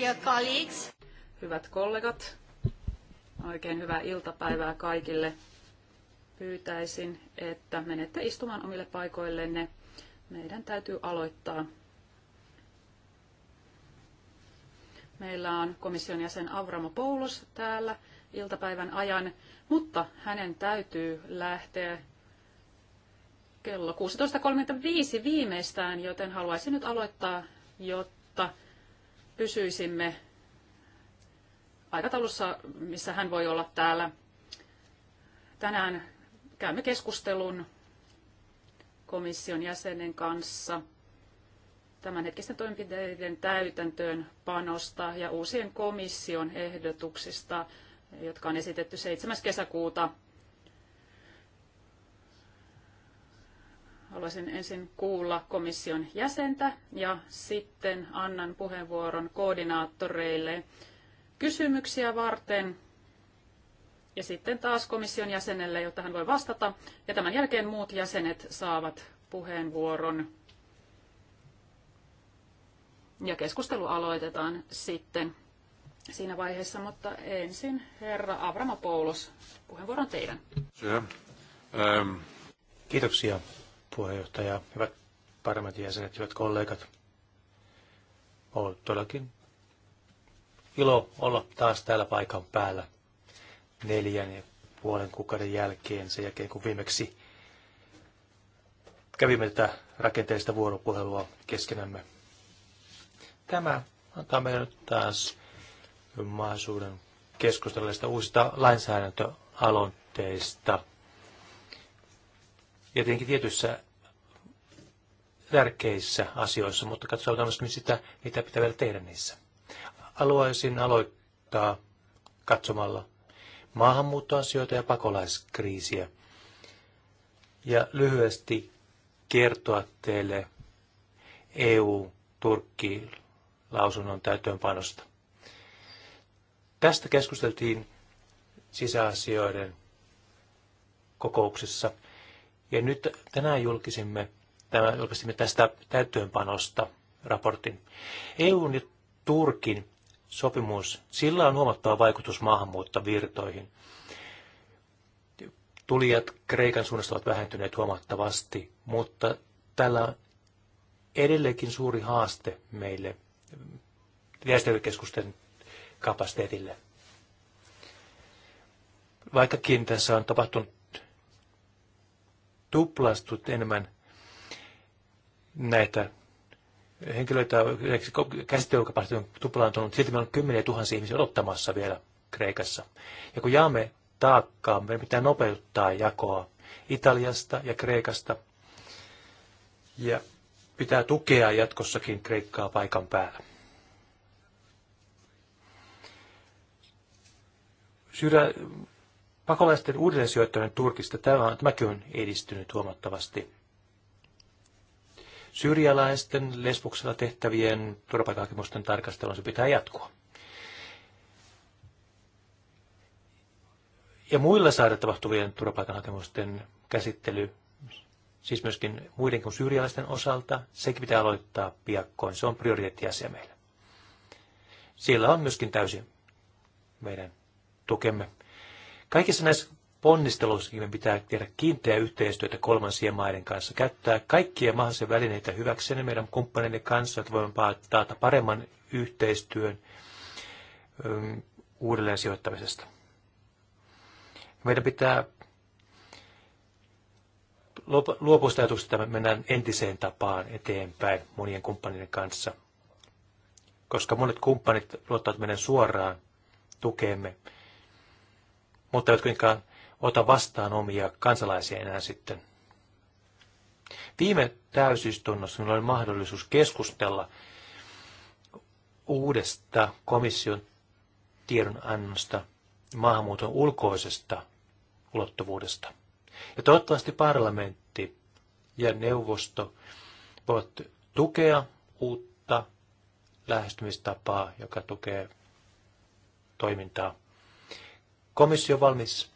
Dear colleagues. Hyvät kollegat, oikein hyvää iltapäivää kaikille. Pyytäisin, että menette istumaan omille paikoillenne. Meidän täytyy aloittaa. Meillä on komission jäsen Avramo Poulos täällä iltapäivän ajan, mutta hänen täytyy lähteä kello 16.35 viimeistään, joten haluaisin nyt aloittaa, jotta pysyisimme aikataulussa, missä hän voi olla täällä. Tänään käymme keskustelun komission jäsenen kanssa tämänhetkisten toimenpiteiden täytäntöön panosta ja uusien komission ehdotuksista, jotka on esitetty 7. kesäkuuta Haluaisin ensin kuulla komission jäsentä ja sitten annan puheenvuoron koordinaattoreille kysymyksiä varten ja sitten taas komission jäsenelle, jotta hän voi vastata. Ja tämän jälkeen muut jäsenet saavat puheenvuoron. Ja keskustelu aloitetaan sitten siinä vaiheessa, mutta ensin herra Avramopoulos, puheenvuoron teidän. Um, Kiitoksia puheenjohtaja, hyvät parlamentin jäsenet, hyvät kollegat. On todellakin ilo olla taas täällä paikan päällä neljän ja puolen kuukauden jälkeen, sen jälkeen kun viimeksi kävimme tätä rakenteellista vuoropuhelua keskenämme. Tämä antaa meille nyt taas mahdollisuuden keskustella uusista lainsäädäntöaloitteista – ja tietenkin tietyissä tärkeissä asioissa, mutta katsotaan myös sitä, mitä pitää vielä tehdä niissä. Haluaisin aloittaa katsomalla maahanmuuttoasioita ja pakolaiskriisiä ja lyhyesti kertoa teille EU-Turkki-lausunnon täytönpanosta. Tästä keskusteltiin sisäasioiden kokouksessa ja nyt tänään julkisimme, tämä, julkisimme tästä täyttöönpanosta raportin. EUn ja Turkin sopimus, sillä on huomattava vaikutus maahanmuuttovirtoihin. Tulijat Kreikan suunnasta ovat vähentyneet huomattavasti, mutta tällä on edelleenkin suuri haaste meille järjestelykeskusten kapasiteetille. Vaikkakin tässä on tapahtunut Tuplastut enemmän näitä henkilöitä, käsityökapasiteetti on tuplaantunut, silti meillä on kymmeniä tuhansia ihmisiä odottamassa vielä Kreikassa. Ja kun jaamme taakkaa, meidän pitää nopeuttaa jakoa Italiasta ja Kreikasta. Ja pitää tukea jatkossakin Kreikkaa paikan päällä. Syrjä Pakolaisten uudelleen sijoittaminen Turkista, tämä, tämäkin on edistynyt huomattavasti. Syyrialaisten lesbuksella tehtävien turvapaikkahakemusten tarkastelun se pitää jatkua. Ja muilla saada tapahtuvien turvapaikanhakemusten käsittely, siis myöskin muiden kuin syyrialaisten osalta, sekin pitää aloittaa piakkoin. Se on prioriteettiasia meillä. Siellä on myöskin täysin meidän tukemme. Kaikissa näissä ponnisteluissakin me pitää tehdä kiinteää yhteistyötä kolmansien maiden kanssa, käyttää kaikkia mahdollisia välineitä hyväksemme meidän kumppaneiden kanssa, että voimme taata paremman yhteistyön uudelleen sijoittamisesta. Meidän pitää luopua sitä ajatuksesta, että mennään entiseen tapaan eteenpäin monien kumppanien kanssa, koska monet kumppanit luottavat meidän suoraan tukeemme mutta eivät kuitenkaan ota vastaan omia kansalaisia enää sitten. Viime täysistunnossa minulla oli mahdollisuus keskustella uudesta komission tiedonannosta maahanmuuton ulkoisesta ulottuvuudesta. Ja toivottavasti parlamentti ja neuvosto voivat tukea uutta lähestymistapaa, joka tukee toimintaa komissio valmis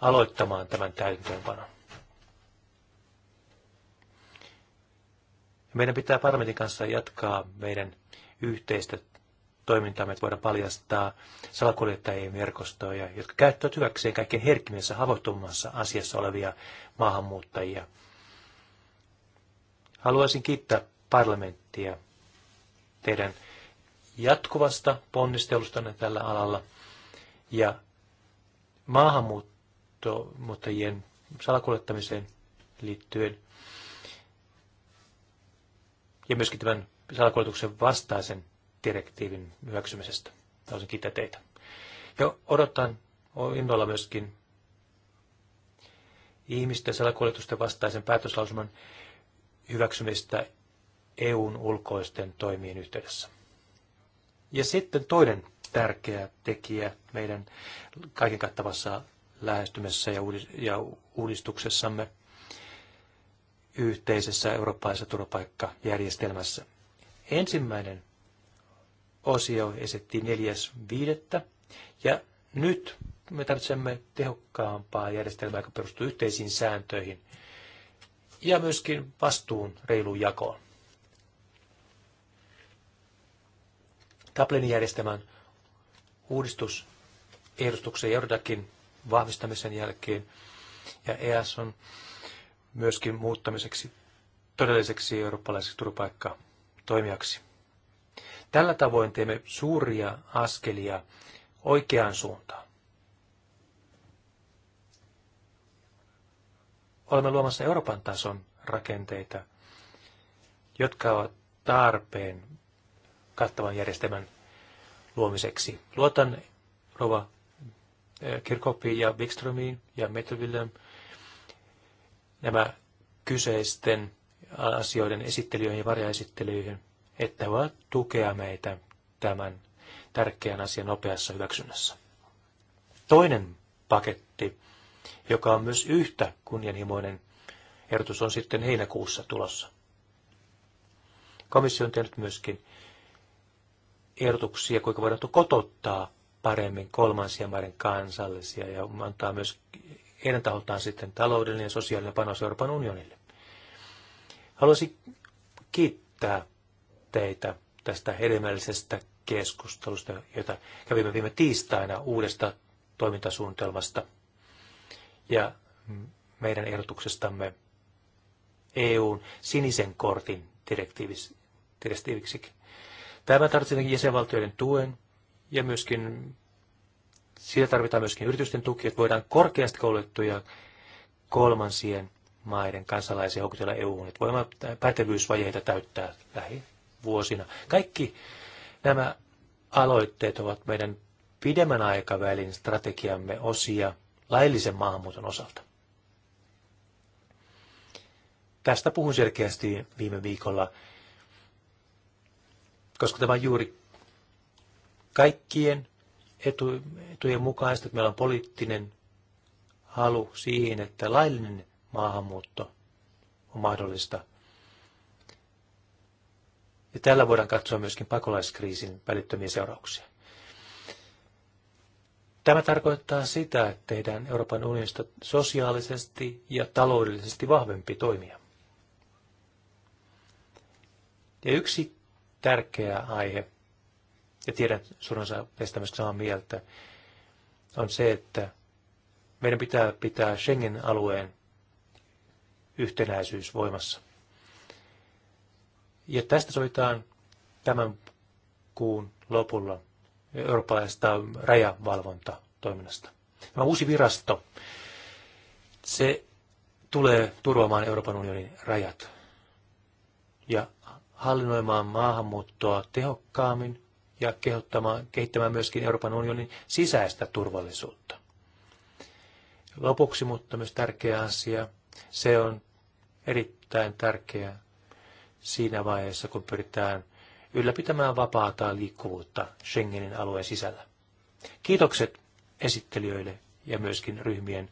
aloittamaan tämän täytäntöönpanon. Meidän pitää parlamentin kanssa jatkaa meidän yhteistä toimintaamme, että voidaan paljastaa salakuljettajien verkostoja, jotka käyttävät hyväkseen kaikkein herkimmässä havoittumassa asiassa olevia maahanmuuttajia. Haluaisin kiittää parlamenttia teidän jatkuvasta ponnistelustanne tällä alalla ja maahanmuuttajien salakuljettamiseen liittyen ja myöskin tämän salakuljetuksen vastaisen direktiivin hyväksymisestä. Haluaisin kiittää teitä. Ja odotan innolla myöskin ihmisten salakuljetusten vastaisen päätöslausuman hyväksymistä EUn ulkoisten toimien yhteydessä. Ja sitten toinen tärkeä tekijä meidän kaiken kattavassa lähestymisessä ja uudistuksessamme yhteisessä eurooppalaisessa turvapaikkajärjestelmässä. Ensimmäinen osio esitti 4.5. ja nyt me tarvitsemme tehokkaampaa järjestelmää, joka perustuu yhteisiin sääntöihin ja myöskin vastuun reiluun jakoon. Dublinin järjestelmän uudistusehdotuksen Jordakin vahvistamisen jälkeen ja EAS on myöskin muuttamiseksi todelliseksi eurooppalaiseksi toimijaksi. Tällä tavoin teemme suuria askelia oikeaan suuntaan. Olemme luomassa Euroopan tason rakenteita, jotka ovat tarpeen kattavan järjestelmän luomiseksi. Luotan Rova eh, Kirkoppiin ja Wikströmiin ja Metrovillem nämä kyseisten asioiden esittelijöihin ja varjaesittelyihin, että he voivat tukea meitä tämän tärkeän asian nopeassa hyväksynnässä. Toinen paketti, joka on myös yhtä kunnianhimoinen ehdotus, on sitten heinäkuussa tulossa. Komissio on tehnyt myöskin ehdotuksia, kuinka voidaan kotottaa paremmin kolmansien maiden kansallisia ja antaa myös heidän taholtaan sitten taloudellinen ja sosiaalinen panos Euroopan unionille. Haluaisin kiittää teitä tästä hedelmällisestä keskustelusta, jota kävimme viime tiistaina uudesta toimintasuunnitelmasta ja meidän ehdotuksestamme EUn sinisen kortin direktiiviksi. Tämä tarvitsee jäsenvaltioiden tuen ja myöskin siitä tarvitaan myöskin yritysten tuki, että voidaan korkeasti koulutettuja kolmansien maiden kansalaisia houkutella EU-hun, että voimme pätevyysvajeita täyttää lähivuosina. Kaikki nämä aloitteet ovat meidän pidemmän aikavälin strategiamme osia laillisen maahanmuuton osalta. Tästä puhun selkeästi viime viikolla koska tämä on juuri kaikkien etu, etujen mukaista, että meillä on poliittinen halu siihen, että laillinen maahanmuutto on mahdollista. Ja tällä voidaan katsoa myöskin pakolaiskriisin välittömiä seurauksia. Tämä tarkoittaa sitä, että tehdään Euroopan unionista sosiaalisesti ja taloudellisesti vahvempi toimija. Ja yksi tärkeä aihe, ja tiedän suurin osa teistä myös samaa mieltä, on se, että meidän pitää pitää Schengen-alueen yhtenäisyys voimassa. Ja tästä sovitaan tämän kuun lopulla eurooppalaisesta rajavalvontatoiminnasta. Tämä uusi virasto, se tulee turvaamaan Euroopan unionin rajat. Ja hallinnoimaan maahanmuuttoa tehokkaammin ja kehottamaan, kehittämään myöskin Euroopan unionin sisäistä turvallisuutta. Lopuksi, mutta myös tärkeä asia, se on erittäin tärkeä siinä vaiheessa, kun pyritään ylläpitämään vapaata liikkuvuutta Schengenin alueen sisällä. Kiitokset esittelijöille ja myöskin ryhmien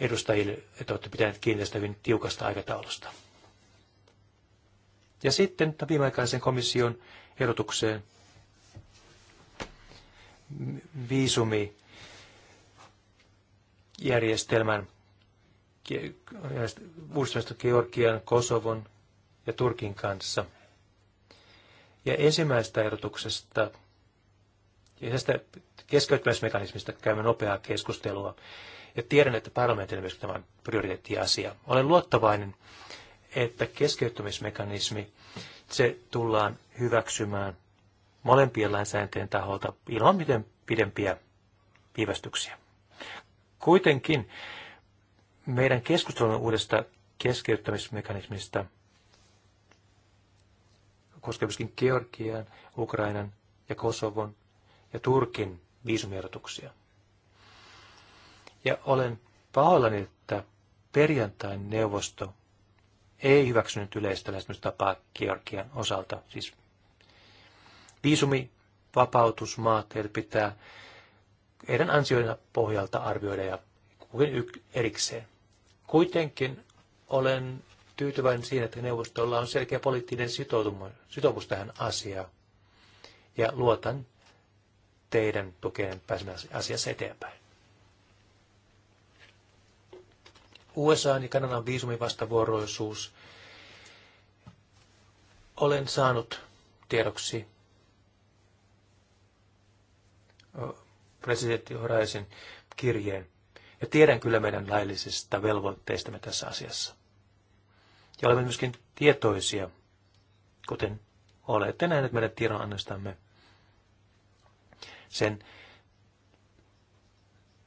edustajille, että olette pitäneet kiinni tästä hyvin tiukasta aikataulusta. Ja sitten viimeaikaisen komission erotukseen viisumijärjestelmän uudistamista Georgian, Kosovon ja Turkin kanssa. Ja ensimmäisestä ehdotuksesta ja tästä keskeyttämismekanismista käymme nopeaa keskustelua. Ja tiedän, että parlamentille myös tämä on prioriteettiasia. Olen luottavainen, että keskeyttämismekanismi, se tullaan hyväksymään molempien lainsäädäntöjen taholta ilman miten pidempiä viivästyksiä. Kuitenkin meidän keskustelumme uudesta keskeyttämismekanismista koskee myöskin Georgian, Ukrainan ja Kosovon ja Turkin viisumierotuksia. Ja olen pahoillani, että perjantain neuvosto ei hyväksynyt yleistä lähestymistapaa Georgian osalta. Siis viisumivapautusmaat, heitä pitää heidän ansioiden pohjalta arvioida ja kukin erikseen. Kuitenkin olen tyytyväinen siihen, että neuvostolla on selkeä poliittinen sitoumus tähän asiaan. Ja luotan teidän tukeen pääsemään asiassa eteenpäin. USA ja Kanadan viisumivastavuoroisuus. Olen saanut tiedoksi presidentti Horaisin kirjeen. Ja tiedän kyllä meidän laillisista velvoitteistamme tässä asiassa. Ja olemme myöskin tietoisia, kuten olette nähneet meidän tiedonannostamme, sen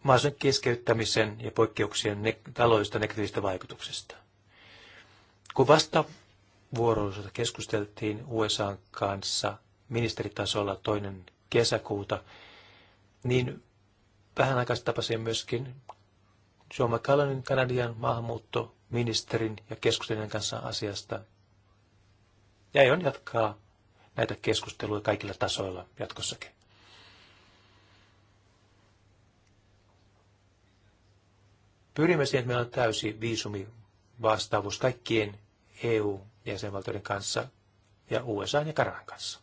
mahdollisen keskeyttämisen ja poikkeuksien ne, taloudellisista negatiivisista vaikutuksista. Kun vasta vuoroisuutta keskusteltiin USA kanssa ministeritasolla toinen kesäkuuta, niin vähän aikaisemmin tapasin myöskin John McCallanin Kanadian maahanmuuttoministerin ja keskustelijan kanssa asiasta. Ja on jatkaa näitä keskusteluja kaikilla tasoilla jatkossakin. Pyrimme siihen, että meillä on täysi viisumivastaavuus kaikkien EU-jäsenvaltioiden kanssa ja USA ja Karan kanssa.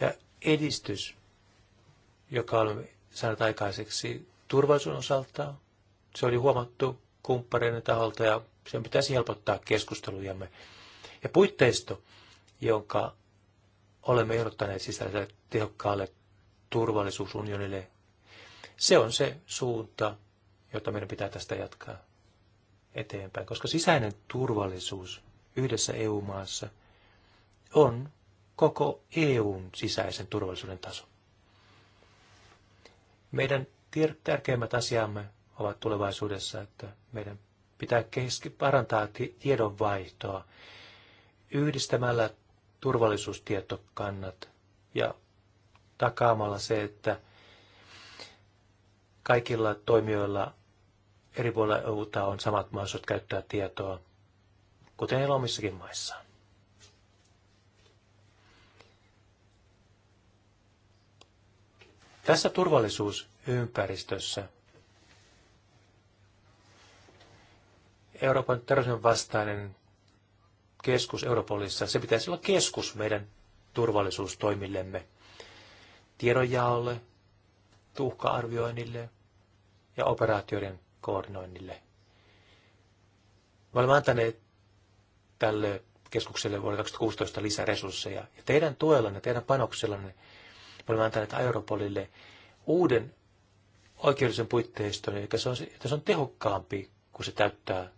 Ja edistys, joka on saanut aikaiseksi turvallisuuden osalta, se oli huomattu kumppaneiden taholta ja sen pitäisi helpottaa keskustelujamme. Ja puitteisto, jonka olemme ehdottaneet sisällä tehokkaalle turvallisuusunionille se on se suunta, jota meidän pitää tästä jatkaa eteenpäin, koska sisäinen turvallisuus yhdessä EU-maassa on koko EUn sisäisen turvallisuuden taso. Meidän tärkeimmät asiamme ovat tulevaisuudessa, että meidän pitää keski- parantaa tiedonvaihtoa yhdistämällä turvallisuustietokannat ja takaamalla se, että kaikilla toimijoilla eri puolilla eu on samat mahdollisuudet käyttää tietoa, kuten heillä omissakin maissaan. Tässä turvallisuusympäristössä Euroopan terrorismin vastainen keskus Europolissa, se pitäisi olla keskus meidän turvallisuustoimillemme, tiedonjaolle, tuhka-arvioinnille, ja operaatioiden koordinoinnille. Me olemme antaneet tälle keskukselle vuonna 2016 lisäresursseja. Ja teidän tuellanne, teidän panoksellanne me olemme antaneet Europolille uuden oikeudellisen puitteiston, eli se on, että se on tehokkaampi, kun se täyttää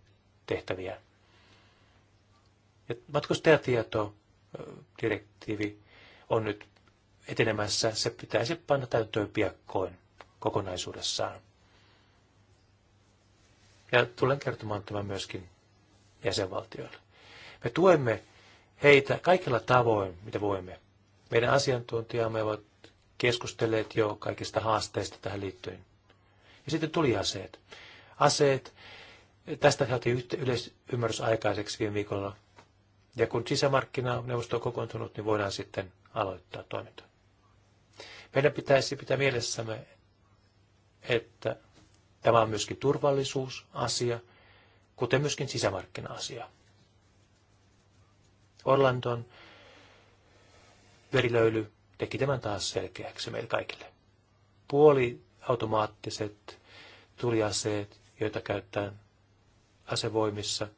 tehtäviä. Ja matkustajatietodirektiivi on nyt etenemässä, se pitäisi panna täyttöön piakkoin kokonaisuudessaan. Ja tulen kertomaan tämän myöskin jäsenvaltioille. Me tuemme heitä kaikilla tavoin, mitä voimme. Meidän asiantuntijamme ovat keskustelleet jo kaikista haasteista tähän liittyen. Ja sitten tuli aseet. Aseet, tästä saatiin yleisymmärrys aikaiseksi viime viikolla. Ja kun sisämarkkinaneuvosto on kokoontunut, niin voidaan sitten aloittaa toiminta. Meidän pitäisi pitää mielessämme, että Tämä on myöskin turvallisuusasia, kuten myöskin sisämarkkina-asia. Orlandon verilöyly teki tämän taas selkeäksi meille kaikille. Puoliautomaattiset tuliaseet, joita käyttää asevoimissa,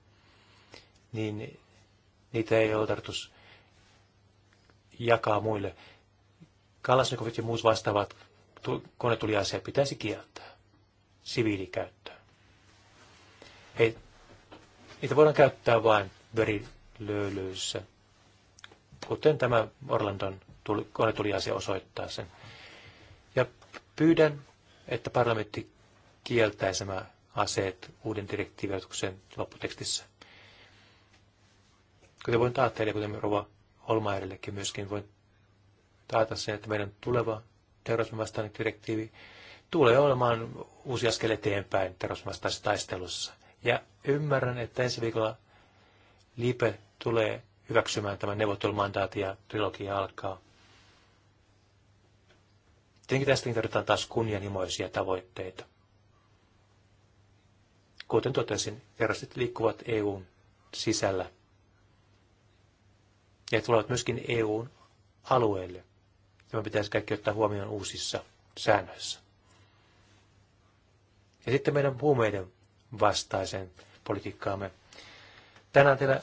niin niitä ei ole tarkoitus jakaa muille. Kalasnikovit ja muut vastaavat konetuliaseet pitäisi kieltää siviilikäyttöön. Ei, niitä voidaan käyttää vain verilöylyissä, kuten tämä Orlandon tuli, kone tuli asia osoittaa sen. Ja pyydän, että parlamentti kieltäisi nämä aseet uuden direktiivijoituksen lopputekstissä. Kuten voin taata teille, kuten Rova Holmaerillekin myöskin, voin taata sen, että meidän tuleva terrorismin vastainen direktiivi tulee olemaan uusi askel eteenpäin terrorismivastaisessa taistelussa. Ja ymmärrän, että ensi viikolla Lipe tulee hyväksymään tämän neuvottelumandaati ja trilogia alkaa. Tietenkin tästä niin tarvitaan taas kunnianhimoisia tavoitteita. Kuten totesin, terroristit liikkuvat EUn sisällä ja tulevat myöskin EUn alueelle. Tämä pitäisi kaikki ottaa huomioon uusissa säännöissä. Ja sitten meidän huumeiden vastaiseen politiikkaamme. Tänään teillä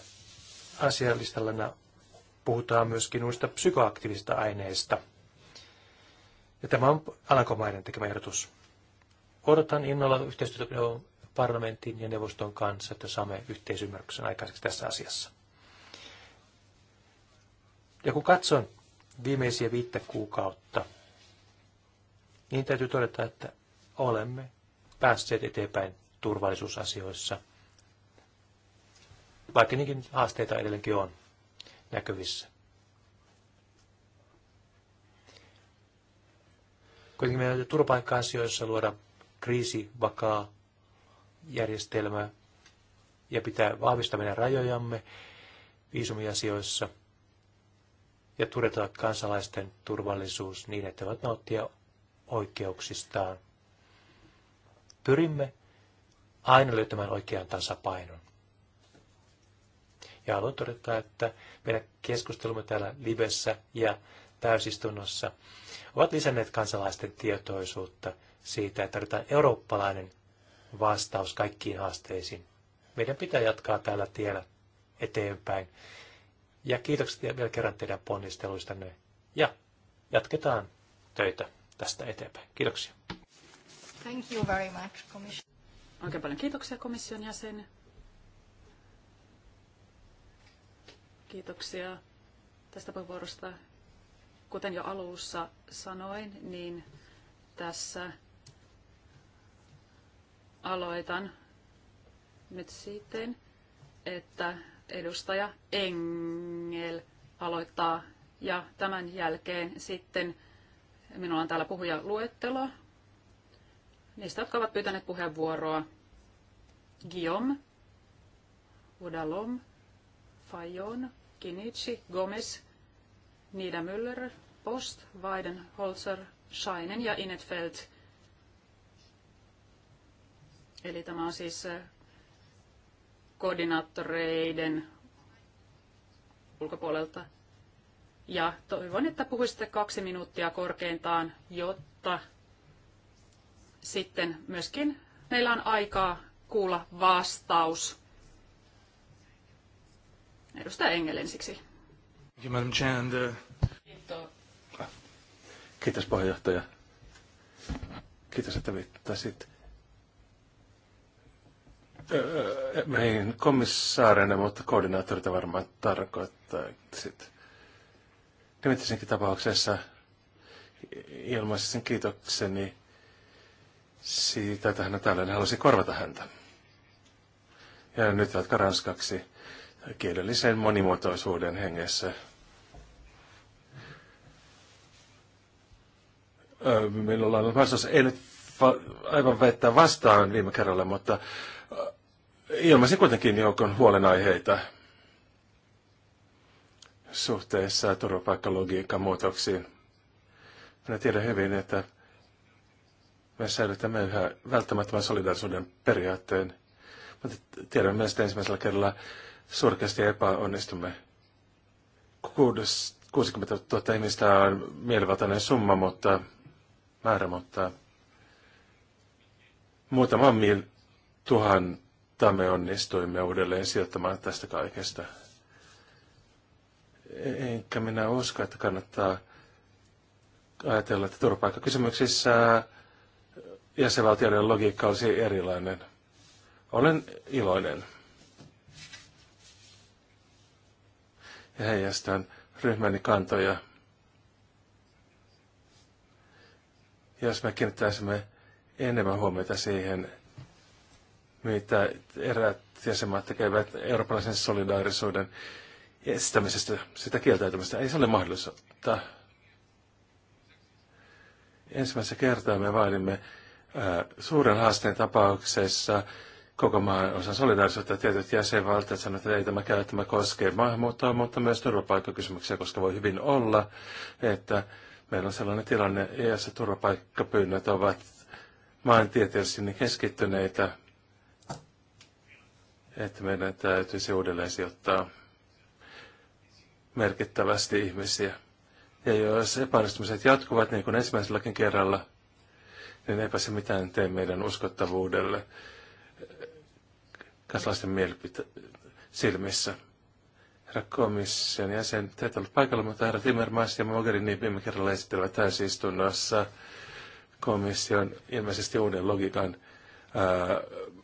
asiallistallana puhutaan myöskin uusista psykoaktiivisista aineista. Ja tämä on Alankomaiden tekemä ehdotus. Odotan innolla yhteistyötä parlamentin ja neuvoston kanssa, että saamme yhteisymmärryksen aikaiseksi tässä asiassa. Ja kun katson viimeisiä viittä kuukautta, niin täytyy todeta, että olemme päässeet eteenpäin turvallisuusasioissa, vaikka niinkin haasteita edelleenkin on näkyvissä. Kuitenkin meidän täytyy turvapaikka-asioissa luoda kriisivakaa järjestelmä ja pitää vahvistaa meidän rajojamme viisumiasioissa ja turjata kansalaisten turvallisuus niin, että voivat nauttia oikeuksistaan pyrimme aina löytämään oikean tasapainon. Ja haluan todeta, että meidän keskustelumme täällä livessä ja täysistunnossa ovat lisänneet kansalaisten tietoisuutta siitä, että tarvitaan eurooppalainen vastaus kaikkiin haasteisiin. Meidän pitää jatkaa tällä tiellä eteenpäin. Ja kiitokset vielä kerran teidän ponnisteluistanne. Ja jatketaan töitä tästä eteenpäin. Kiitoksia. Thank you very much, commission. Oikein paljon kiitoksia komission jäsen. Kiitoksia tästä puheenvuorosta. Kuten jo alussa sanoin, niin tässä aloitan nyt sitten, että edustaja Engel aloittaa ja tämän jälkeen sitten minulla on täällä puhujaluettelo, niistä, jotka ovat pyytäneet puheenvuoroa. Guillaume, Udalom, Fajon, Kinichi, Gomez, Nida Müller, Post, Weidenholzer, Scheinen ja Inetfeld. Eli tämä on siis äh, koordinaattoreiden ulkopuolelta. Ja toivon, että puhuisitte kaksi minuuttia korkeintaan, jotta sitten myöskin meillä on aikaa kuulla vastaus. Edustaja Engel ensiksi. Uh, Kiitos puheenjohtaja. Kiitos, että viittasit meihin komissaarina, mutta koordinaattorita varmaan tarkoittaa. Nimittäisinkin tapauksessa ilmaisin kiitokseni siitä, että hän täällä, halusi korvata häntä. Ja nyt jatka ranskaksi kielellisen monimuotoisuuden hengessä. Minulla on vastaus, ei nyt aivan väittää vastaan viime kerralla, mutta ilmasin kuitenkin joukon huolenaiheita suhteessa turvapaikkalogiikan muutoksiin. Minä tiedän hyvin, että me säilytämme yhä välttämättömän solidarisuuden periaatteen, mutta tiedän myös, että ensimmäisellä kerralla surkeasti epäonnistumme. 60 000 ihmistä on mielivaltainen summa, mutta määrä, mutta muutaman mil, tuhanta me onnistuimme uudelleen sijoittamaan tästä kaikesta. Enkä minä usko, että kannattaa ajatella, että turvapaikkakysymyksissä jäsenvaltioiden logiikka olisi erilainen. Olen iloinen. Ja heijastan ryhmäni kantoja. Jos me kiinnittäisimme enemmän huomiota siihen, mitä eräät jäsenmaat tekevät eurooppalaisen solidaarisuuden estämisestä, sitä kieltäytymistä. Ei se ole mahdollista. Ensimmäisessä kertaa me vaadimme suuren haasteen tapauksessa koko maan osa solidaarisuutta tietyt jäsenvaltiot sanovat, että ei tämä käy, tämä koskee maahanmuuttoa, mutta myös turvapaikkakysymyksiä, koska voi hyvin olla, että meillä on sellainen tilanne, jossa turvapaikkapyynnöt ovat maantieteellisesti niin keskittyneitä, että meidän täytyisi uudelleen sijoittaa merkittävästi ihmisiä. Ja jos epäonnistumiset jatkuvat, niin kuin ensimmäiselläkin kerralla, niin eipä se mitään tee meidän uskottavuudelle kansalaisten mielipite- silmissä. Herra komission jäsen, te ette ollut paikalla, mutta herra Timmermans ja Mogherini viime kerralla esittelivät täysistunnossa komission ilmeisesti uuden logiikan ää,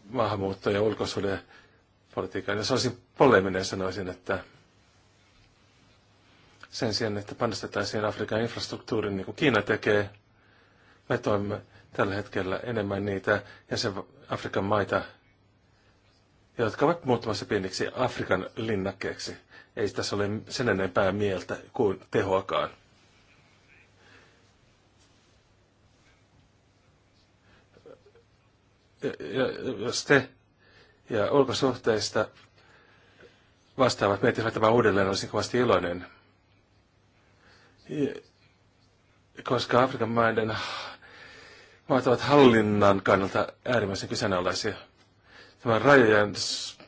maahanmuutto- ja ulkosuhdepolitiikan. Ja se olisi poleminen, sanoisin, että sen sijaan, että panostetaan siihen Afrikan infrastruktuuriin, niin kuin Kiina tekee, me toimme tällä hetkellä enemmän niitä jäsen Afrikan maita, jotka ovat muuttumassa pieniksi Afrikan linnakkeeksi. Ei tässä ole sen enempää mieltä kuin tehoakaan. Ja, jos te ja ulkosuhteista vastaavat miettivät tämän uudelleen, olisin kovasti iloinen. Ja, koska Afrikan maiden maat ovat hallinnan kannalta äärimmäisen kyseenalaisia. Tämä rajojen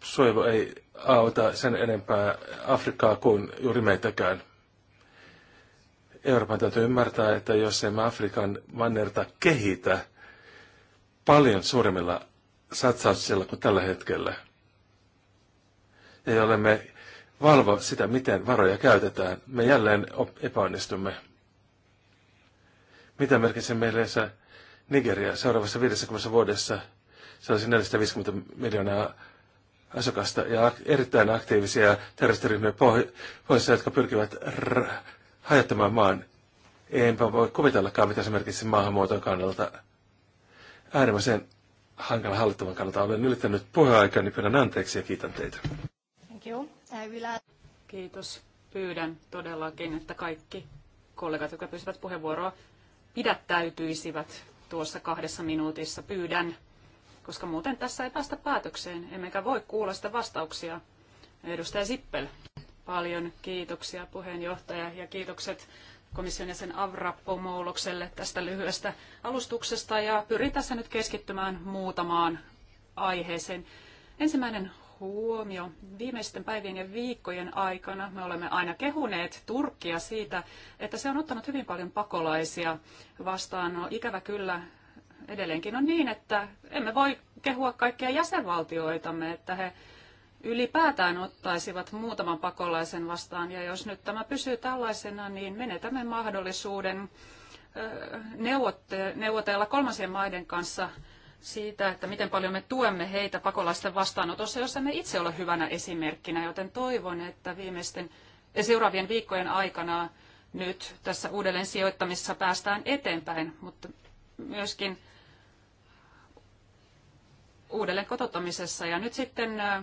suojelu ei auta sen enempää Afrikkaa kuin juuri meitäkään. Euroopan täytyy ymmärtää, että jos emme Afrikan mannerta kehitä paljon suuremmilla satsauksilla kuin tällä hetkellä, ja olemme valvo sitä, miten varoja käytetään, me jälleen epäonnistumme. Mitä merkitsee meille se Nigeria seuraavassa 50 vuodessa sellaisia siis 450 miljoonaa asukasta ja erittäin aktiivisia terroristiryhmiä pohjoissa, jotka pyrkivät hajottamaan maan. Enpä voi kuvitellakaan, mitä se merkitsee maahanmuuton kannalta. Äärimmäisen hankala hallittavan kannalta olen ylittänyt puheaikaa, niin pyydän anteeksi ja kiitän teitä. Thank you. Kiitos. Pyydän todellakin, että kaikki kollegat, jotka pyysivät puheenvuoroa, pidättäytyisivät tuossa kahdessa minuutissa, pyydän, koska muuten tässä ei päästä päätökseen, emmekä voi kuulla sitä vastauksia. Edustaja Sippel, paljon kiitoksia puheenjohtaja ja kiitokset komission jäsen Avra Pomoulokselle tästä lyhyestä alustuksesta ja pyrin tässä nyt keskittymään muutamaan aiheeseen. Ensimmäinen huomio. Viimeisten päivien ja viikkojen aikana me olemme aina kehuneet Turkkia siitä, että se on ottanut hyvin paljon pakolaisia vastaan. No, ikävä kyllä edelleenkin on niin, että emme voi kehua kaikkia jäsenvaltioitamme, että he ylipäätään ottaisivat muutaman pakolaisen vastaan. Ja jos nyt tämä pysyy tällaisena, niin menetämme mahdollisuuden neuvotella kolmansien maiden kanssa siitä, että miten paljon me tuemme heitä pakolaisten vastaanotossa, jossa me itse ole hyvänä esimerkkinä, joten toivon, että viimeisten seuraavien viikkojen aikana nyt tässä uudelleen sijoittamisessa päästään eteenpäin, mutta myöskin uudelleen kotottamisessa. Ja nyt sitten äh,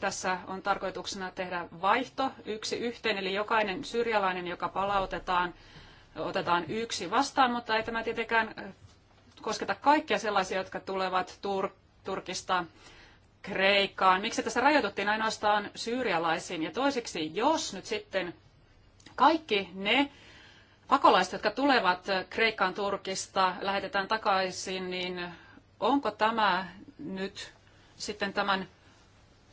tässä on tarkoituksena tehdä vaihto yksi yhteen, eli jokainen syrjalainen, joka palautetaan, otetaan yksi vastaan, mutta ei tämä tietenkään kosketa kaikkia sellaisia, jotka tulevat Tur- Turkista Kreikkaan. Miksi tässä rajoituttiin ainoastaan syyrialaisiin? Ja toiseksi, jos nyt sitten kaikki ne pakolaiset, jotka tulevat Kreikkaan Turkista, lähetetään takaisin, niin onko tämä nyt sitten tämän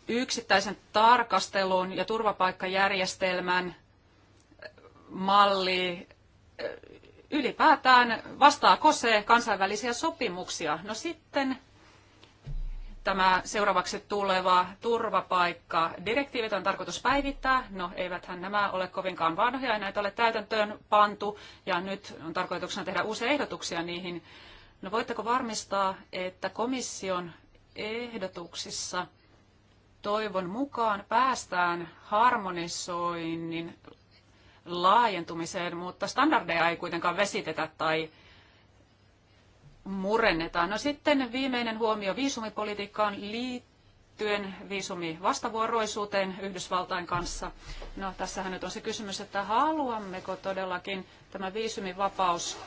yksittäisen tarkastelun ja turvapaikkajärjestelmän malli ylipäätään vastaako se kansainvälisiä sopimuksia. No sitten tämä seuraavaksi tuleva turvapaikka. Direktiivit on tarkoitus päivittää. No eiväthän nämä ole kovinkaan vanhoja, näitä ole täytäntöön pantu ja nyt on tarkoituksena tehdä uusia ehdotuksia niihin. No voitteko varmistaa, että komission ehdotuksissa toivon mukaan päästään harmonisoinnin laajentumiseen, mutta standardeja ei kuitenkaan vesitetä tai murennetaan. No sitten viimeinen huomio viisumipolitiikkaan liittyen viisumivastavuoroisuuteen Yhdysvaltain kanssa. No tässähän nyt on se kysymys, että haluammeko todellakin tämä viisumivapaus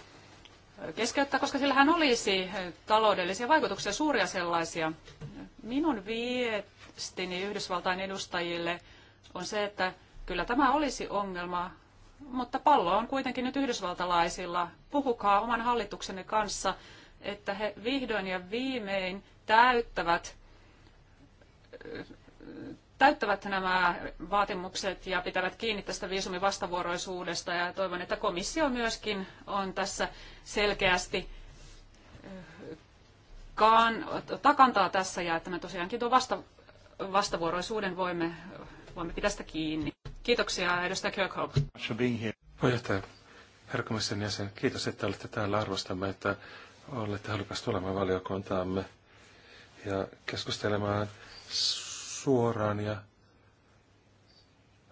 keskeyttää, koska sillähän olisi taloudellisia vaikutuksia, suuria sellaisia. Minun viestini Yhdysvaltain edustajille on se, että kyllä tämä olisi ongelma mutta pallo on kuitenkin nyt yhdysvaltalaisilla. Puhukaa oman hallituksenne kanssa, että he vihdoin ja viimein täyttävät, täyttävät nämä vaatimukset ja pitävät kiinni tästä viisumin vastavuoroisuudesta. Ja toivon, että komissio myöskin on tässä selkeästi eh, kaan takantaa tässä ja että me tosiaankin tuon vasta, vastavuoroisuuden voimme, voimme pitää sitä kiinni. Kiitoksia, edustaja Kirkhope. Puheenjohtaja, herra komission jäsen, kiitos, että olette täällä. Arvostamme, että olette halukas tulemaan valiokuntaamme ja keskustelemaan suoraan. Ja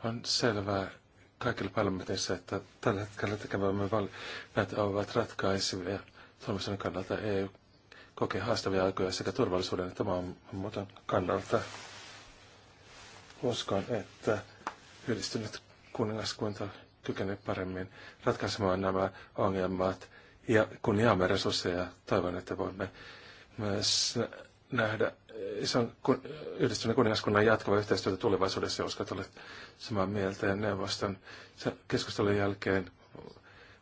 on selvää kaikille parlamentissa, että tällä hetkellä tekemämme valinnat ovat ratkaisevia Suomen kannalta. EU kokee haastavia aikoja sekä turvallisuuden että maahanmuuton kannalta. Uskon, että yhdistynyt kuningaskunta kykenee paremmin ratkaisemaan nämä ongelmat. Ja kun jaamme resursseja, toivon, että voimme myös nähdä ison yhdistyneen kuningaskunnan jatkuva yhteistyötä tulevaisuudessa, jos olet samaa mieltä. Ja neuvoston keskustelun jälkeen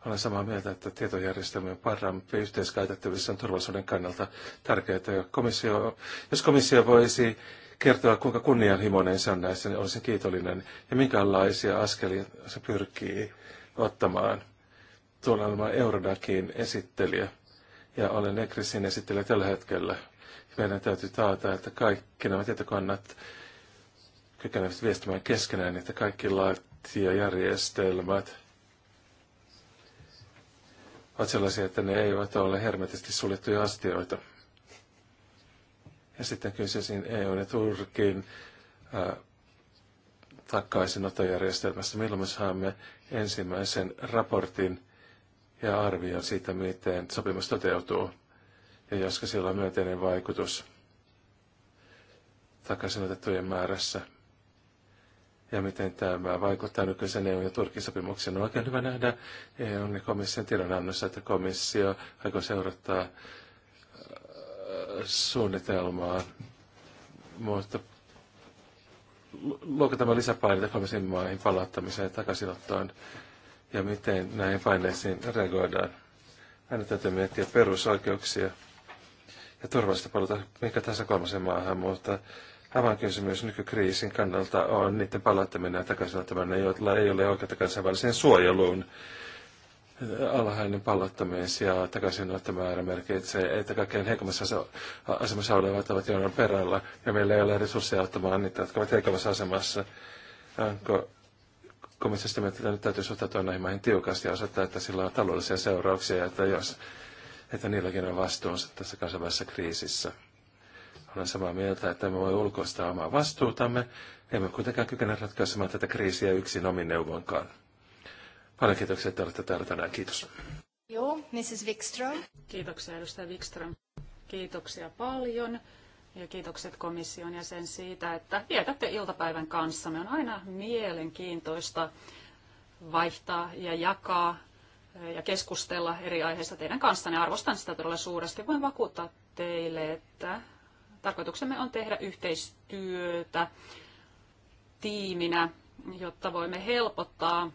olen samaa mieltä, että tietojärjestelmien parempi yhteiskäytettävissä on turvallisuuden kannalta tärkeää. Ja komissio, jos komissio voisi kertoa, kuinka kunnianhimoinen se on näissä, niin olisin kiitollinen. Ja minkälaisia askelia se pyrkii ottamaan. Tuolla on Eurodakin esittelijä ja olen Ekrisin esittelijä tällä hetkellä. Meidän täytyy taata, että kaikki nämä tietokannat kykenevät viestimään keskenään, että kaikki järjestelmät ovat sellaisia, että ne eivät ole hermetisesti suljettuja astioita. Ja sitten kysyisin EU ja Turkin ää, äh, takaisinottojärjestelmästä, milloin me saamme ensimmäisen raportin ja arvion siitä, miten sopimus toteutuu ja josko sillä on myönteinen vaikutus takaisinotettujen määrässä ja miten tämä vaikuttaa nykyisen EU- ja Turkin sopimuksen On oikein hyvä nähdä EU- ja komission tiedonannossa, että komissio aikoo seurattaa suunnitelmaan, mutta luoko tämä lisäpaine kolmisiin maihin palauttamiseen ja takaisinottoon ja miten näihin paineisiin reagoidaan. Aina täytyy miettiä perusoikeuksia ja turvallista palata mikä tahansa kolmaseen maahan, mutta kysymys nykykriisin kannalta on niiden palauttaminen ja takaisinottaminen, joilla ei ole oikeutta kansainväliseen suojeluun alhainen pallottamis ja takaisinottomäärä merkitsee, että kaikkein heikommassa asemassa olevat ovat jonon perällä ja meillä ei ole resursseja ottamaan niitä, jotka ovat heikommassa asemassa. Onko komissiosta mieltä, että nyt täytyy suhtautua näihin maihin tiukasti ja osoittaa, että sillä on taloudellisia seurauksia, että, jos, että niilläkin on vastuunsa tässä kansainvälisessä kriisissä. Olen samaa mieltä, että me voi ulkoistaa omaa vastuutamme, emme kuitenkaan kykene ratkaisemaan tätä kriisiä yksin omin neuvonkaan. Paljon kiitoksia, että olette täällä tänään. Kiitos. Joo, Mrs. Wikström. Kiitoksia, edustaja Wikström. Kiitoksia paljon. Ja kiitokset komission ja sen siitä, että vietätte iltapäivän kanssa me On aina mielenkiintoista vaihtaa ja jakaa ja keskustella eri aiheista teidän kanssanne. Arvostan sitä todella suuresti. Voin vakuuttaa teille, että tarkoituksemme on tehdä yhteistyötä tiiminä, jotta voimme helpottaa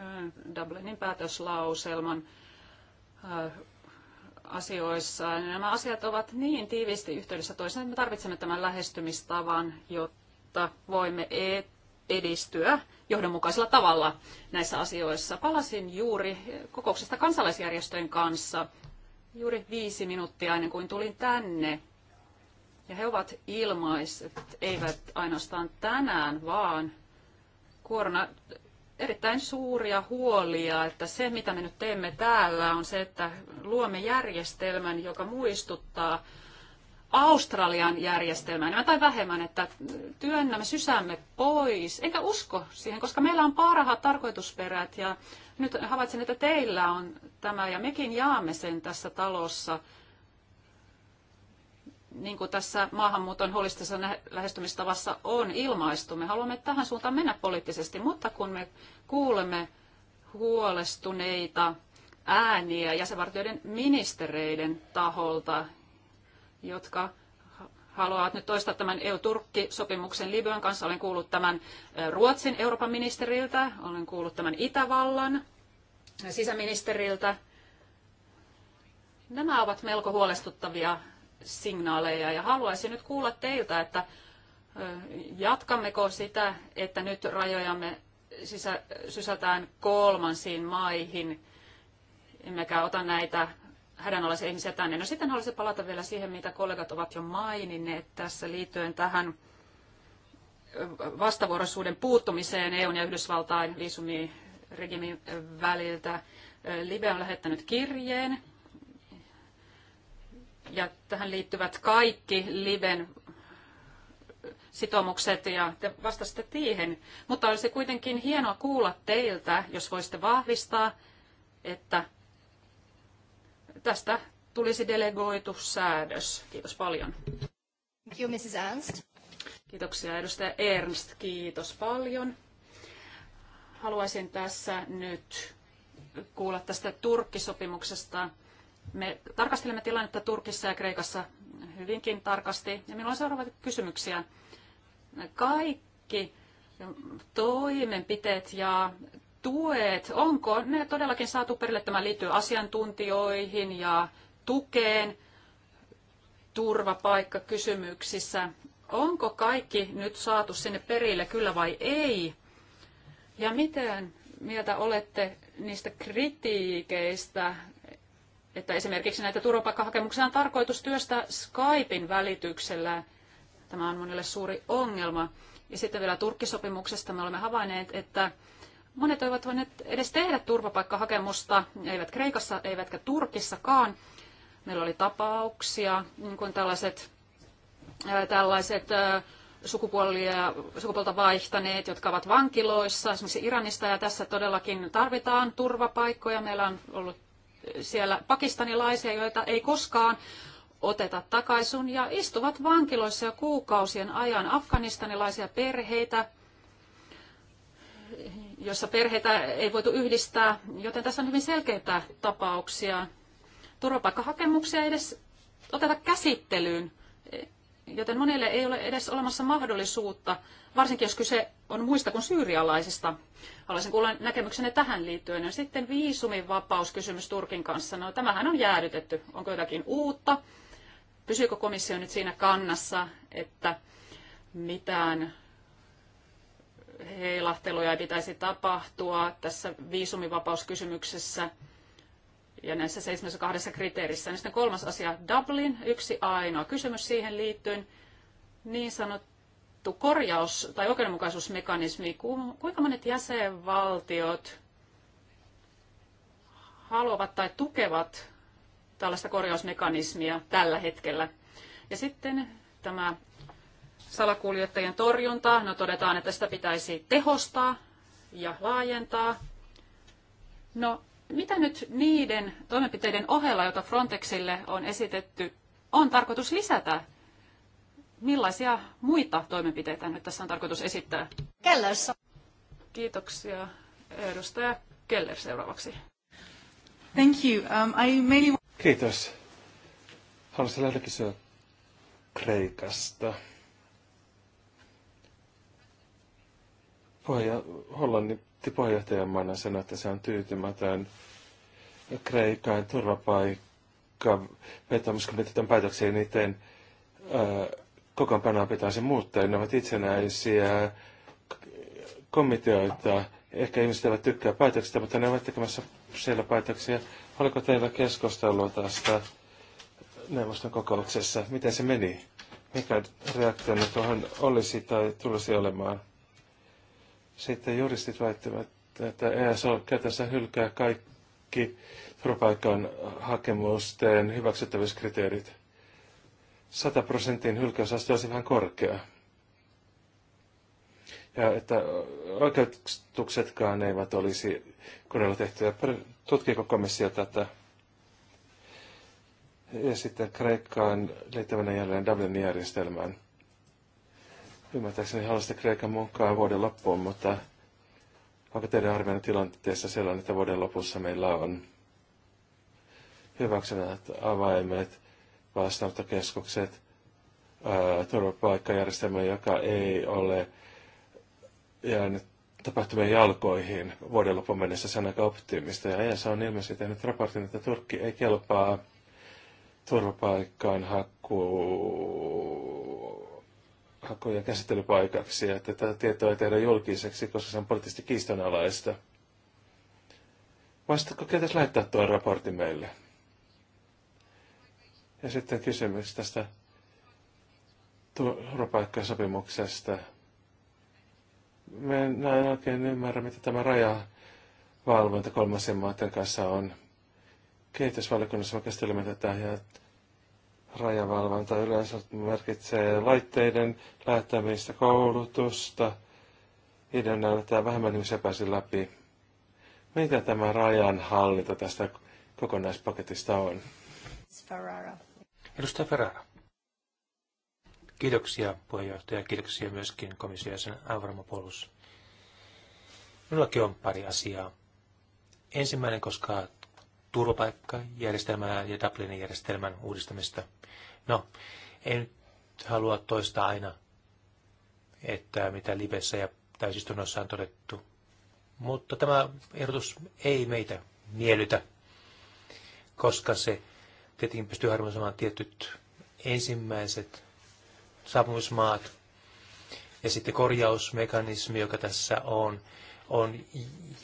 Äh, Dublinin päätöslauselman äh, asioissa. Nämä asiat ovat niin tiiviisti yhteydessä toiseen, että me tarvitsemme tämän lähestymistavan, jotta voimme e- edistyä johdonmukaisella tavalla näissä asioissa. Palasin juuri kokouksesta kansalaisjärjestöjen kanssa juuri viisi minuuttia ennen kuin tulin tänne. Ja he ovat ilmaiset, eivät ainoastaan tänään, vaan korona erittäin suuria huolia, että se mitä me nyt teemme täällä on se, että luomme järjestelmän, joka muistuttaa Australian järjestelmää, enemmän niin tai vähemmän, että työnnämme, sysäämme pois, enkä usko siihen, koska meillä on parhaat tarkoitusperät ja nyt havaitsen, että teillä on tämä ja mekin jaamme sen tässä talossa niin kuin tässä maahanmuuton holistisessa lähestymistavassa on ilmaistu. Me haluamme tähän suuntaan mennä poliittisesti, mutta kun me kuulemme huolestuneita ääniä jäsenvartijoiden ministereiden taholta, jotka haluavat nyt toistaa tämän EU-Turkki-sopimuksen Libyan kanssa. Olen kuullut tämän Ruotsin Euroopan ministeriltä, olen kuullut tämän Itävallan sisäministeriltä. Nämä ovat melko huolestuttavia signaaleja ja haluaisin nyt kuulla teiltä, että jatkammeko sitä, että nyt rajojamme sisä, sysätään kolmansiin maihin, emmekä ota näitä hädänalaisia ihmisiä tänne. No sitten haluaisin palata vielä siihen, mitä kollegat ovat jo maininneet tässä liittyen tähän vastavuoroisuuden puuttumiseen EUn ja Yhdysvaltain viisumiregimin väliltä. Libe on lähettänyt kirjeen ja tähän liittyvät kaikki Liben sitoumukset ja te vastasitte siihen. Mutta olisi kuitenkin hienoa kuulla teiltä, jos voisitte vahvistaa, että tästä tulisi delegoitu säädös. Kiitos paljon. Thank you, Mrs. Ernst. Kiitoksia edustaja Ernst, kiitos paljon. Haluaisin tässä nyt kuulla tästä Turkkisopimuksesta. sopimuksesta me tarkastelemme tilannetta Turkissa ja Kreikassa hyvinkin tarkasti. Ja minulla on seuraavia kysymyksiä. Kaikki toimenpiteet ja tuet, onko ne todellakin saatu perille? Tämä liittyy asiantuntijoihin ja tukeen turvapaikkakysymyksissä. Onko kaikki nyt saatu sinne perille, kyllä vai ei? Ja miten mieltä olette niistä kritiikeistä, että esimerkiksi näitä turvapaikkahakemuksia on tarkoitus työstää Skypein välityksellä. Tämä on monille suuri ongelma. Ja sitten vielä Turkkisopimuksesta me olemme havainneet, että monet eivät voineet edes tehdä turvapaikkahakemusta, eivät Kreikassa eivätkä Turkissakaan. Meillä oli tapauksia, niin kuin tällaiset, tällaiset sukupuolia, sukupuolta vaihtaneet, jotka ovat vankiloissa, esimerkiksi Iranista, ja tässä todellakin tarvitaan turvapaikkoja. Meillä on ollut siellä pakistanilaisia, joita ei koskaan oteta takaisin ja istuvat vankiloissa jo kuukausien ajan afganistanilaisia perheitä, jossa perheitä ei voitu yhdistää, joten tässä on hyvin selkeitä tapauksia. Turvapaikkahakemuksia ei edes oteta käsittelyyn joten monille ei ole edes olemassa mahdollisuutta, varsinkin jos kyse on muista kuin syyrialaisista. Haluaisin kuulla näkemyksenne tähän liittyen. Ja sitten viisumivapauskysymys Turkin kanssa. No tämähän on jäädytetty. Onko jotakin uutta? Pysyykö komissio nyt siinä kannassa, että mitään heilahteluja ei pitäisi tapahtua tässä viisumivapauskysymyksessä? ja näissä 72 kriteerissä. Niin sitten kolmas asia, Dublin, yksi ainoa kysymys siihen liittyen, niin sanottu korjaus- tai oikeudenmukaisuusmekanismi, kuinka monet jäsenvaltiot haluavat tai tukevat tällaista korjausmekanismia tällä hetkellä. Ja sitten tämä salakuljettajien torjunta, no todetaan, että sitä pitäisi tehostaa ja laajentaa. No mitä nyt niiden toimenpiteiden ohella, joita Frontexille on esitetty, on tarkoitus lisätä? Millaisia muita toimenpiteitä nyt tässä on tarkoitus esittää? Kellers. Kiitoksia. Edustaja Keller seuraavaksi. Thank you. Um, I mainly... Kiitos. Haluaisin lähteä kysyä Kreikasta. Pohja Hollannin Britti puheenjohtajamaana sanoi, että se on tyytymätön Kreikan turvapaikka vetomuskomitean päätöksiä niiden kokoonpanoa pitäisi muuttaa. Ne ovat itsenäisiä komiteoita. Ehkä ihmiset eivät tykkää päätöksistä, mutta ne ovat tekemässä siellä päätöksiä. Oliko teillä keskustelua tästä neuvoston kokouksessa? Miten se meni? Mikä reaktio tuohon olisi tai tulisi olemaan? Sitten juristit väittävät, että ESO käytännössä hylkää kaikki turvapaikan hakemusten hyväksyttävyyskriteerit. 100 prosentin hylkäysaste olisi vähän korkea. Ja että oikeutuksetkaan eivät olisi kunnolla tehtyä. Tutkiiko komissio tätä? Ja sitten Kreikkaan liittyvänä jälleen Dublin järjestelmään. Ymmärtääkseni haluaisitte Kreikan mukaan vuoden loppuun, mutta onko teidän arvioinnin tilanteessa sellainen, että vuoden lopussa meillä on hyväksynnät avaimet, vastaanottokeskukset, turvapaikkajärjestelmä, joka ei ole jäänyt tapahtumien jalkoihin vuoden lopun mennessä, se on aika optimista. Ja ESA on ilmeisesti tehnyt raportin, että Turkki ei kelpaa turvapaikkaan hakkuu hakoja käsittelypaikaksi ja että tätä tietoa ei tehdä julkiseksi, koska se on poliittisesti kiistanalaista. Voisitko kenties lähettää tuon raportin meille? Ja sitten kysymys tästä turvapaikkasopimuksesta. Me en oikein ymmärrä, mitä tämä rajavalvonta kolmasen maiden kanssa on. Kehitysvaliokunnassa me käsittelemme tätä ja Rajavalvonta yleensä merkitsee laitteiden lähettämistä, koulutusta, niiden näyttää vähemmän se pääsi läpi. Mitä tämä rajan hallinta tästä kokonaispaketista on? Ferrara. Edustaja Ferrara. Kiitoksia puheenjohtaja, kiitoksia myöskin komission jäsen Avramopoulos. Minullakin on pari asiaa. Ensimmäinen koska turvapaikkajärjestelmää ja Dublinin järjestelmän uudistamista. No, en nyt halua toistaa aina, että mitä livessä ja täysistunnossa on todettu. Mutta tämä ehdotus ei meitä miellytä, koska se tietenkin pystyy harmonisoimaan tietyt ensimmäiset saapumismaat. Ja sitten korjausmekanismi, joka tässä on, on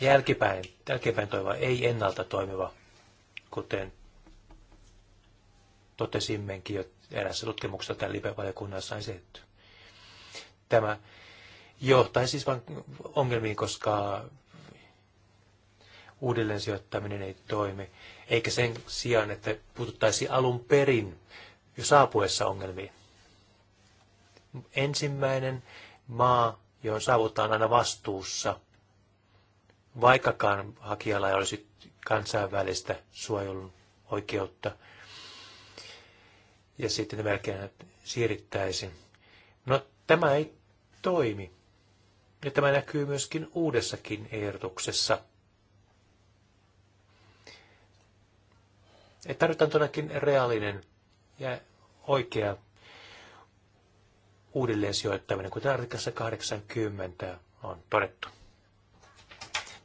jälkipäin, jälkipäin toimiva ei ennalta toimiva, kuten totesimmekin jo eräässä tutkimuksessa tämän libe valiokunnassa esitetty. Tämä johtaa siis vain ongelmiin, koska uudelleen sijoittaminen ei toimi, eikä sen sijaan, että puututtaisiin alun perin jo saapuessa ongelmiin. Ensimmäinen maa, johon saavutaan aina vastuussa, vaikkakaan hakijalla ei olisi kansainvälistä suojelun oikeutta, ja sitten ne melkein siirrittäisiin. No tämä ei toimi. Ja tämä näkyy myöskin uudessakin ehdotuksessa. Et tarvitaan todellakin reaalinen ja oikea uudelleen sijoittaminen, kuten artikassa 80 on todettu.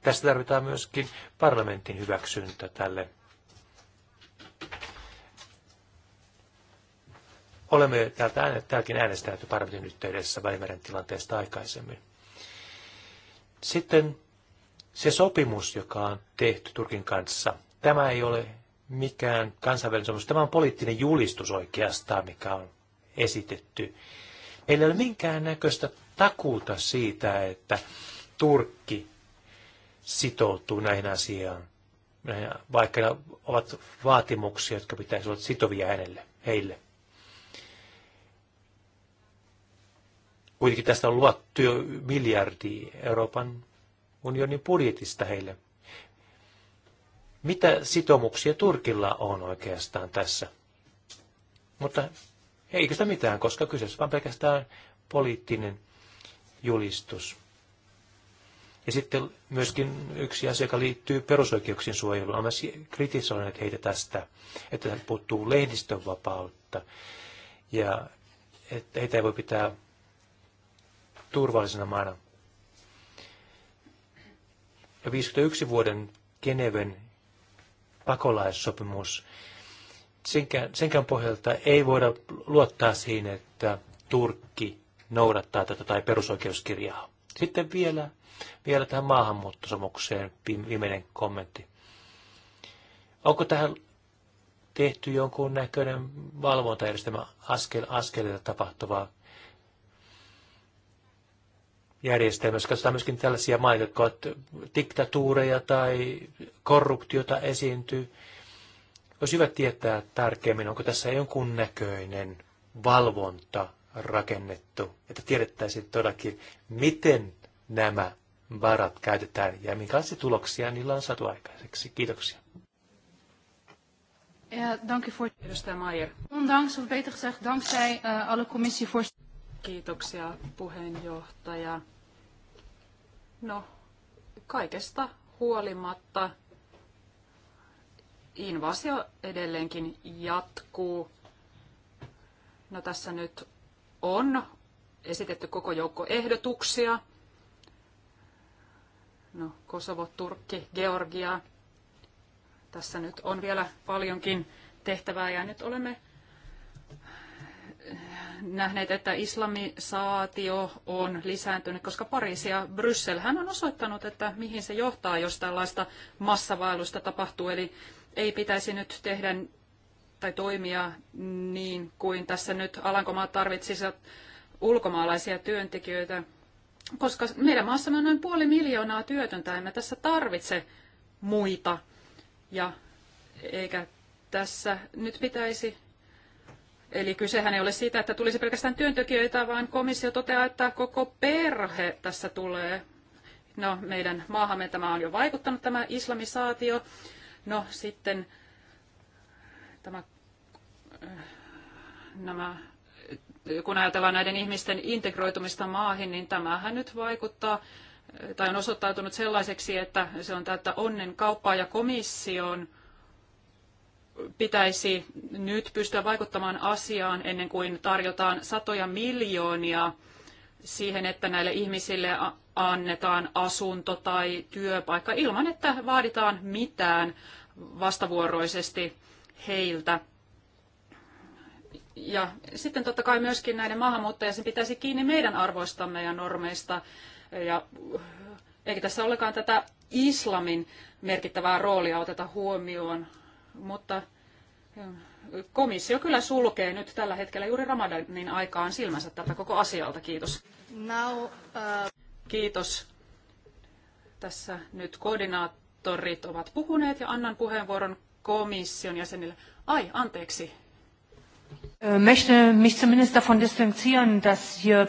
Tästä tarvitaan myöskin parlamentin hyväksyntä tälle Olemme täältä, täälläkin äänestäyty parlamentin yhteydessä Välimeren tilanteesta aikaisemmin. Sitten se sopimus, joka on tehty Turkin kanssa, tämä ei ole mikään kansainvälinen sopimus. Tämä on poliittinen julistus oikeastaan, mikä on esitetty. Meillä ei ole minkäännäköistä takuuta siitä, että Turkki sitoutuu näihin asiaan, vaikka ne ovat vaatimuksia, jotka pitäisi olla sitovia hänelle, heille. Kuitenkin tästä on luvattu jo miljardi Euroopan unionin budjetista heille. Mitä sitoumuksia Turkilla on oikeastaan tässä? Mutta eikö sitä mitään, koska kyseessä vaan pelkästään poliittinen julistus. Ja sitten myöskin yksi asia, joka liittyy perusoikeuksien suojeluun. Olemme kritisoineet heitä tästä, että puuttuu lehdistönvapautta ja että heitä ei voi pitää turvallisena maana. Ja 51 vuoden Geneven pakolaissopimus, senkään, senkään pohjalta ei voida luottaa siihen, että Turkki noudattaa tätä tai perusoikeuskirjaa. Sitten vielä, vielä tähän maahanmuuttosomukseen viimeinen kommentti. Onko tähän tehty jonkun näköinen valvontajärjestelmä askel askeleita tapahtuvaa järjestelmässä. Katsotaan myöskin tällaisia maita, jotka ovat diktatuureja tai korruptiota esiintyy. Olisi hyvä tietää tarkemmin, onko tässä jonkun näköinen valvonta rakennettu, että tiedettäisiin todellakin, miten nämä varat käytetään ja minkälaisia tuloksia niillä on saatu aikaiseksi. Kiitoksia. Ja, dank u voor Meijer. Ondanks, of beter gezegd, dankzij uh, alle commissievoorzitters. Kiitoksia puheenjohtaja. No, kaikesta huolimatta invasio edelleenkin jatkuu. No tässä nyt on esitetty koko joukko ehdotuksia. No, Kosovo, Turkki, Georgia. Tässä nyt on vielä paljonkin tehtävää ja nyt olemme nähneet, että islamisaatio on lisääntynyt, koska Pariisi ja hän on osoittanut, että mihin se johtaa, jos tällaista massavaellusta tapahtuu. Eli ei pitäisi nyt tehdä tai toimia niin kuin tässä nyt Alankomaat tarvitsisi ulkomaalaisia työntekijöitä, koska meidän maassamme on noin puoli miljoonaa työtöntä, emme tässä tarvitse muita. Ja eikä tässä nyt pitäisi Eli kysehän ei ole siitä, että tulisi pelkästään työntekijöitä, vaan komissio toteaa, että koko perhe tässä tulee. No, meidän maahamme tämä on jo vaikuttanut, tämä islamisaatio. No, sitten tämä, äh, nämä, kun ajatellaan näiden ihmisten integroitumista maahan, niin tämähän nyt vaikuttaa äh, tai on osoittautunut sellaiseksi, että se on täyttä onnen kauppaa ja komission pitäisi nyt pystyä vaikuttamaan asiaan ennen kuin tarjotaan satoja miljoonia siihen, että näille ihmisille annetaan asunto tai työpaikka ilman, että vaaditaan mitään vastavuoroisesti heiltä. Ja sitten totta kai myöskin näiden maahanmuuttajien pitäisi kiinni meidän arvoistamme ja normeista. Ja eikä tässä ollenkaan tätä islamin merkittävää roolia oteta huomioon mutta komissio kyllä sulkee nyt tällä hetkellä juuri Ramadanin aikaan silmänsä tältä koko asialta. Kiitos. Now, uh... Kiitos. Tässä nyt koordinaattorit ovat puhuneet ja annan puheenvuoron komission jäsenille. Ai, anteeksi. Äh, möchte mich zumindest davon dass hier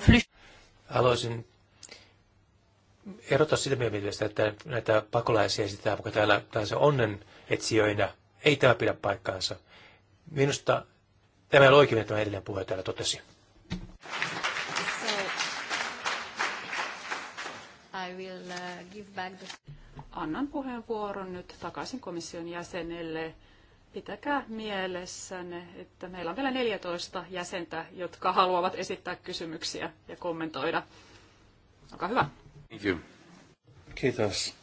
Haluaisin erota sitä mielipiteestä, että näitä pakolaisia esitetään, vaikka täällä, täällä se onnen etsijöinä ei tämä pidä paikkaansa. Minusta tämä ei ole oikein, että edellinen puhe täällä totesi. I will uh, give back the... Annan puheenvuoron nyt takaisin komission jäsenelle. Pitäkää mielessänne, että meillä on vielä 14 jäsentä, jotka haluavat esittää kysymyksiä ja kommentoida. Olkaa hyvä. Thank you. Kiitos.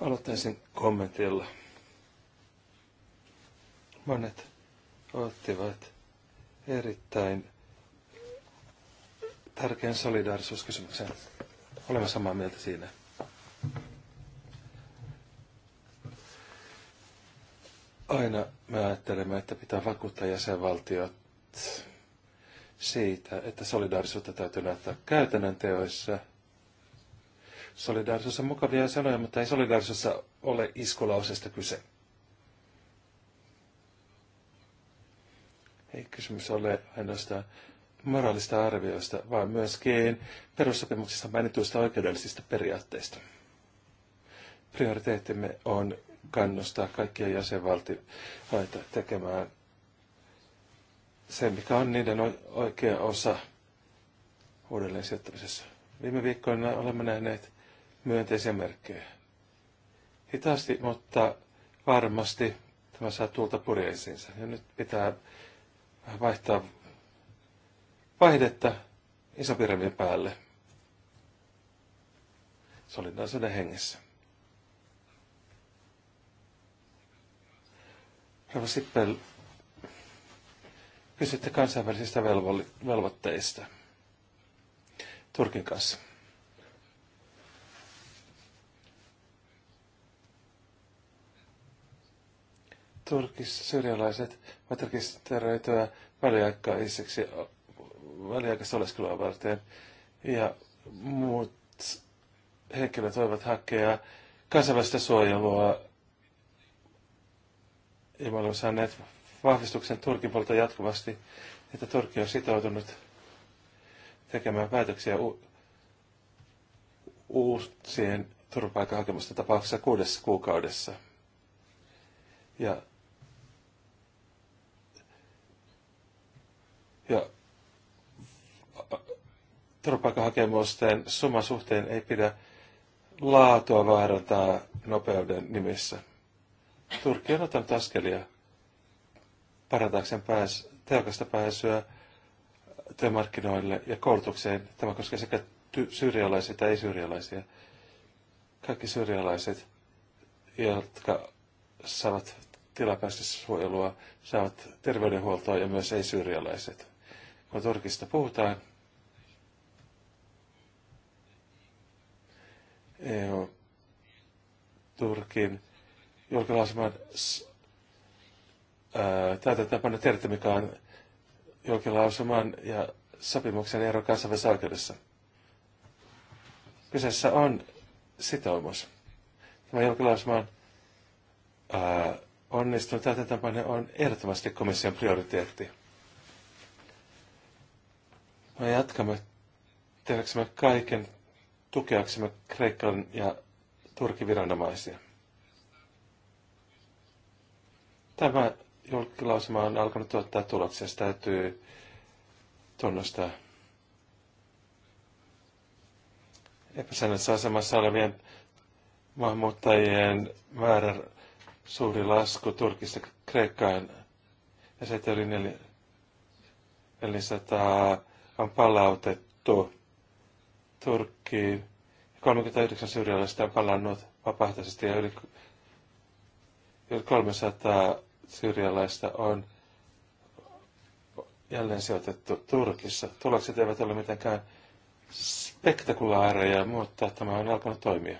Aloittaisin kommentilla. Monet ottivat erittäin tärkeän solidaarisuuskysymyksen. Olemme samaa mieltä siinä. Aina me ajattelemme, että pitää vakuuttaa jäsenvaltiot siitä, että solidaarisuutta täytyy näyttää käytännön teoissa – Solidaarisuus on mukavia sanoja, mutta ei solidaarisuudessa ole iskulausesta kyse. Ei kysymys ole ainoastaan moraalista arvioista, vaan myöskin perussopimuksista mainituista oikeudellisista periaatteista. Prioriteettimme on kannustaa kaikkia jäsenvaltioita tekemään se, mikä on niiden oikea osa uudelleen sijoittamisessa. Viime viikkoina olemme nähneet myönteisiä merkkejä. Hitaasti, mutta varmasti tämä saa tuulta purjeisiinsa. Ja nyt pitää vaihtaa vaihdetta isopirevin päälle solidaarisuuden hengessä. Rava Sippel, kysytte kansainvälisistä velvo- velvoitteista Turkin kanssa. Turkissa syrjäläiset ovat rekisteröityä väliaikaiseksi väliaikaista oleskelua varten ja muut henkilöt voivat hakea kansainvälistä suojelua ja me olemme saaneet vahvistuksen Turkin puolta jatkuvasti, että Turkki on sitoutunut tekemään päätöksiä u- uusien turvapaikanhakemusten tapauksessa kuudessa kuukaudessa. Ja Ja turvapaikanhakemusten summan suhteen ei pidä laatua vaarantaa nopeuden nimissä. Turkki on ottanut askelia parantaakseen pääs, tehokasta pääsyä työmarkkinoille ja koulutukseen. Tämä koskee sekä ty- syyrialaisia että ei-syyrialaisia. Kaikki syyrialaiset, jotka saavat tilapäistä suojelua, saavat terveydenhuoltoa ja myös ei-syyrialaiset kun Turkista puhutaan, EU, Turkin julkilausuman täytäntöönpano tiedätte, mikä on julkilausuman ja sopimuksen ero kansainvälisessä oikeudessa. Kyseessä on sitoumus. Tämä julkilausuman onnistunut täytäntöönpano on ehdottomasti komission prioriteetti. Me jatkamme tehdäksemme kaiken tukeaksemme Kreikan ja Turkin viranomaisia. Tämä julkilausuma on alkanut tuottaa tuloksia. Se täytyy tunnustaa. Epäsäännössä asemassa olevien maahanmuuttajien määrä suuri lasku Turkista Kreikkaan ja se, että yli 400 on palautettu Turkkiin. 39 syyrialaista on palannut vapaaehtoisesti ja yli 300 syyrialaista on jälleen sijoitettu Turkissa. Tulokset eivät ole mitenkään spektakulaareja, mutta tämä on alkanut toimia.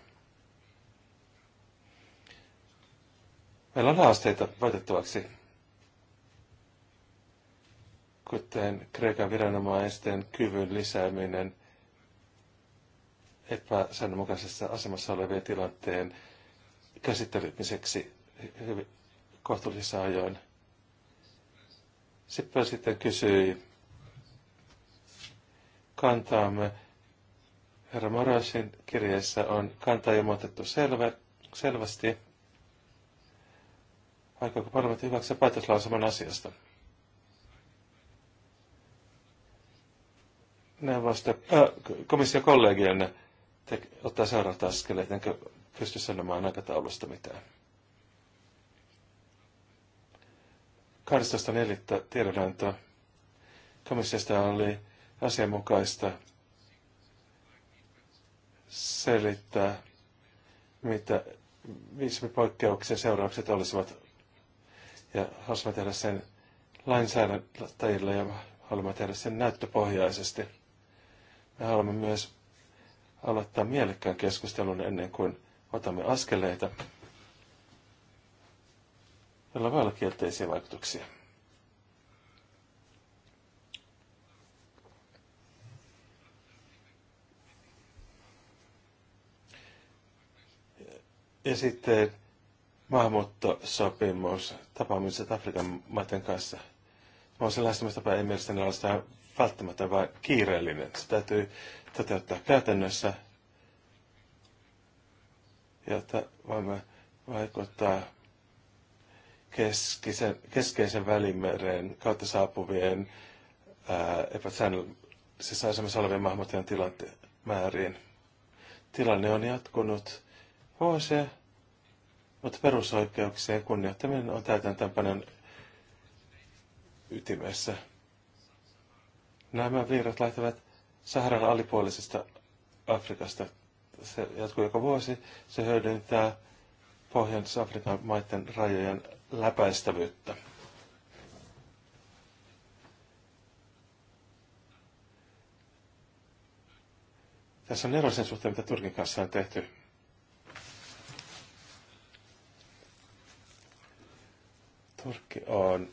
Meillä on haasteita voitettavaksi kuten Kreikan viranomaisten kyvyn lisääminen epäsäännönmukaisessa asemassa olevien tilanteen käsittelemiseksi kohtuullisissa ajoin. Sippa sitten kysyi kantaamme. Herra Morasin kirjeessä on kanta ilmoitettu selvä, selvästi. Aikooko parlamentti hyväksyä päätöslauselman asiasta? neuvosto, äh, Komissio te, ottaa seuraavat askeleet, enkä pysty sanomaan aikataulusta mitään. 12.4. tiedonanto komissiosta oli asianmukaista selittää, mitä viisumipoikkeuksen seuraukset olisivat. Ja haluamme tehdä sen lainsäädäntäjille ja haluamme tehdä sen näyttöpohjaisesti. Ja haluamme myös aloittaa mielekkään keskustelun ennen kuin otamme askeleita, jolla voi olla kielteisiä vaikutuksia. Ja sitten maahanmuuttosopimus tapaamiset Afrikan maiden kanssa. On sellaista, mistä ei mielestäni ole sitä välttämätön, vaan kiireellinen. Se täytyy toteuttaa käytännössä, että voimme vaikuttaa keskisen, keskeisen välimeren kautta saapuvien epäsäännöllisessä asemassa olevien maahanmuuttajien tilanteen määriin. Tilanne on jatkunut vuosia, mutta perusoikeuksien kunnioittaminen on täytäntöönpanon ytimessä. Nämä virrat lähtevät Saharan alipuolisesta Afrikasta. Se jatkuu joka vuosi. Se hyödyntää Pohjois-Afrikan maiden rajojen läpäistävyyttä. Tässä on ero sen suhteen, mitä Turkin kanssa on tehty. Turkki on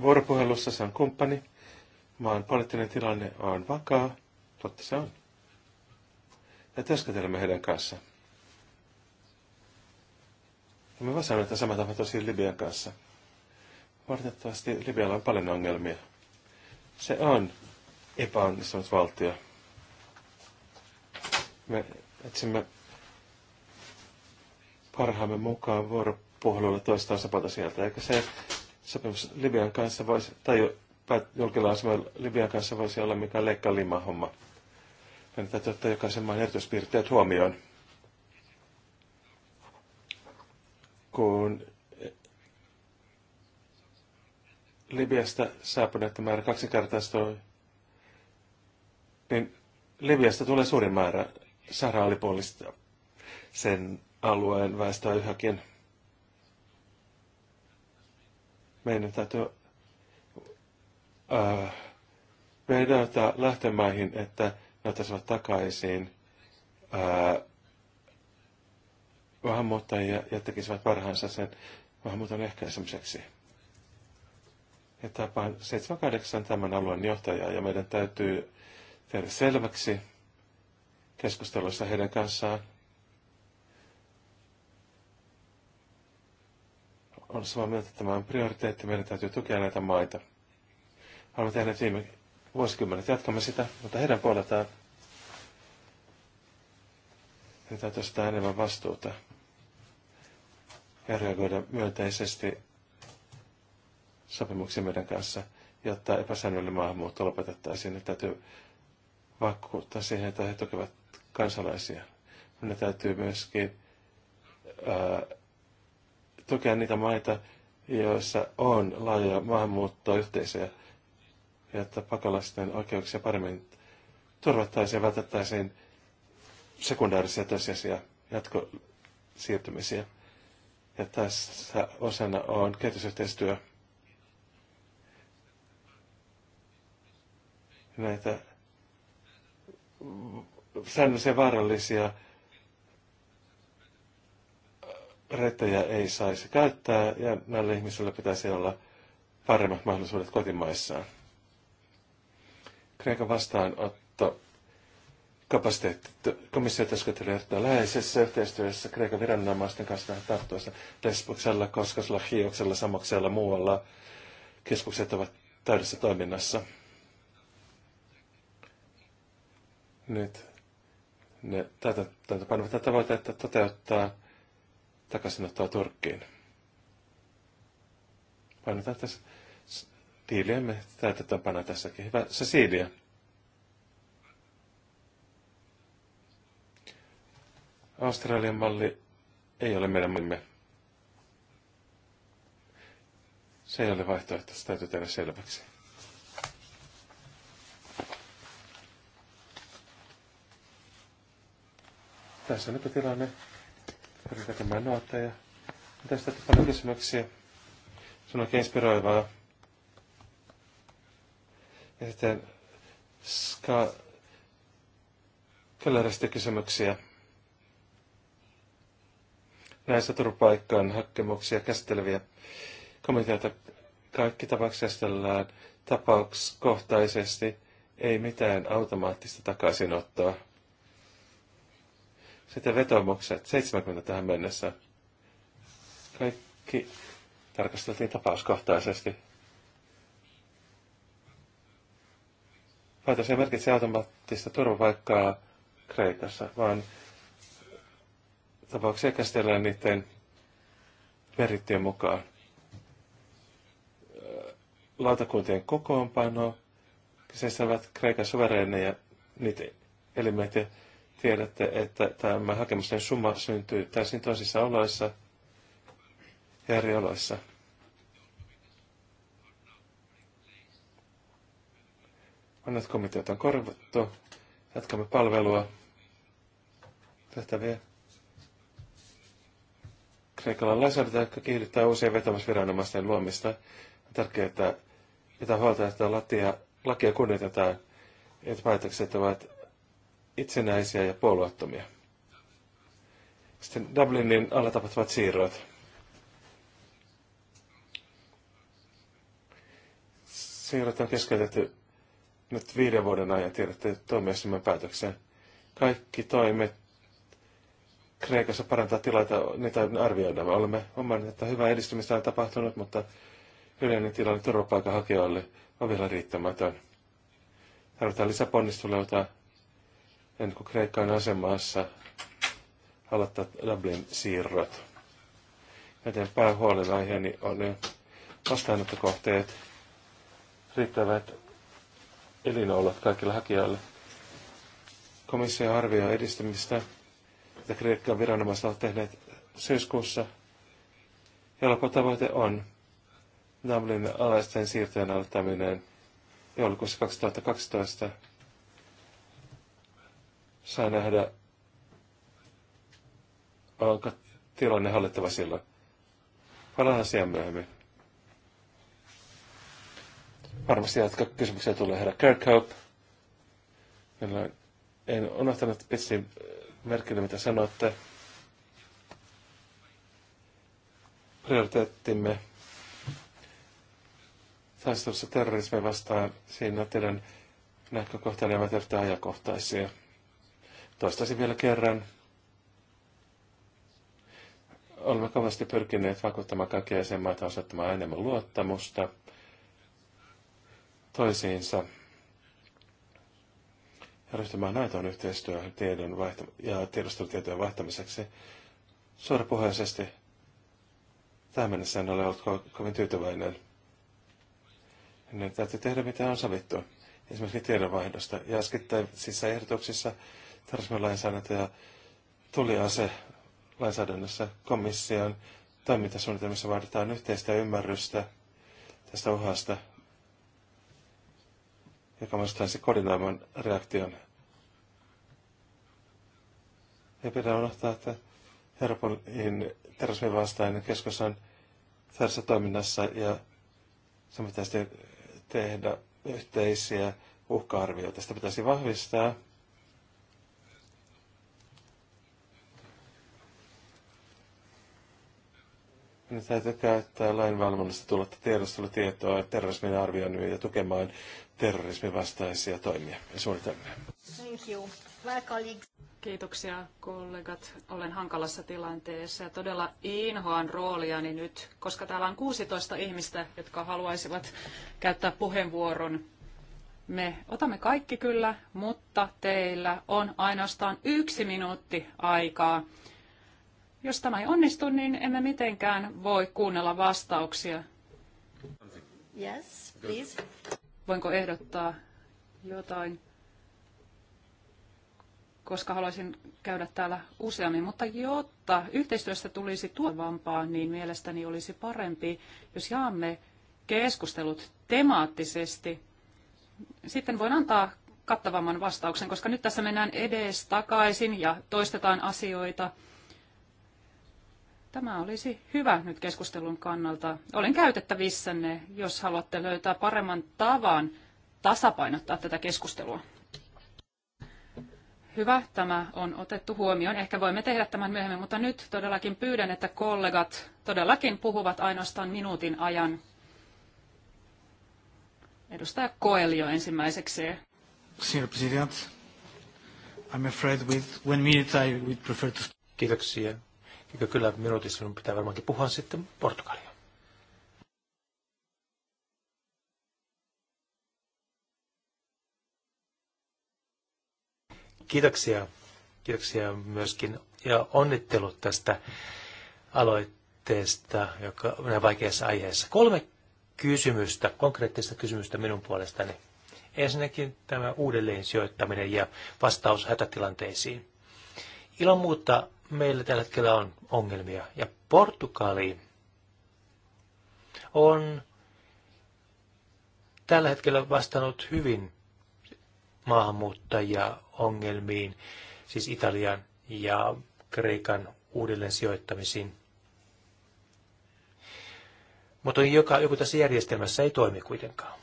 vuoropuhelussa, se on kumppani. Maan poliittinen tilanne on vakaa, totta se on. Ja työskentelemme heidän kanssaan. Ja me vaan että sama tosiaan Libian kanssa. Valitettavasti Libialla on paljon ongelmia. Se on epäonnistunut valtio. Me etsimme parhaamme mukaan vuoropuhelulla toista osapuolta sieltä. Eikä se sopimus Libyan kanssa voisi, tai julkilla asemalla Libian kanssa voisi olla mikä leikka lima homma. Hän täytyy ottaa jokaisen maan erityispiirteet huomioon. Kun Libiasta saapuneet määrä kaksinkertaistui, niin Libiasta tulee suurin määrä sahraalipuolista sen alueen väestöä yhäkin. Meidän täytyy äh, vedota lähtemäihin, että ne ottaisivat takaisin äh, maahanmuuttajia ja tekisivät parhaansa sen maahanmuuton ehkäisemiseksi. Ja tapaan 78 tämän alueen johtajaa ja meidän täytyy tehdä selväksi keskustelussa heidän kanssaan. On samaa mieltä, että tämä on prioriteetti. Meidän täytyy tukea näitä maita olemme tehneet viime vuosikymmenet. Jatkamme sitä, mutta heidän puoleltaan niin täytyy sitä enemmän vastuuta ja reagoida myönteisesti sopimuksia meidän kanssa, jotta epäsäännöllinen maahanmuutto lopetettaisiin. Ne täytyy vakuuttaa siihen, että he tukevat kansalaisia. Ne täytyy myöskin ää, tukea niitä maita, joissa on laajoja maahanmuuttoyhteisöjä että pakolaisten oikeuksia paremmin turvattaisiin ja vältettäisiin sekundaarisia tosiasia jatkosiirtymisiä. Ja tässä osana on kehitysyhteistyö. Näitä säännöllisiä vaarallisia rettejä ei saisi käyttää ja näille ihmisille pitäisi olla paremmat mahdollisuudet kotimaissaan. Kreikan vastaanotto kapasiteetti. Komissio työskentelee erittäin läheisessä yhteistyössä Kreikan viranomaisten kanssa tähän tarttuessa Lesboksella, Koskosella, Hioksella, Samoksella muualla. Keskukset ovat täydessä toiminnassa. Nyt ne panevat tätä tavoitetta toteuttaa takaisinottoa Turkkiin. Painetaan tässä tiiliemme me täytäntöönpana tässäkin. Hyvä Cecilia. Australian malli ei ole meidän mallimme. Se ei ole vaihtoehto, se täytyy tehdä selväksi. Tässä on tilanne. Pyritään tekemään nuotteja. Tästä paljon kysymyksiä. Se on oikein inspiroivaa. Ja sitten Ska Kelleristä kysymyksiä. Näissä turvapaikkaan hakemuksia käsitteleviä komiteoita kaikki tapaukset käsitellään tapauskohtaisesti, ei mitään automaattista takaisinottoa. Sitten vetomukset, 70 tähän mennessä. Kaikki tarkasteltiin tapauskohtaisesti. Päätös ei merkitse automaattista turvapaikkaa Kreikassa, vaan tapauksia käsitellään niiden merittien mukaan. Lautakuntien kokoonpano, kyseessä ovat Kreikan ja niitä elimet ja tiedätte, että tämä hakemusten summa syntyy täysin toisissa oloissa ja eri oloissa. Vanhat komiteat on korvattu. Jatkamme palvelua. Tehtäviä. Kreikalla on lainsäädäntö, joka kiihdyttää uusien vetämisviranomaisten luomista. On tärkeää, että pitää huolta, että latia, lakia kunnioitetaan, että päätökset ovat itsenäisiä ja puolueettomia. Sitten Dublinin alla tapahtuvat siirrot. Siirrot on keskeytetty nyt viiden vuoden ajan tiedätte tuomioistuimen päätöksen. Kaikki toimet Kreikassa parantaa tilata, niitä arvioidaan. Me olemme omanneet, että hyvää edistymistä on tapahtunut, mutta yleinen tilanne turvapaikanhakijoille on vielä riittämätön. Tarvitaan lisäponnisteluita ennen kuin Kreikka on asemassa aloittaa Dublin-siirrot. Joten päähuolenaiheeni on vastaanottokohteet riittävät elinolot kaikille hakijoille. Komissio arvioi edistymistä, mitä Kreikan viranomaiset ovat tehneet syyskuussa, ja tavoite on Dublin alaisten siirtojen aloittaminen joulukuussa 2012. Saa nähdä, onko tilanne hallittava silloin. Palaan asiaan myöhemmin. Varmasti jatko kysymyksiä tulee herra Kirkhope. Jolloin en unohtanut pissin äh, merkille, mitä sanoitte. Prioriteettimme taistelussa terrorismia vastaan siinä teidän näkökohtainen ja erittäin ajakohtaisia. Toistaisin vielä kerran. Olemme kovasti pyrkineet vakuuttamaan kaikkia jäsenmaita osoittamaan enemmän luottamusta – toisiinsa ja ryhtymään aitoon yhteistyöhön tiedon vaihto- ja tiedostelutietojen vaihtamiseksi. Suorapuheisesti tähän mennessä en ole ollut ko- kovin tyytyväinen. Ne täytyy tehdä mitä on sovittu, esimerkiksi tiedonvaihdosta. Ja äskettäisissä ehdotuksissa terrorismilainsäädäntö ja tuliase lainsäädännössä komission toimintasuunnitelmissa vaaditaan yhteistä ymmärrystä tästä uhasta joka se koordinoiman reaktion. Ei pidä unohtaa, että Euroopanin terrorismin vastainen keskus on tässä toiminnassa ja se pitäisi tehdä yhteisiä uhka-arvioita. Sitä pitäisi vahvistaa. Niin täytyy käyttää lainvalvonnasta tullutta tiedostelutietoa terrorismin arvioinnin ja tukemaan terrorismin vastaisia toimia ja suunnitelmia. Thank you. Kiitoksia kollegat. Olen hankalassa tilanteessa ja todella inhoan rooliani nyt, koska täällä on 16 ihmistä, jotka haluaisivat käyttää puheenvuoron. Me otamme kaikki kyllä, mutta teillä on ainoastaan yksi minuutti aikaa. Jos tämä ei onnistu, niin emme mitenkään voi kuunnella vastauksia. Yes, please voinko ehdottaa jotain, koska haluaisin käydä täällä useammin. Mutta jotta yhteistyöstä tulisi tuovampaa, niin mielestäni olisi parempi, jos jaamme keskustelut temaattisesti. Sitten voin antaa kattavamman vastauksen, koska nyt tässä mennään edes takaisin ja toistetaan asioita – Tämä olisi hyvä nyt keskustelun kannalta. Olen käytettävissänne, jos haluatte löytää paremman tavan tasapainottaa tätä keskustelua. Hyvä, tämä on otettu huomioon. Ehkä voimme tehdä tämän myöhemmin, mutta nyt todellakin pyydän, että kollegat todellakin puhuvat ainoastaan minuutin ajan. Edustaja Koelio ensimmäiseksi. Senior President, I'm afraid with one minute I would prefer to... Kiitoksia. Eikö kyllä minuutissa minun pitää varmaankin puhua sitten Portugalia. Kiitoksia. Kiitoksia myöskin ja onnittelut tästä aloitteesta, joka on vaikeassa aiheessa. Kolme kysymystä, konkreettista kysymystä minun puolestani. Ensinnäkin tämä uudelleen sijoittaminen ja vastaus hätätilanteisiin. Ilman muuta meillä tällä hetkellä on ongelmia. Ja Portugali on tällä hetkellä vastannut hyvin maahanmuuttajia ongelmiin, siis Italian ja Kreikan uudelleen sijoittamisiin. Mutta joka, joku tässä järjestelmässä ei toimi kuitenkaan.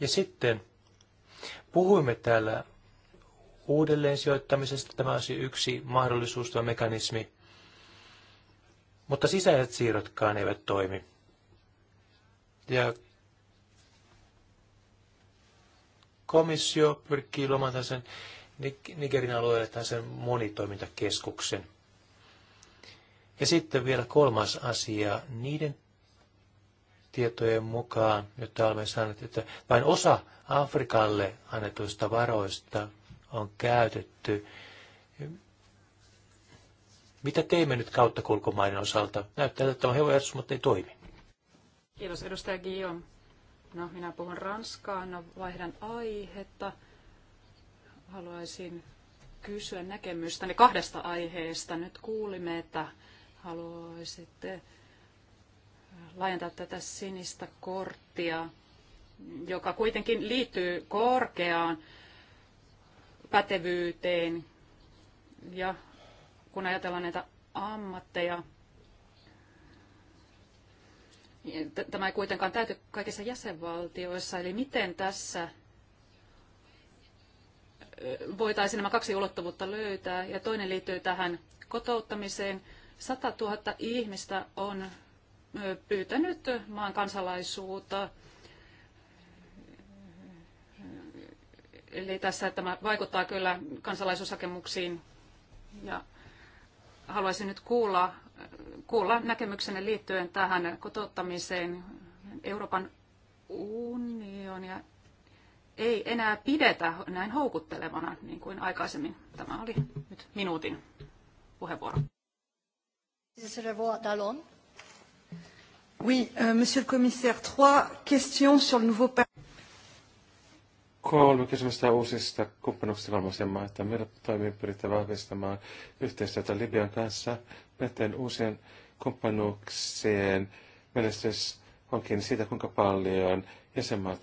Ja sitten puhuimme täällä uudelleen sijoittamisesta. Tämä olisi yksi mahdollisuus, tämä mekanismi. Mutta sisäiset siirrotkaan eivät toimi. Ja komissio pyrkii luomaan sen Nigerin alueelle sen monitoimintakeskuksen. Ja sitten vielä kolmas asia, niiden tietojen mukaan, jotta olemme saaneet, että vain osa Afrikalle annetuista varoista on käytetty. Mitä teimme nyt kauttakulkumaiden osalta? Näyttää, että tämä on hevojärjestys, mutta ei toimi. Kiitos edustaja Guillaume. No, minä puhun ranskaa, no vaihdan aihetta. Haluaisin kysyä näkemystäni kahdesta aiheesta. Nyt kuulimme, että haluaisitte laajentaa tätä sinistä korttia, joka kuitenkin liittyy korkeaan pätevyyteen. Ja kun ajatellaan näitä ammatteja, niin tämä ei kuitenkaan täyty kaikissa jäsenvaltioissa. Eli miten tässä voitaisiin nämä kaksi ulottuvuutta löytää? Ja toinen liittyy tähän kotouttamiseen. 100 000 ihmistä on pyytänyt maan kansalaisuutta Eli tässä tämä vaikuttaa kyllä kansalaisuushakemuksiin ja haluaisin nyt kuulla, kuulla näkemyksenne liittyen tähän kotouttamiseen. Euroopan unionia ei enää pidetä näin houkuttelevana niin kuin aikaisemmin. Tämä oli nyt minuutin puheenvuoro. Oui, euh, monsieur le commissaire, trois questions sur le nouveau Kolme kysymystä uusista kumppanuksista kolmansien maita. millä toimii pyritään vahvistamaan yhteistyötä Libyan kanssa. Näiden uusien kumppanuuksien menestys onkin siitä, kuinka paljon jäsenmaat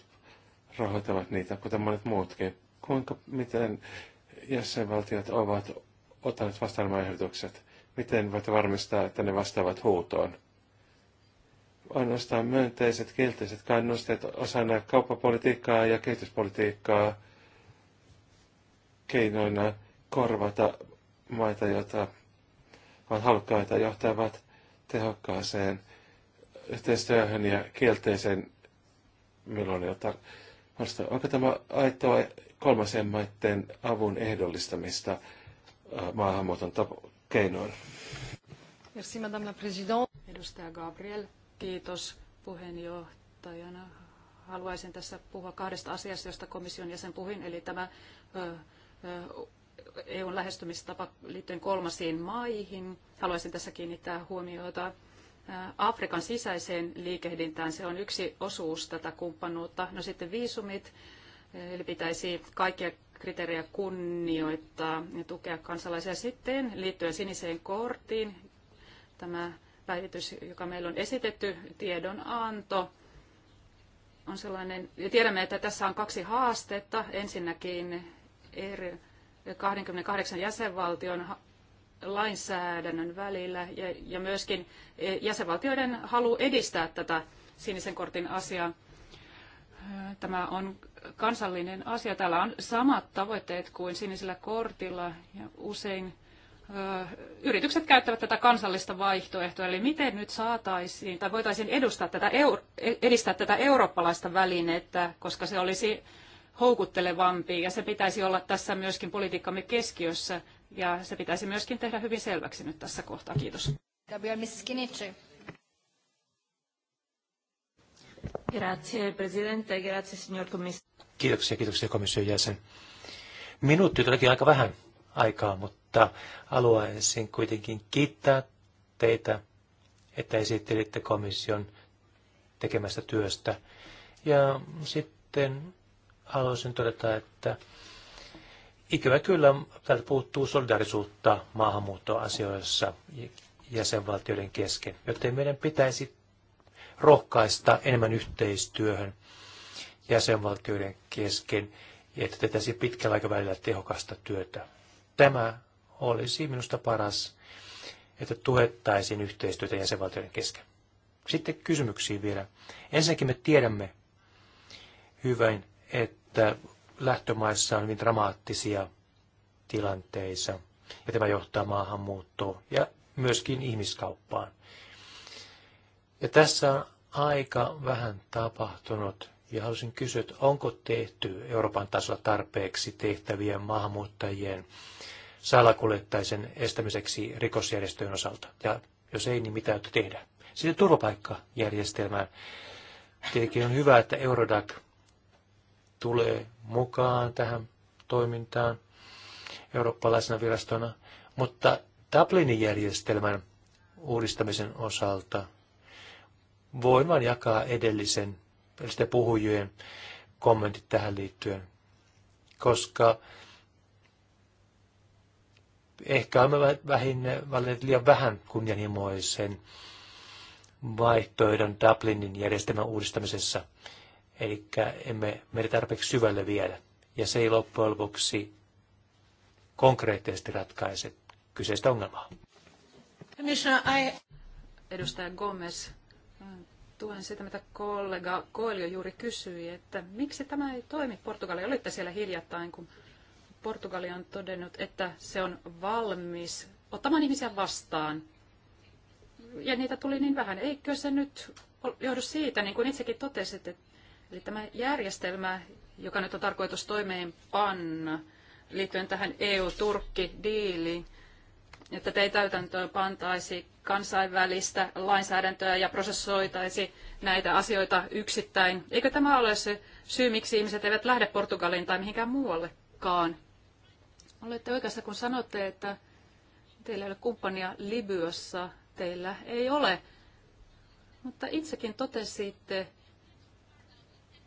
rahoittavat niitä, kuten monet muutkin. Kuinka, miten jäsenvaltiot ovat ottaneet vastaan ehdotukset? Miten voitte varmistaa, että ne vastaavat huutoon? ainoastaan myönteiset, kielteiset kannusteet osana kauppapolitiikkaa ja kehityspolitiikkaa keinoina korvata maita, joita on halukkaita johtavat tehokkaaseen yhteistyöhön ja kielteiseen milloin jotain. Onko tämä aitoa kolmasen maiden avun ehdollistamista äh, maahanmuuton keinoin? Merci, Madame la Présidente. Edustaja Gabriel. Kiitos puheenjohtajana. Haluaisin tässä puhua kahdesta asiasta, josta komission jäsen puhuin, eli tämä EUn lähestymistapa liittyen kolmasiin maihin. Haluaisin tässä kiinnittää huomiota Afrikan sisäiseen liikehdintään. Se on yksi osuus tätä kumppanuutta. No sitten viisumit, eli pitäisi kaikkia kriteerejä kunnioittaa ja tukea kansalaisia sitten liittyen siniseen korttiin. Tämä päivitys, joka meillä on esitetty, tiedonanto, on sellainen, ja tiedämme, että tässä on kaksi haastetta. Ensinnäkin eri 28 jäsenvaltion lainsäädännön välillä ja, ja myöskin e, jäsenvaltioiden halu edistää tätä sinisen kortin asiaa. Tämä on kansallinen asia. Täällä on samat tavoitteet kuin sinisellä kortilla ja usein yritykset käyttävät tätä kansallista vaihtoehtoa, eli miten nyt saataisiin tai voitaisiin edustaa tätä, e, edistää tätä eurooppalaista välinettä, koska se olisi houkuttelevampi ja se pitäisi olla tässä myöskin politiikkamme keskiössä ja se pitäisi myöskin tehdä hyvin selväksi nyt tässä kohtaa. Kiitos. Grazie, presidente, grazie, signor Kiitoksia, kiitoksia komission jäsen. Minuutti aika vähän aikaa, mutta haluaisin kuitenkin kiittää teitä, että esittelitte komission tekemästä työstä. Ja sitten haluaisin todeta, että ikävä kyllä täältä puuttuu solidarisuutta maahanmuuttoasioissa jäsenvaltioiden kesken, joten meidän pitäisi rohkaista enemmän yhteistyöhön jäsenvaltioiden kesken ja että tehtäisiin pitkällä aikavälillä tehokasta työtä. Tämä olisi minusta paras, että tuettaisiin yhteistyötä jäsenvaltioiden kesken. Sitten kysymyksiin vielä. Ensinnäkin me tiedämme hyvin, että lähtömaissa on hyvin dramaattisia tilanteissa, ja tämä johtaa maahanmuuttoon ja myöskin ihmiskauppaan. Ja tässä on aika vähän tapahtunut ja haluaisin kysyä, että onko tehty Euroopan tasolla tarpeeksi tehtävien maahanmuuttajien salakuljettaisen estämiseksi rikosjärjestöjen osalta? Ja jos ei, niin mitä tehdä? Sitten turvapaikkajärjestelmään. Tietenkin on hyvä, että Eurodac tulee mukaan tähän toimintaan eurooppalaisena virastona, mutta Dublinin järjestelmän uudistamisen osalta voin vain jakaa edellisen sitä puhujien kommentit tähän liittyen, koska ehkä olemme vähin, valinneet liian vähän kunnianhimoisen vaihtoehdon Dublinin järjestelmän uudistamisessa. Eli emme meitä tarpeeksi syvälle vielä. Ja se ei loppujen lopuksi konkreettisesti ratkaise kyseistä ongelmaa. Edustaja Gomez, tuen sitä, mitä kollega Koelio juuri kysyi, että miksi tämä ei toimi Portugalia. Olitte siellä hiljattain, kun Portugali on todennut, että se on valmis ottamaan ihmisiä vastaan. Ja niitä tuli niin vähän. Eikö se nyt johdu siitä, niin kuin itsekin totesit, että eli tämä järjestelmä, joka nyt on tarkoitus toimeenpanna liittyen tähän EU-Turkki-diiliin, että te ei täytäntöön pantaisi kansainvälistä lainsäädäntöä ja prosessoitaisi näitä asioita yksittäin. Eikö tämä ole se syy, miksi ihmiset eivät lähde Portugaliin tai mihinkään muuallekaan? Olette oikeassa, kun sanotte, että teillä ei ole kumppania Libyassa, teillä ei ole. Mutta itsekin totesitte,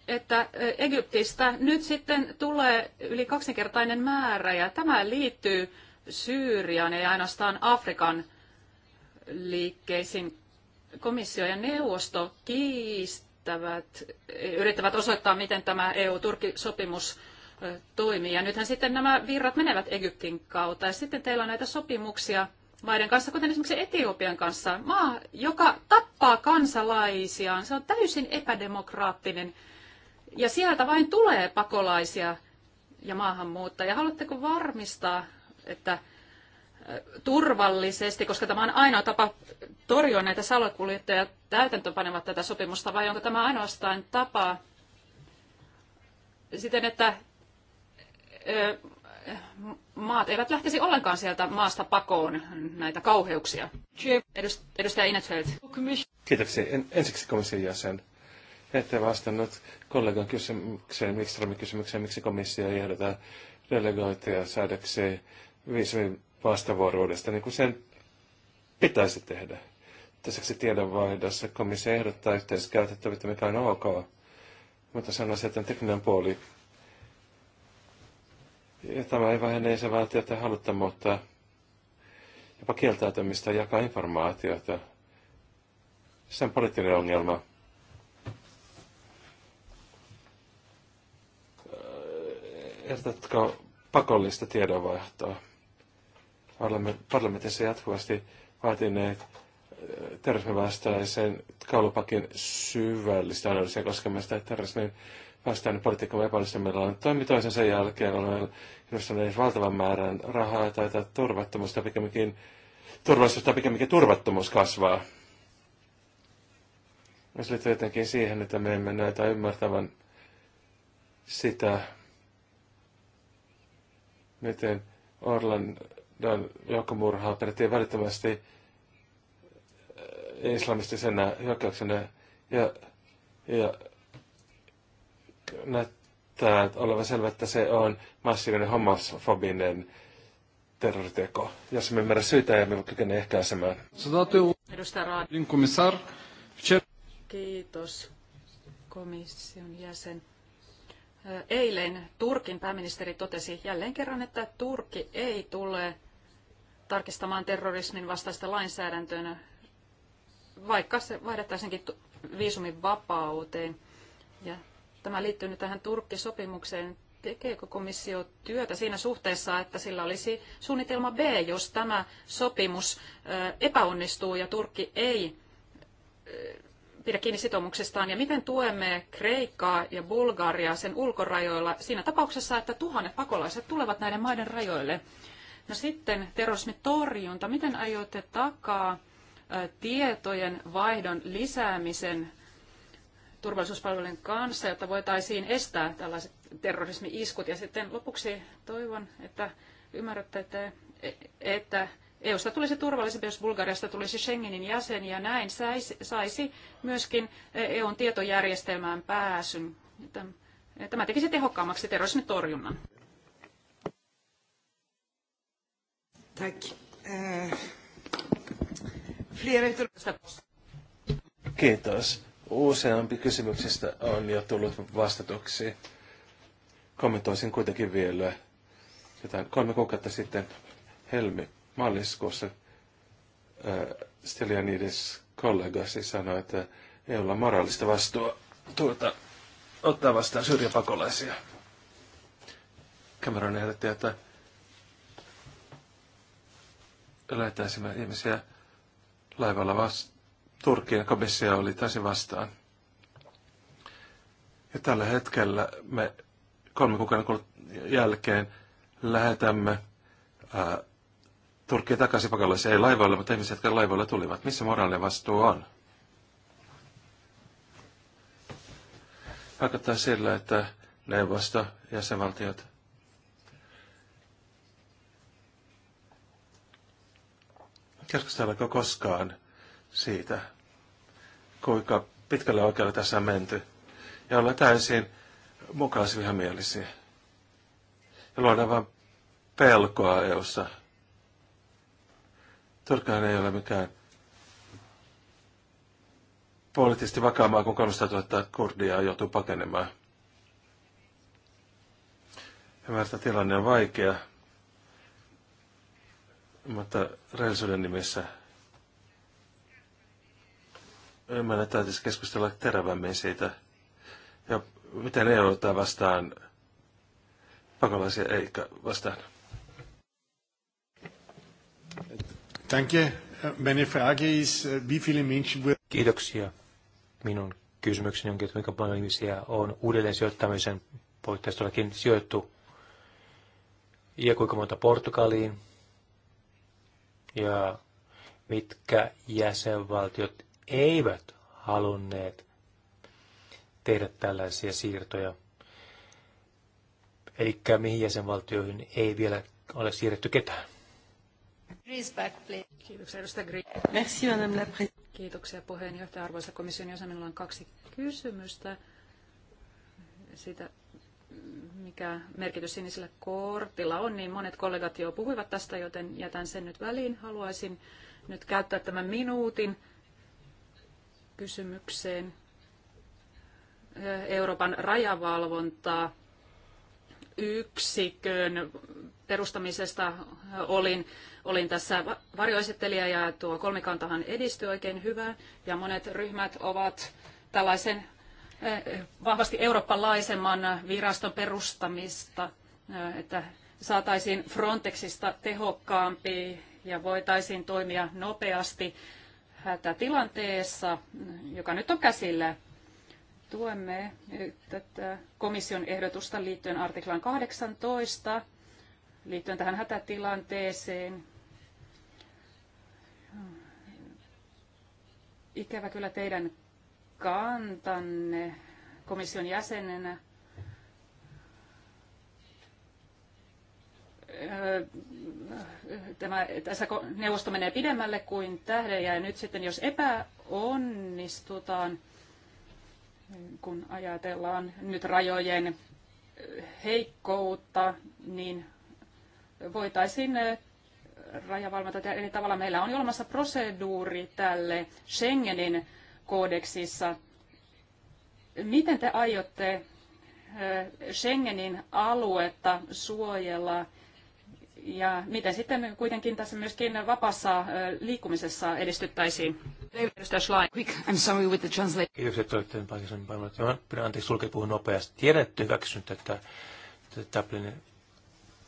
että Egyptistä nyt sitten tulee yli kaksinkertainen määrä ja tämä liittyy Syyrian ja ainoastaan Afrikan liikkeisiin. Komissio ja neuvosto kiistävät, yrittävät osoittaa, miten tämä EU-Turkki-sopimus toimii. Ja nythän sitten nämä virrat menevät Egyptin kautta. Ja sitten teillä on näitä sopimuksia maiden kanssa, kuten esimerkiksi Etiopian kanssa. Maa, joka tappaa kansalaisiaan. Se on täysin epädemokraattinen. Ja sieltä vain tulee pakolaisia ja maahanmuuttajia. Haluatteko varmistaa, että turvallisesti, koska tämä on ainoa tapa torjua näitä salakuljettajia täytäntöönpanevat tätä sopimusta, vai onko tämä ainoastaan tapa siten, että maat eivät lähtisi ollenkaan sieltä maasta pakoon näitä kauheuksia. Edustaja Inetfeld. Kiitoksia. En, ensiksi komission jäsen. Ette vastannut kollegan kysymykseen, Mikströmin kysymykseen, miksi komissio ei ehdota delegoituja säädöksiä viisumin vastavuoroudesta, niin kuin sen pitäisi tehdä. Tässäksi tiedonvaihdossa komissio ehdottaa yhteiskäytettävyyttä, mikä on ok, mutta sanoisin, että tekninen puoli ja tämä ei vähene halutta muuttaa jopa kieltäytymistä jakaa informaatiota. Se on poliittinen ongelma. Ehdotatko pakollista tiedonvaihtoa? parlamentissa jatkuvasti vaatineet äh, terrorismivastaisen kaulupakin syvällistä analyysiä koskemasta terrorismin vastainen politiikka epäonnistumilla on toimi toisensa jälkeen. Olemme investoineet valtavan määrän rahaa tai turvattomuutta pikemminkin turvallisuutta, pikemminkin turvattomuus kasvaa. Se liittyy jotenkin siihen, että me emme näitä ymmärtävän sitä, miten Orlan dan joukkomurhaa pidettiin välittömästi äh, islamistisena hyökkäyksenä ja, ja näyttää olevan selvä, että se on massiivinen homofobinen terroriteko, jos me ymmärrä syitä, ja me kykene ehkäisemään. komissar. Kiitos komission jäsen. Äh, eilen Turkin pääministeri totesi jälleen kerran, että Turkki ei tule tarkistamaan terrorismin vastaista lainsäädäntöä, vaikka se vaihdettaisiinkin viisumin vapauteen. Ja tämä liittyy nyt tähän Turkki-sopimukseen. Tekeekö komissio työtä siinä suhteessa, että sillä olisi suunnitelma B, jos tämä sopimus epäonnistuu ja Turkki ei pidä kiinni sitoumuksestaan ja miten tuemme Kreikkaa ja Bulgariaa sen ulkorajoilla siinä tapauksessa, että tuhannet pakolaiset tulevat näiden maiden rajoille. No sitten terrorismin torjunta. Miten aiotte takaa tietojen vaihdon lisäämisen turvallisuuspalvelujen kanssa, jotta voitaisiin estää tällaiset terrorismi-iskut. Ja sitten lopuksi toivon, että ymmärrätte, että, e, että EUsta tulisi turvallisempi, jos Bulgariasta tulisi Schengenin jäsen ja näin saisi, saisi myöskin EUn e tietojärjestelmään pääsyn. E, tämä tekisi tehokkaammaksi terrorismin torjunnan. Tack. Eh, Kiitos. Useampi kysymyksistä on jo tullut vastatuksi. Kommentoisin kuitenkin vielä jotain kolme kuukautta sitten helmi maaliskuussa äh, eh, Stelianidis kollegasi sanoi, että ei olla moraalista vastuuta tuota, ottaa vastaan syrjäpakolaisia. Cameron ehdotti, että lähetäisimme ihmisiä laivalla vastaan. Turkia ja oli täysin vastaan. Ja tällä hetkellä me kolme kuukauden jälkeen lähetämme Turkkiin takaisin pakolaisia, ei laivoilla, mutta ihmiset, jotka laivoilla tulivat. Missä moraalinen vastuu on? Vaikuttaa sillä, että neuvosto, jäsenvaltiot Keskustellaanko koskaan siitä, kuinka pitkälle oikealle tässä on menty? Ja olla täysin mukaan Ja luodaan vain pelkoa EU-ssa. Turkkaan ei ole mikään poliittisesti vakaamaa, kun 300 000 kurdia joutuu pakenemaan. Ymmärtää, tilanne on vaikea. Mutta rehellisyyden nimessä ymmärrän, että täytyisi keskustella terävämmin siitä, ja miten EU ottaa vastaan pakolaisia eikä vastaan. Danke. Meine Frage ist, wie viele Menschen... Kiitoksia. Minun kysymykseni onkin, että kuinka paljon ihmisiä on uudelleen sijoittamisen puitteissa sijoittu ja kuinka monta Portugaliin, ja mitkä jäsenvaltiot eivät halunneet tehdä tällaisia siirtoja. Eli mihin jäsenvaltioihin ei vielä ole siirretty ketään. Kiitoksia, edustaja Gri. Merci, madame la Kiitoksia puheenjohtaja. Arvoisa komission jäsen, minulla on kaksi kysymystä. Sitä mikä merkitys sinisellä kortilla on, niin monet kollegat jo puhuivat tästä, joten jätän sen nyt väliin. Haluaisin nyt käyttää tämän minuutin kysymykseen Euroopan rajavalvontaa yksikön perustamisesta olin, olin tässä varjoesittelijä ja tuo kolmikantahan edistyi oikein hyvään ja monet ryhmät ovat tällaisen Eh, vahvasti eurooppalaisemman viraston perustamista, eh, että saataisiin Frontexista tehokkaampi ja voitaisiin toimia nopeasti hätätilanteessa, joka nyt on käsillä. Tuemme eh, tätä komission ehdotusta liittyen artiklaan 18, liittyen tähän hätätilanteeseen. Ikävä kyllä teidän kantanne komission jäsenenä öö, tämä, tässä neuvosto menee pidemmälle kuin tähden ja nyt sitten jos epäonnistutaan, kun ajatellaan nyt rajojen heikkoutta, niin voitaisiin rajavalvonta eli tavallaan tavalla. Meillä on olemassa proseduuri tälle Schengenin koodeksissa. Miten te aiotte Schengenin aluetta suojella ja miten sitten kuitenkin tässä myöskin vapaassa liikkumisessa edistyttäisiin? I'm sorry with the translation. Kiitokset toitteen paikallisen palvelut. Mä pyydän anteeksi sulkea puhun nopeasti. Tiedätte hyväksynyt tätä Dublinin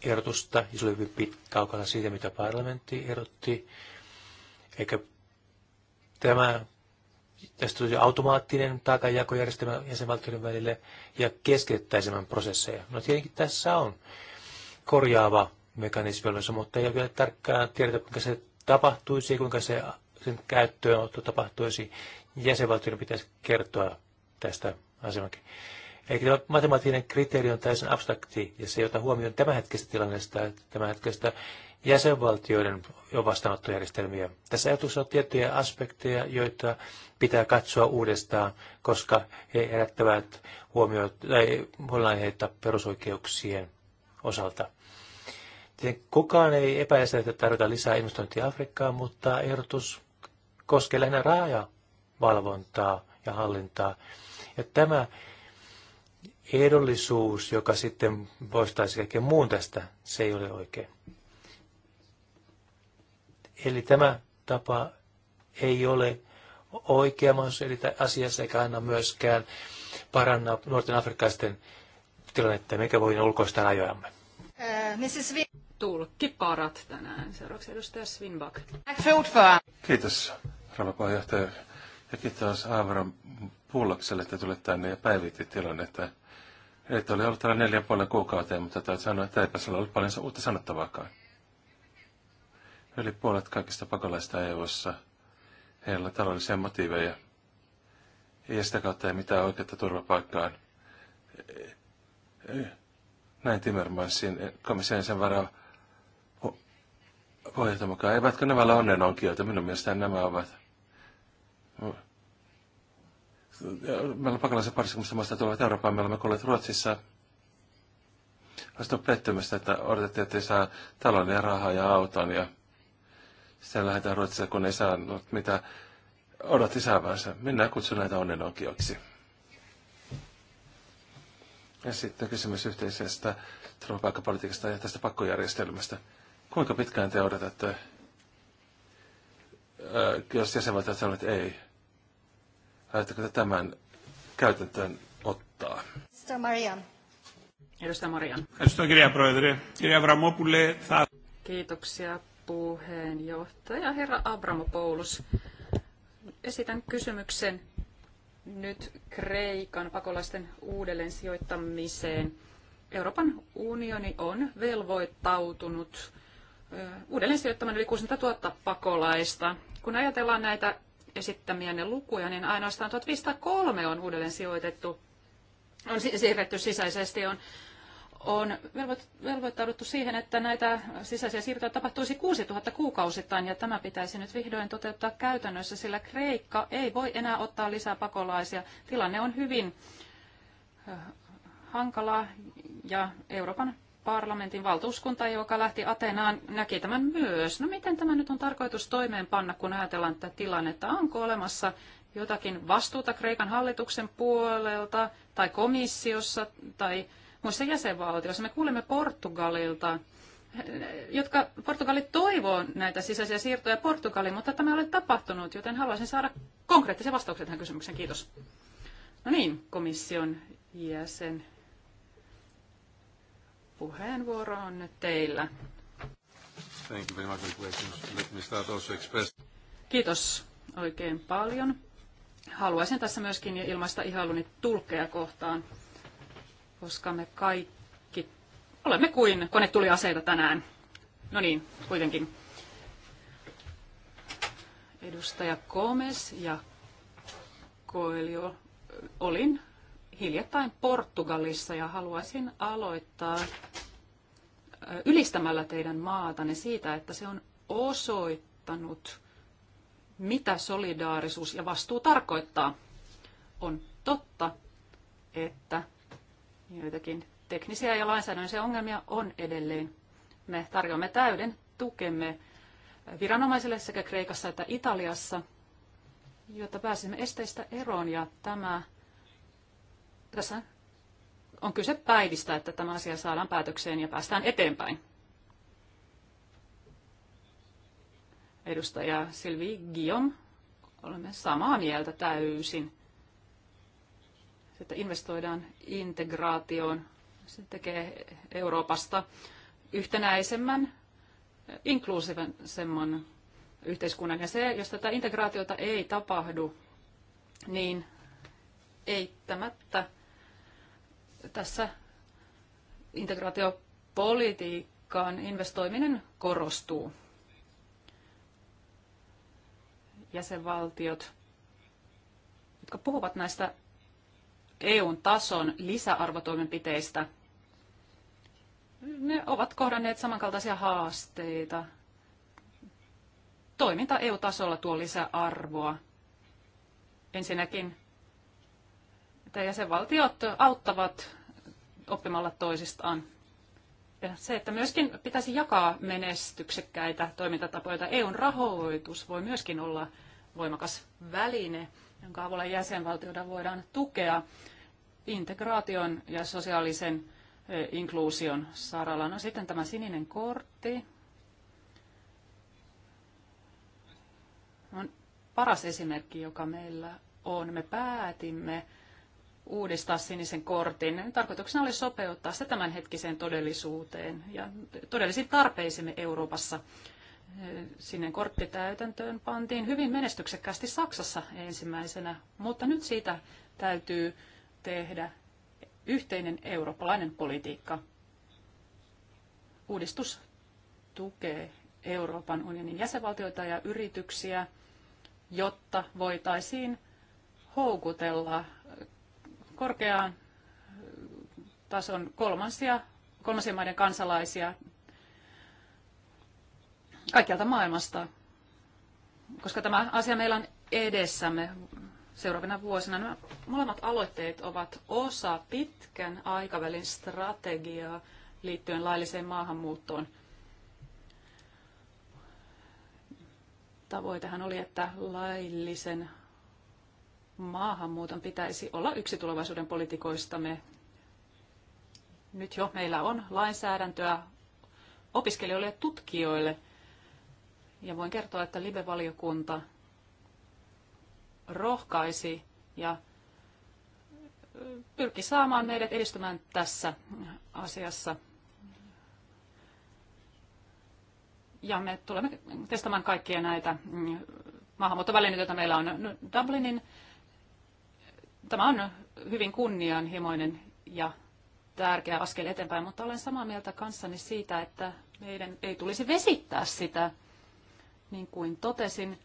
ehdotusta, ja se oli hyvin kaukana siitä, mitä parlamentti ehdotti. Eikä tämä tästä tulisi automaattinen taakanjakojärjestelmä jäsenvaltioiden välille ja keskitettäisimmän prosesseja. No tietenkin tässä on korjaava mekanismi olemassa, mutta ei ole vielä tarkkaan tiedetä, kuinka se tapahtuisi ja kuinka se, sen käyttöönotto tapahtuisi. Jäsenvaltioiden pitäisi kertoa tästä asemankin. Eli tämä matemaattinen kriteeri on täysin abstrakti ja se ei ota huomioon tämänhetkisestä tilannesta, tämänhetkisestä jäsenvaltioiden jo vastaanottojärjestelmiä. Tässä ajatuksessa on tiettyjä aspekteja, joita pitää katsoa uudestaan, koska he herättävät huomioita huolenaiheita perusoikeuksien osalta. Tietenkin kukaan ei epäile sitä, että tarvitaan lisää investointia Afrikkaan, mutta ehdotus koskee lähinnä rajavalvontaa ja hallintaa. Ja tämä ehdollisuus, joka sitten poistaisi kaiken muun tästä, se ei ole oikein. Eli tämä tapa ei ole oikea mahdollisuus edetä asiassa, eikä anna myöskään paranna nuorten afrikkaisten tilannetta, mikä voi ulkoista rajojamme. Äh, Mrs. Tulkki parat tänään. Seuraavaksi edustaja Svinbak. Kiitos, rouva puheenjohtaja. Ja kiitos Aavaran pullakselle, että tulit tänne ja päivitti tilannetta. Että ole ollut täällä neljä puolen kuukauteen, mutta täytyy sanoa, että eipä sillä ollut paljon uutta sanottavaakaan. Yli puolet kaikista pakolaista EU-ssa. heillä on taloudellisia motiiveja. Ja sitä kautta ei mitään oikeutta turvapaikkaan. Näin Timmermansin komission sen varaa pohjalta mukaan. Eivätkö nämä ole onnenonkijoita? Minun mielestäni nämä ovat. Meillä on pakolaisen parissa, maasta tulevat Eurooppaan. Meillä olemme kuulleet Ruotsissa. Olisi pettymystä, että odotettiin, että saa talon ja rahaa ja auton ja sitä lähdetään Ruotsissa, kun ei saanut mitä odotti saavansa. Minä kutsun näitä onnenokioksi. Ja sitten kysymys yhteisestä turvapaikkapolitiikasta ja tästä pakkojärjestelmästä. Kuinka pitkään te odotatte, ää, jos jäsenvaltiot sanovat ei? Ajatteko te tämän käytäntöön ottaa? Mr. Marian. Edustaja Marian. Kiitoksia, Kiitoksia puheenjohtaja, herra Abramopoulos. Esitän kysymyksen nyt Kreikan pakolaisten uudelleen sijoittamiseen. Euroopan unioni on velvoittautunut uudelleen sijoittamaan yli 60 000 pakolaista. Kun ajatellaan näitä esittämiänne lukuja, niin ainoastaan 1503 on uudelleen sijoitettu, on siirretty sisäisesti, on on velvoittauduttu siihen, että näitä sisäisiä siirtoja tapahtuisi 6000 kuukausittain, ja tämä pitäisi nyt vihdoin toteuttaa käytännössä, sillä Kreikka ei voi enää ottaa lisää pakolaisia. Tilanne on hyvin hankala ja Euroopan parlamentin valtuuskunta, joka lähti Ateenaan, näki tämän myös. No miten tämä nyt on tarkoitus toimeenpanna, kun ajatellaan tätä tilannetta? Onko olemassa jotakin vastuuta Kreikan hallituksen puolelta tai komissiossa tai muissa jäsenvaltioissa. Me kuulemme Portugalilta, jotka Portugali toivoo näitä sisäisiä siirtoja Portugaliin, mutta tämä ei ole tapahtunut, joten haluaisin saada konkreettisia vastauksia tähän kysymykseen. Kiitos. No niin, komission jäsen. Puheenvuoro on nyt teillä. Thank you very much for Let me start also express. Kiitos oikein paljon. Haluaisin tässä myöskin ilmaista ihailuni tulkkeja kohtaan koska me kaikki olemme kuin kone tuli aseita tänään. No niin, kuitenkin. Edustaja Gomez ja Koelio. Olin hiljattain Portugalissa ja haluaisin aloittaa ylistämällä teidän maatanne siitä, että se on osoittanut, mitä solidaarisuus ja vastuu tarkoittaa. On totta, että Joitakin teknisiä ja lainsäädännöllisiä ongelmia on edelleen. Me tarjoamme täyden tukemme viranomaisille sekä Kreikassa että Italiassa, jotta pääsemme esteistä eroon. Ja tämä, tässä on kyse päivistä, että tämä asia saadaan päätökseen ja päästään eteenpäin. Edustaja Silvi Guillaume, olemme samaa mieltä täysin että investoidaan integraatioon. Se tekee Euroopasta yhtenäisemmän, inkluusiivisemman yhteiskunnan. Ja se, jos tätä integraatiota ei tapahdu, niin eittämättä tässä integraatiopolitiikkaan investoiminen korostuu. Jäsenvaltiot, jotka puhuvat näistä EUn tason lisäarvotoimenpiteistä, ne ovat kohdanneet samankaltaisia haasteita. Toiminta EU-tasolla tuo lisäarvoa. Ensinnäkin, että jäsenvaltiot auttavat oppimalla toisistaan. Ja se, että myöskin pitäisi jakaa menestyksekkäitä toimintatapoja. EUn rahoitus voi myöskin olla voimakas väline – jonka avulla jäsenvaltioita voidaan tukea integraation ja sosiaalisen inkluusion saralla. No sitten tämä sininen kortti on paras esimerkki, joka meillä on. Me päätimme uudistaa sinisen kortin. Niin tarkoituksena oli sopeuttaa se tämänhetkiseen todellisuuteen ja todellisiin tarpeisiimme Euroopassa sinne kortti täytäntöön pantiin hyvin menestyksekkäästi Saksassa ensimmäisenä, mutta nyt siitä täytyy tehdä yhteinen eurooppalainen politiikka. Uudistus tukee Euroopan unionin jäsenvaltioita ja yrityksiä, jotta voitaisiin houkutella korkean tason kolmansia, kolmansien maiden kansalaisia kaikkialta maailmasta, koska tämä asia meillä on edessämme seuraavina vuosina. Nämä molemmat aloitteet ovat osa pitkän aikavälin strategiaa liittyen lailliseen maahanmuuttoon. Tavoitehan oli, että laillisen maahanmuuton pitäisi olla yksi tulevaisuuden politikoistamme. Nyt jo meillä on lainsäädäntöä opiskelijoille ja tutkijoille, ja voin kertoa, että live-valiokunta rohkaisi ja pyrki saamaan meidät edistymään tässä asiassa. Ja me tulemme testamaan kaikkia näitä mm, maahanmuuttovälineitä, joita meillä on Dublinin. Tämä on hyvin kunnianhimoinen ja tärkeä askel eteenpäin, mutta olen samaa mieltä kanssani siitä, että meidän ei tulisi vesittää sitä niin kuin totesin,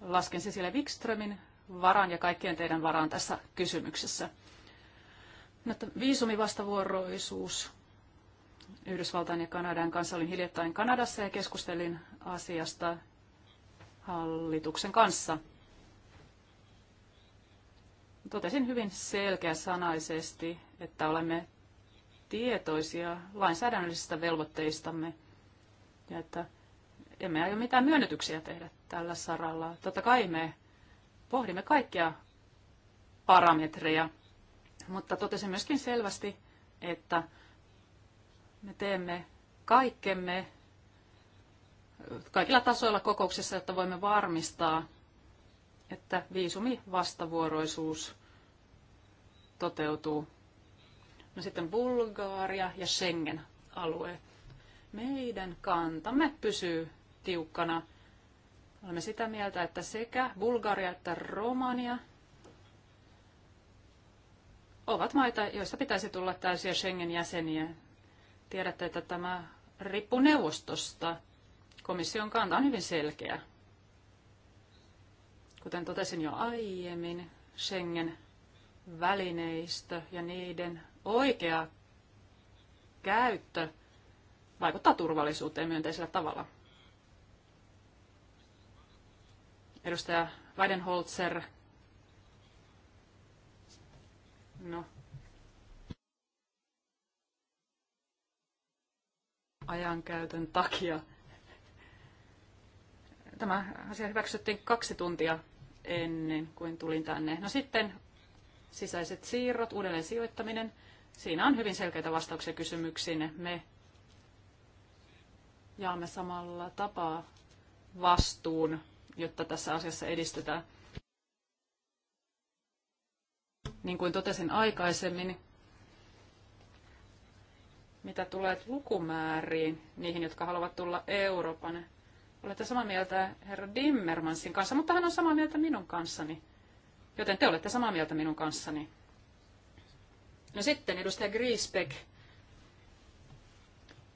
lasken Cecilia Wikströmin varaan ja kaikkien teidän varaan tässä kysymyksessä. No, viisumivastavuoroisuus Yhdysvaltain ja Kanadan kanssa. Olin hiljattain Kanadassa ja keskustelin asiasta hallituksen kanssa. Totesin hyvin selkeäsanaisesti, että olemme tietoisia lainsäädännöllisistä velvoitteistamme ja että emme aio mitään myönnytyksiä tehdä tällä saralla. Totta kai me pohdimme kaikkia parametreja, mutta totesin myöskin selvästi, että me teemme kaikkemme kaikilla tasoilla kokouksessa, että voimme varmistaa, että viisumivastavuoroisuus toteutuu. No sitten Bulgaaria ja Schengen-alue. Meidän kantamme pysyy tiukkana. Olemme sitä mieltä, että sekä Bulgaria että Romania ovat maita, joista pitäisi tulla täysiä Schengen-jäseniä. Tiedätte, että tämä riippuu neuvostosta. Komission kanta on hyvin selkeä. Kuten totesin jo aiemmin, Schengen-välineistö ja niiden oikea käyttö vaikuttaa turvallisuuteen myönteisellä tavalla. Edustaja Weidenholzer. No. Ajankäytön takia. Tämä asia hyväksyttiin kaksi tuntia ennen kuin tulin tänne. No sitten sisäiset siirrot, uudelleen sijoittaminen. Siinä on hyvin selkeitä vastauksia kysymyksiin. Me jaamme samalla tapaa vastuun jotta tässä asiassa edistetään. Niin kuin totesin aikaisemmin, mitä tulee lukumääriin, niihin, jotka haluavat tulla Euroopan. Olette samaa mieltä herra Dimmermansin kanssa, mutta hän on samaa mieltä minun kanssani. Joten te olette samaa mieltä minun kanssani. No sitten edustaja Griesbeck.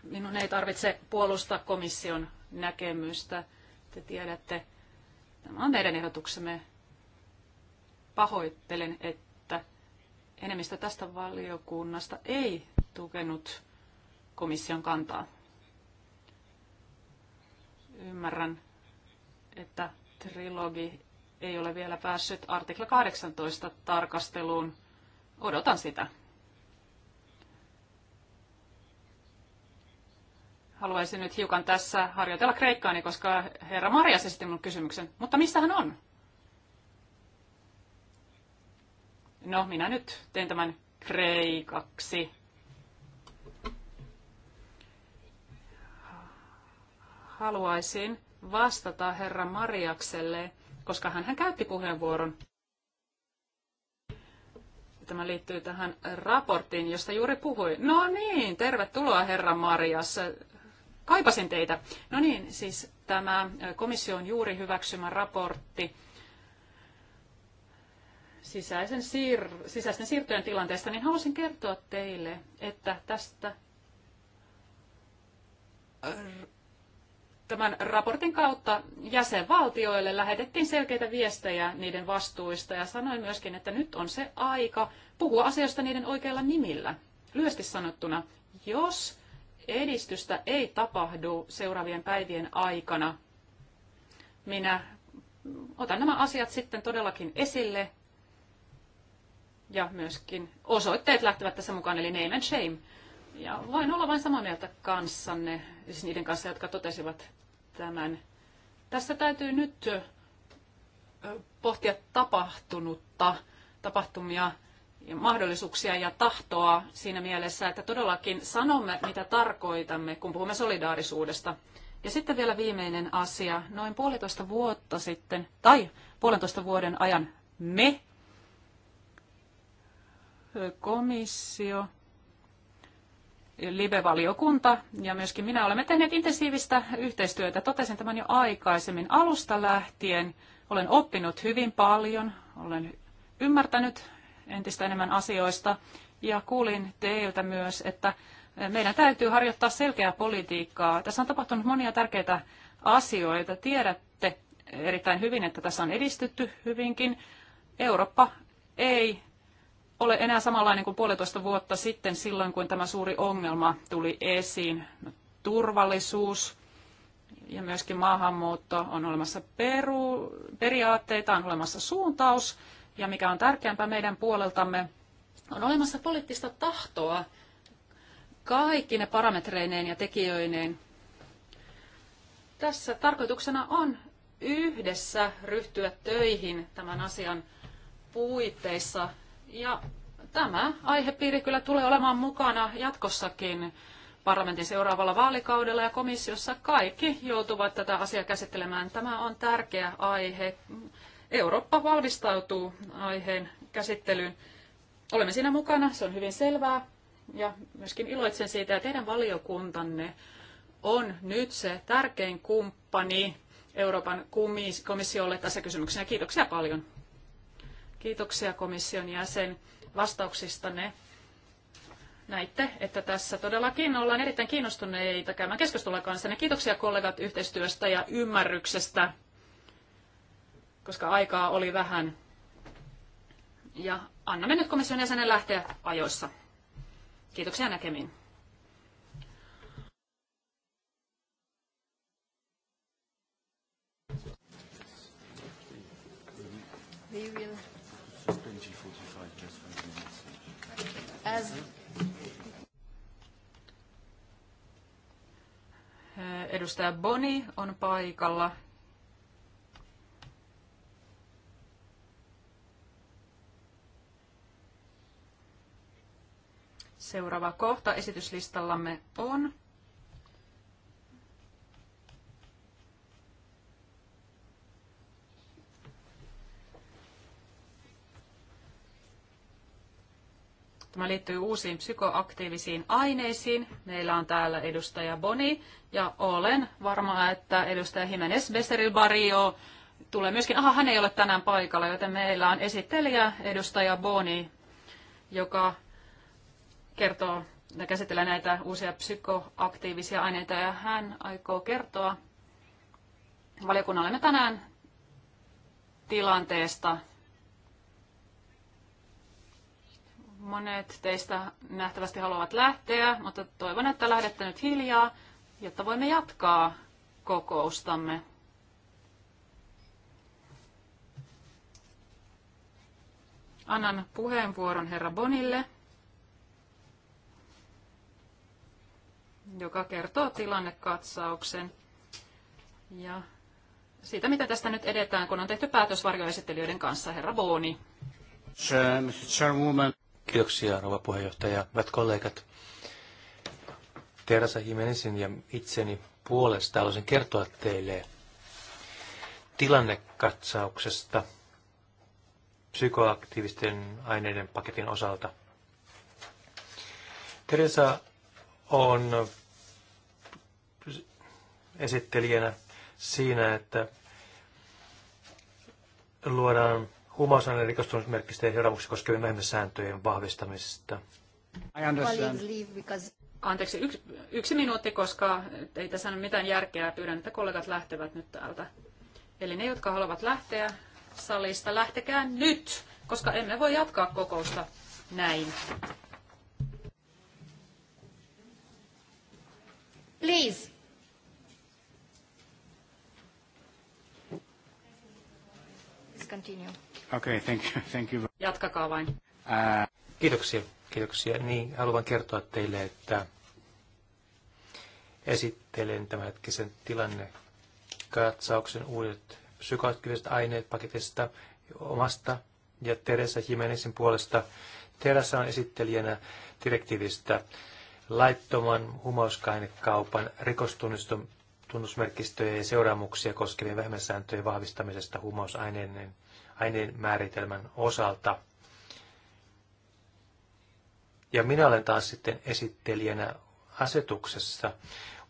Minun ei tarvitse puolustaa komission näkemystä. Te tiedätte, Tämä on meidän ehdotuksemme. Pahoittelen, että enemmistö tästä valiokunnasta ei tukenut komission kantaa. Ymmärrän, että trilogi ei ole vielä päässyt artikla 18 tarkasteluun. Odotan sitä. haluaisin nyt hiukan tässä harjoitella kreikkaani, koska herra Marjas esitti minun kysymyksen. Mutta mistä hän on? No, minä nyt teen tämän kreikaksi. Haluaisin vastata herra Mariakselle, koska hän käytti puheenvuoron. Tämä liittyy tähän raporttiin, josta juuri puhuin. No niin, tervetuloa herra Marias kaipasin teitä. No niin, siis tämä komission juuri hyväksymä raportti sisäisen siir- sisäisten siirtojen tilanteesta, niin halusin kertoa teille, että tästä tämän raportin kautta jäsenvaltioille lähetettiin selkeitä viestejä niiden vastuista ja sanoin myöskin, että nyt on se aika puhua asioista niiden oikeilla nimillä. Lyhyesti sanottuna, jos edistystä ei tapahdu seuraavien päivien aikana, minä otan nämä asiat sitten todellakin esille ja myöskin osoitteet lähtevät tässä mukaan, eli name and shame. Ja voin olla vain samaa mieltä kanssanne, siis niiden kanssa, jotka totesivat tämän. Tässä täytyy nyt pohtia tapahtunutta, tapahtumia mahdollisuuksia ja tahtoa siinä mielessä, että todellakin sanomme, mitä tarkoitamme, kun puhumme solidaarisuudesta. Ja sitten vielä viimeinen asia. Noin puolitoista vuotta sitten, tai puolentoista vuoden ajan me, komissio, live-valiokunta ja myöskin minä olemme tehneet intensiivistä yhteistyötä. Totesin tämän jo aikaisemmin alusta lähtien. Olen oppinut hyvin paljon, olen ymmärtänyt entistä enemmän asioista. Ja kuulin teiltä myös, että meidän täytyy harjoittaa selkeää politiikkaa. Tässä on tapahtunut monia tärkeitä asioita. Tiedätte erittäin hyvin, että tässä on edistytty hyvinkin. Eurooppa ei ole enää samanlainen kuin puolitoista vuotta sitten silloin, kun tämä suuri ongelma tuli esiin. Turvallisuus ja myöskin maahanmuutto on olemassa peru, periaatteita, on olemassa suuntaus ja mikä on tärkeämpää meidän puoleltamme, on olemassa poliittista tahtoa kaikki ne parametreineen ja tekijöineen. Tässä tarkoituksena on yhdessä ryhtyä töihin tämän asian puitteissa. Ja tämä aihepiiri kyllä tulee olemaan mukana jatkossakin parlamentin seuraavalla vaalikaudella ja komissiossa kaikki joutuvat tätä asiaa käsittelemään. Tämä on tärkeä aihe. Eurooppa valmistautuu aiheen käsittelyyn. Olemme siinä mukana, se on hyvin selvää ja myöskin iloitsen siitä, että teidän valiokuntanne on nyt se tärkein kumppani Euroopan komissiolle tässä kysymyksessä. Kiitoksia paljon. Kiitoksia komission jäsen vastauksistanne. Näitte, että tässä todellakin ollaan erittäin kiinnostuneita käymään keskustelua kanssanne. Kiitoksia kollegat yhteistyöstä ja ymmärryksestä koska aikaa oli vähän. Ja annamme nyt komission jäsenen lähteä ajoissa. Kiitoksia näkemiin. Edustaja Boni on paikalla Seuraava kohta esityslistallamme on Tämä liittyy uusiin psykoaktiivisiin aineisiin. Meillä on täällä edustaja Boni ja olen varma, että edustaja Jimenez Becerril Barrio tulee myöskin. Aha, hän ei ole tänään paikalla, joten meillä on esittelijä edustaja Boni, joka kertoo ja käsittelee näitä uusia psykoaktiivisia aineita ja hän aikoo kertoa valiokunnallemme tänään tilanteesta. Monet teistä nähtävästi haluavat lähteä, mutta toivon, että lähdette nyt hiljaa, jotta voimme jatkaa kokoustamme. Annan puheenvuoron herra Bonille. joka kertoo tilannekatsauksen ja siitä, mitä tästä nyt edetään, kun on tehty päätös varjoesittelijöiden kanssa, herra Booni. Kiitoksia, rouva puheenjohtaja. Hyvät kollegat, Teresa Jimenezin ja itseni puolesta haluaisin kertoa teille tilannekatsauksesta psykoaktiivisten aineiden paketin osalta. Teresa on esittelijänä siinä, että luodaan huumausaineen rikostunnusmerkkisten seuraamuksia koskevien vähimmäissääntöjen vahvistamista. Anteeksi, yksi, yksi minuutti, koska ei tässä ole mitään järkeä. Pyydän, että kollegat lähtevät nyt täältä. Eli ne, jotka haluavat lähteä salista, lähtekää nyt, koska emme voi jatkaa kokousta näin. Please. Please continue. Okay, thank you. Thank you. Jatkakaa vain. Uh, Kiitoksia. Kiitoksia. Niin, haluan kertoa teille, että esittelen tämänhetkisen tilanne katsauksen uudet psykoaktiiviset aineet paketista omasta ja Teresa Jimenezin puolesta. Teresa on esittelijänä direktiivistä laittoman huumausainekaupan rikostunniston ja seuraamuksia koskevien vähemmäsääntöjen vahvistamisesta huumausaineen aineen määritelmän osalta. Ja minä olen taas sitten esittelijänä asetuksessa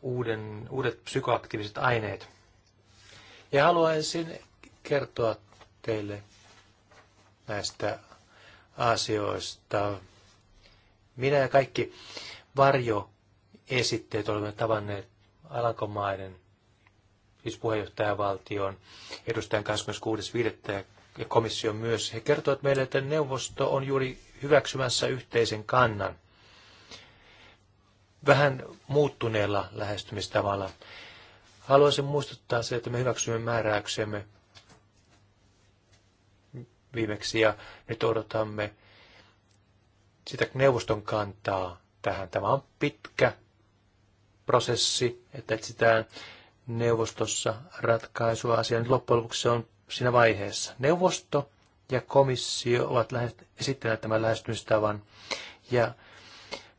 uuden, uudet psykoaktiiviset aineet. Ja haluaisin kertoa teille näistä asioista. Minä ja kaikki varjo esitteet olemme tavanneet Alankomaiden, siis puheenjohtajavaltion edustajan 26.5. ja komission myös. He kertovat meille, että neuvosto on juuri hyväksymässä yhteisen kannan vähän muuttuneella lähestymistavalla. Haluaisin muistuttaa se, että me hyväksymme määräyksemme viimeksi ja nyt odotamme sitä neuvoston kantaa tähän. Tämä on pitkä prosessi, että etsitään neuvostossa ratkaisua asiaan. Loppujen lopuksi se on siinä vaiheessa. Neuvosto ja komissio ovat esittäneet tämän lähestymistavan. Ja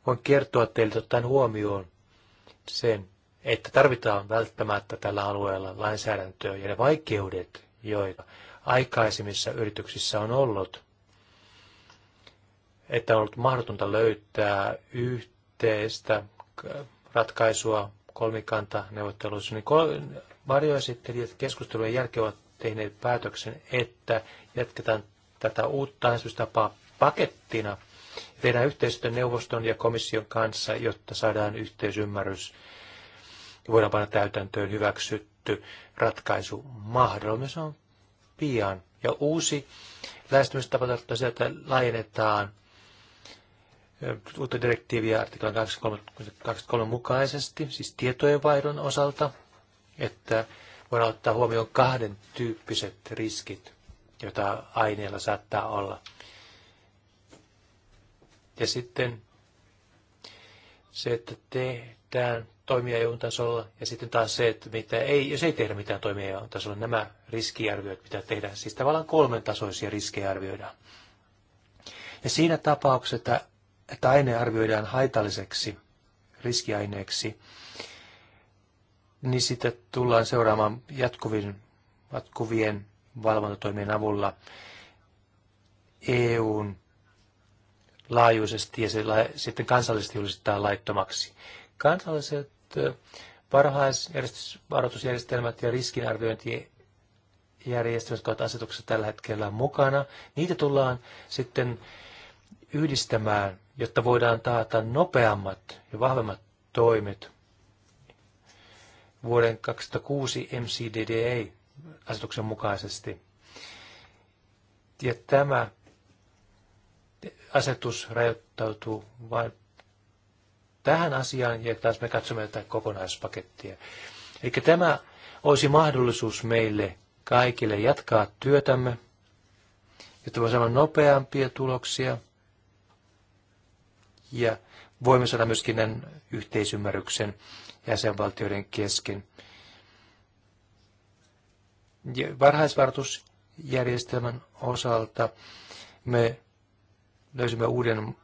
voin kertoa teille ottaen huomioon sen, että tarvitaan välttämättä tällä alueella lainsäädäntöä ja ne vaikeudet, joita aikaisemmissa yrityksissä on ollut, että on ollut mahdotonta löytää yhteistä ratkaisua kolmikanta neuvotteluissa, niin varjoesittelijät keskustelujen jälkeen ovat tehneet päätöksen, että jatketaan tätä uutta lähestymistapaa pakettina tehdään yhteistyötä neuvoston ja komission kanssa, jotta saadaan yhteisymmärrys ja voidaan panna täytäntöön hyväksytty ratkaisu mahdollisimman pian. Ja uusi lähestymistapa tarkoittaa sitä, että laajennetaan uutta direktiiviä artiklan 23 mukaisesti, siis tietojenvaihdon osalta, että voidaan ottaa huomioon kahden tyyppiset riskit, joita aineella saattaa olla. Ja sitten se, että tehdään toimijajoon tasolla ja sitten taas se, että mitä ei, jos ei tehdä mitään toimijajoon tasolla nämä riskiarviot pitää tehdä. Siis tavallaan kolmen tasoisia riskejä arvioidaan. Ja siinä tapauksessa, että että aine arvioidaan haitalliseksi riskiaineeksi, niin sitä tullaan seuraamaan jatkuvien, jatkuvien valvontatoimien avulla EUn laajuisesti ja se sitten kansallisesti julistetaan laittomaksi. Kansalliset varhaisvaroitusjärjestelmät ja riskinarviointijärjestelmät, jotka ovat asetuksessa tällä hetkellä mukana, niitä tullaan sitten yhdistämään, jotta voidaan taata nopeammat ja vahvemmat toimet vuoden 2006 MCDDA-asetuksen mukaisesti. Ja tämä asetus rajoittautuu vain tähän asiaan, ja taas me katsomme tätä kokonaispakettia. Eli tämä olisi mahdollisuus meille kaikille jatkaa työtämme, jotta voisimme saada nopeampia tuloksia ja voimme saada myöskin tämän yhteisymmärryksen jäsenvaltioiden kesken. Ja varhaisvartusjärjestelmän osalta me löysimme uuden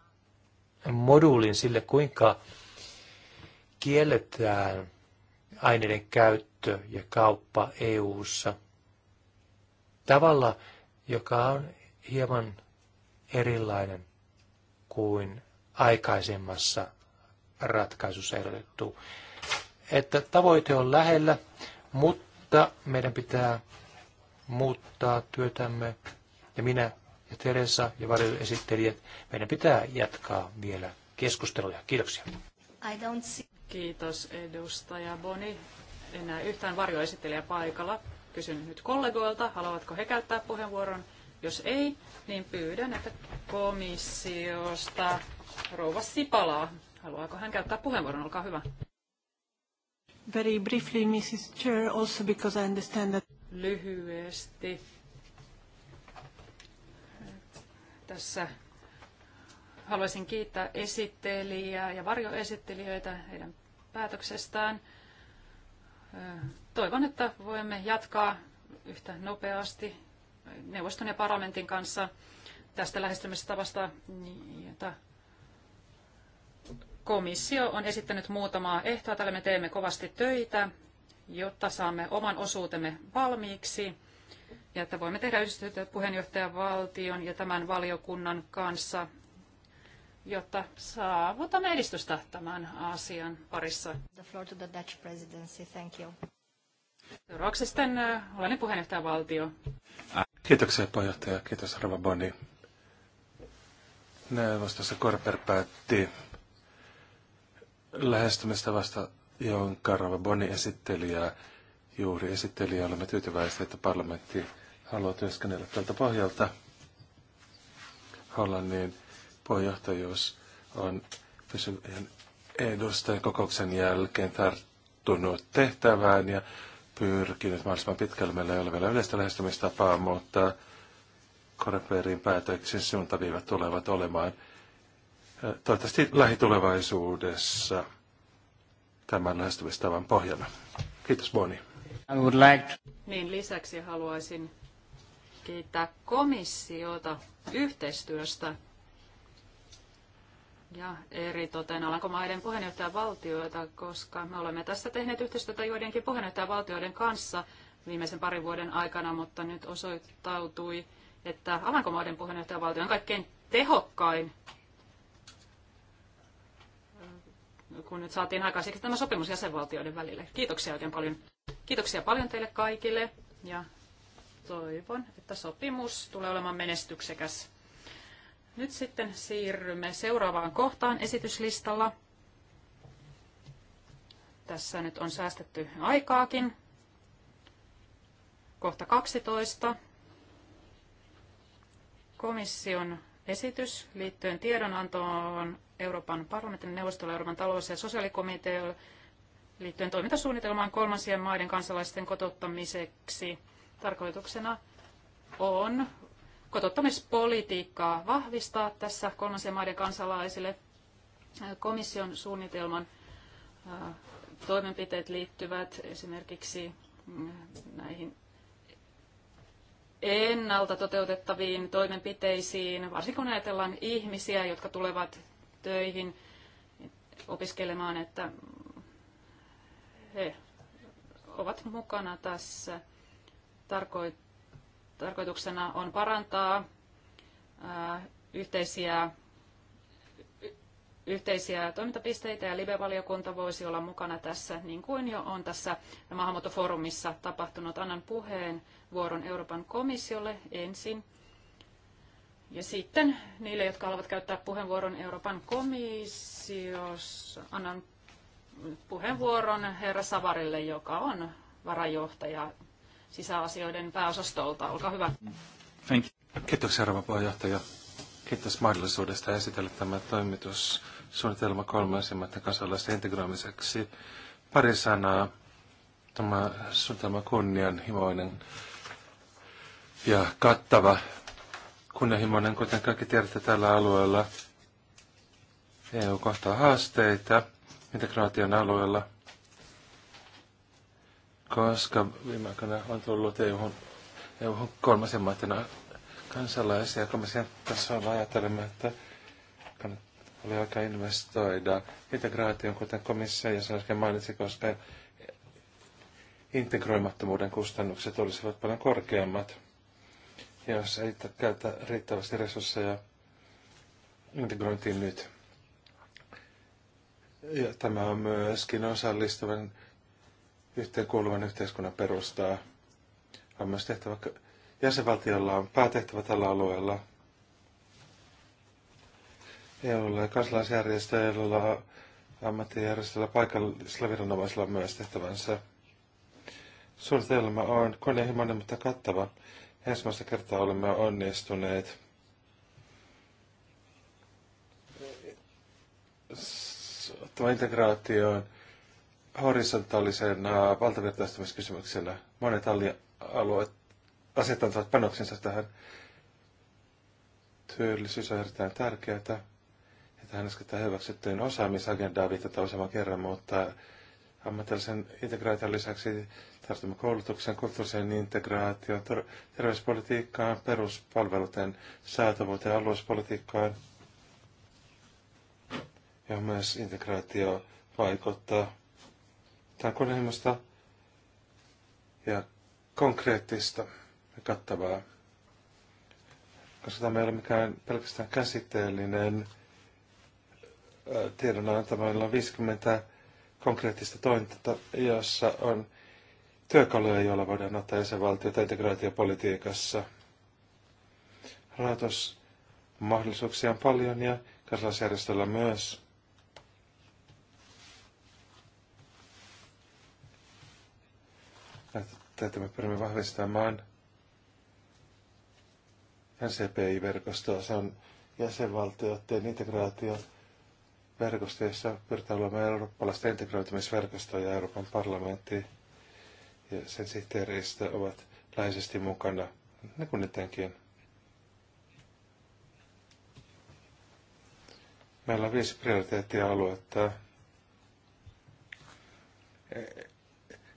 moduulin sille, kuinka kielletään aineiden käyttö ja kauppa EU:ssa tavalla, joka on hieman erilainen kuin aikaisemmassa ratkaisussa ehdotettu. Että tavoite on lähellä, mutta meidän pitää muuttaa työtämme ja minä ja Teresa ja varjoesittelijät, meidän pitää jatkaa vielä keskusteluja. Kiitoksia. I don't see. Kiitos edustaja Boni. Enää yhtään varjoesittelijä paikalla. Kysyn nyt kollegoilta, haluavatko he käyttää puheenvuoron? Jos ei, niin pyydän, että komissiosta rouva Sipalaa. Haluaako hän käyttää puheenvuoron? Olkaa hyvä. Very briefly, Mrs. Chair, also because I understand that... Lyhyesti. Tässä haluaisin kiittää esittelijää ja varjoesittelijöitä heidän päätöksestään. Toivon, että voimme jatkaa yhtä nopeasti neuvoston ja parlamentin kanssa tästä lähestymistavasta, jota komissio on esittänyt muutamaa ehtoa. Tällä me teemme kovasti töitä, jotta saamme oman osuutemme valmiiksi ja että voimme tehdä yhteistyötä puheenjohtajavaltion ja tämän valiokunnan kanssa, jotta saavutamme edistystä tämän asian parissa. The floor to the Dutch presidency. Thank you. Seuraavaksi sitten Hollannin äh, puheenjohtajavaltio. Kiitoksia puheenjohtaja, kiitos Rava Boni. Neuvostossa Korper päätti lähestymistä vasta, jonka Rava Boni esitteli ja juuri esitteli ja olemme tyytyväisiä, että parlamentti haluaa työskennellä tältä pohjalta. Hollannin puheenjohtajuus on pysyvien edustajan kokouksen jälkeen tarttunut tehtävään ja pyrkinyt mahdollisimman pitkälle. Meillä ei ole vielä yleistä lähestymistapaa, mutta Koreperin päätöksen suuntaviivat tulevat olemaan toivottavasti lähitulevaisuudessa tämän lähestymistavan pohjana. Kiitos Boni. I would like to... Niin lisäksi haluaisin kiittää komissiota yhteistyöstä ja eri toten Alankomaiden puheenjohtajavaltioita, koska me olemme tässä tehneet yhteistyötä joidenkin puheenjohtajavaltioiden kanssa viimeisen parin vuoden aikana, mutta nyt osoittautui, että Alankomaiden puheenjohtajavaltio on kaikkein tehokkain, kun nyt saatiin aikaiseksi tämä sopimus jäsenvaltioiden välille. Kiitoksia oikein paljon. Kiitoksia paljon teille kaikille ja toivon, että sopimus tulee olemaan menestyksekäs. Nyt sitten siirrymme seuraavaan kohtaan esityslistalla. Tässä nyt on säästetty aikaakin. Kohta 12. Komission esitys liittyen tiedonantoon Euroopan parlamentin neuvostolle Euroopan talous- ja sosiaalikomiteolle liittyen toimintasuunnitelmaan kolmansien maiden kansalaisten kotouttamiseksi. Tarkoituksena on kotouttamispolitiikkaa vahvistaa tässä kolmansien maiden kansalaisille. Komission suunnitelman toimenpiteet liittyvät esimerkiksi mm, näihin ennalta toteutettaviin toimenpiteisiin, varsinkin kun ajatellaan ihmisiä, jotka tulevat töihin opiskelemaan, että he ovat mukana tässä. tarkoittaa tarkoituksena on parantaa yhteisiä, yhteisiä toimintapisteitä ja live-valiokunta voisi olla mukana tässä, niin kuin jo on tässä maahanmuuttofoorumissa tapahtunut. Annan puheen vuoron Euroopan komissiolle ensin. Ja sitten niille, jotka haluavat käyttää puheenvuoron Euroopan komissiossa, annan puheenvuoron herra Savarille, joka on varajohtaja sisäasioiden pääosastolta. Olkaa hyvä. Thank you. Kiitoksia, puheenjohtaja. Kiitos mahdollisuudesta esitellä tämä toimitussuunnitelma kolmansimmaiden kansalaisten integroimiseksi. Pari sanaa. Tämä suunnitelma kunnianhimoinen ja kattava. Kunnianhimoinen, kuten kaikki tiedätte tällä alueella. EU kohtaa haasteita integraation alueella koska viime aikoina on tullut EU-hun, EU-hun kolmasen maiden kansalaisia, kun me sen tasolla ajattelemme, että oli aika investoida integraation, kuten komissio ja sen äsken mainitsi, koska integroimattomuuden kustannukset olisivat paljon korkeammat, jos ei käytä riittävästi resursseja integrointiin nyt. Ja tämä on myöskin osallistuvan kuuluvan yhteiskunnan perustaa. On myös tehtävä, jäsenvaltiolla on päätehtävä tällä alueella. EUlla ja kansalaisjärjestöillä, ammattijärjestöillä, paikallisilla viranomaisilla on myös tehtävänsä. Suunnitelma on kunnianhimoinen, mutta kattava. Ensimmäistä kertaa olemme onnistuneet ottamaan integraatioon horisontaalisen valtavirtaistamiskysymyksellä. Monet alueet asettavat panoksensa tähän. Työllisyys on erittäin tärkeää. Ja tähän äsken hyväksyttyyn osaamisagendaa viitata useamman kerran, mutta ammatillisen integraation lisäksi tarvitsemme koulutuksen, integraation, ter- terveyspolitiikkaan, peruspalveluiden saatavuuteen, aluepolitiikkaan. Ja myös integraatio vaikuttaa Tämä on kunnianhimoista ja konkreettista ja kattavaa, koska tämä ei ole mikään pelkästään käsitteellinen tiedonanto. Meillä on 50 konkreettista tointa, jossa on työkaluja, joilla voidaan ottaa jäsenvaltiota integraatiopolitiikassa. Rahoitusmahdollisuuksia on paljon ja kansalaisjärjestöllä myös. tätä me pyrimme vahvistamaan NCPI-verkostoa. Se on jäsenvaltioiden integraatio verkosto, jossa pyritään luomaan eurooppalaista integroitumisverkostoa ja Euroopan parlamentti ja sen sihteeristö ovat läheisesti mukana, niin kuin etenkin. Meillä on viisi prioriteettialuetta.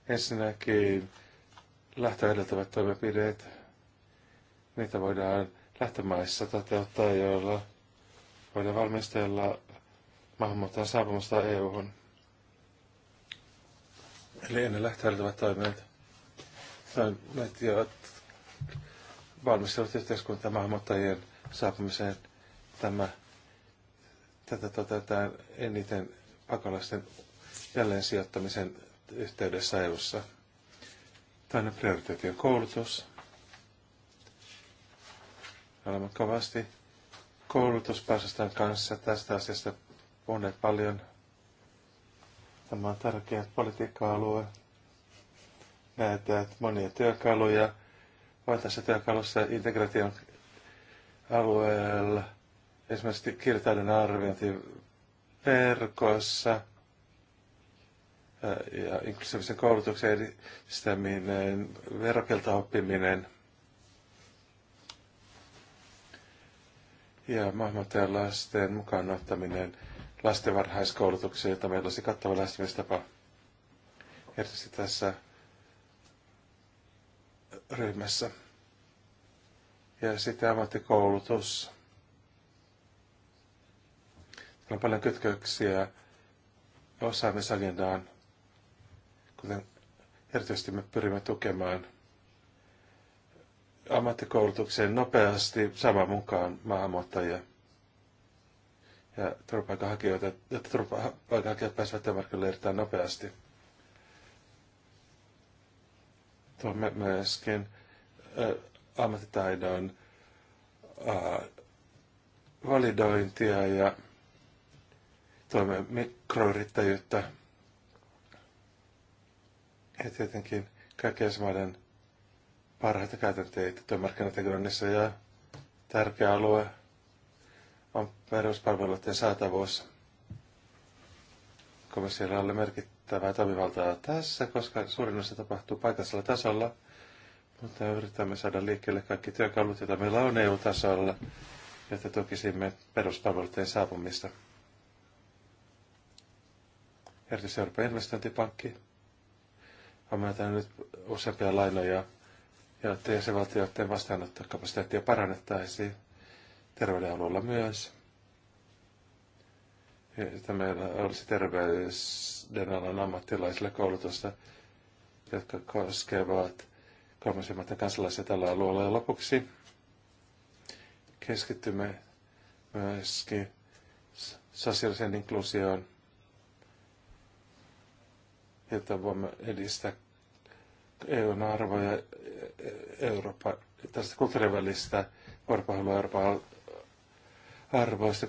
Ensinnäkin lähtöä edeltävät toimenpideet, niitä voidaan lähtömaissa toteuttaa, joilla voidaan valmistella maahanmuuttajan saapumista EU-hun. Eli ennen lähtöä edeltävät toimet, toimet valmistelut yhteiskuntaa maahanmuuttajien saapumiseen. Tämä, tätä toteutetaan eniten pakolaisten jälleen sijoittamisen yhteydessä ajoissa. tänne prioriteetti koulutus. Olemme kovasti koulutuspäästöstään kanssa tästä asiasta puhuneet paljon. Tämä on tärkeä politiikka-alue. Näyttää, että monia työkaluja on tässä työkalussa integraation alueella. Esimerkiksi kirjaitaiden arviointi verkossa – ja inklusiivisen koulutuksen edistäminen, verokelta oppiminen ja maahanmuuttajan lasten mukaan ottaminen lasten varhaiskoulutukseen, jota meillä olisi kattava lähestymistapa. Erityisesti tässä ryhmässä. Ja sitten ammattikoulutus. Täällä on paljon kytköksiä osaamisagendaan kuten erityisesti me pyrimme tukemaan ammattikoulutukseen nopeasti saman mukaan maahanmuuttajia ja turvapaikanhakijoita, jotta turvapaikanhakijat pääsevät työmarkkinoille erittäin nopeasti. Tuomme myöskin ä, ammattitaidon ä, validointia ja tuomme mikroyrittäjyyttä ja tietenkin kaikkien maiden parhaita käytänteitä työmarkkinatekijöissä ja tärkeä alue on peruspalveluiden saatavuus. Komissiolla on merkittävää toimivaltaa tässä, koska suurin osa tapahtuu paikallisella tasolla, mutta yritämme saada liikkeelle kaikki työkalut, joita meillä on EU-tasolla, jotta tukisimme peruspalveluiden saapumista. Erityisesti Euroopan investointipankki Ammetaan nyt useampia lainoja, jotta jäsenvaltioiden vastaanottokapasiteettia parannettaisiin terveydenhuollolla myös. Että meillä olisi terveydenalan ammattilaisille koulutusta, jotka koskevat kolmasimmat kansalaisia tällä alueella. Ja lopuksi keskittymme myöskin sosiaaliseen inkluusioon jota voimme edistää EUn arvoja Euroopan tästä kulttuurin välistä vuoropuhelua Euroopan arvoista.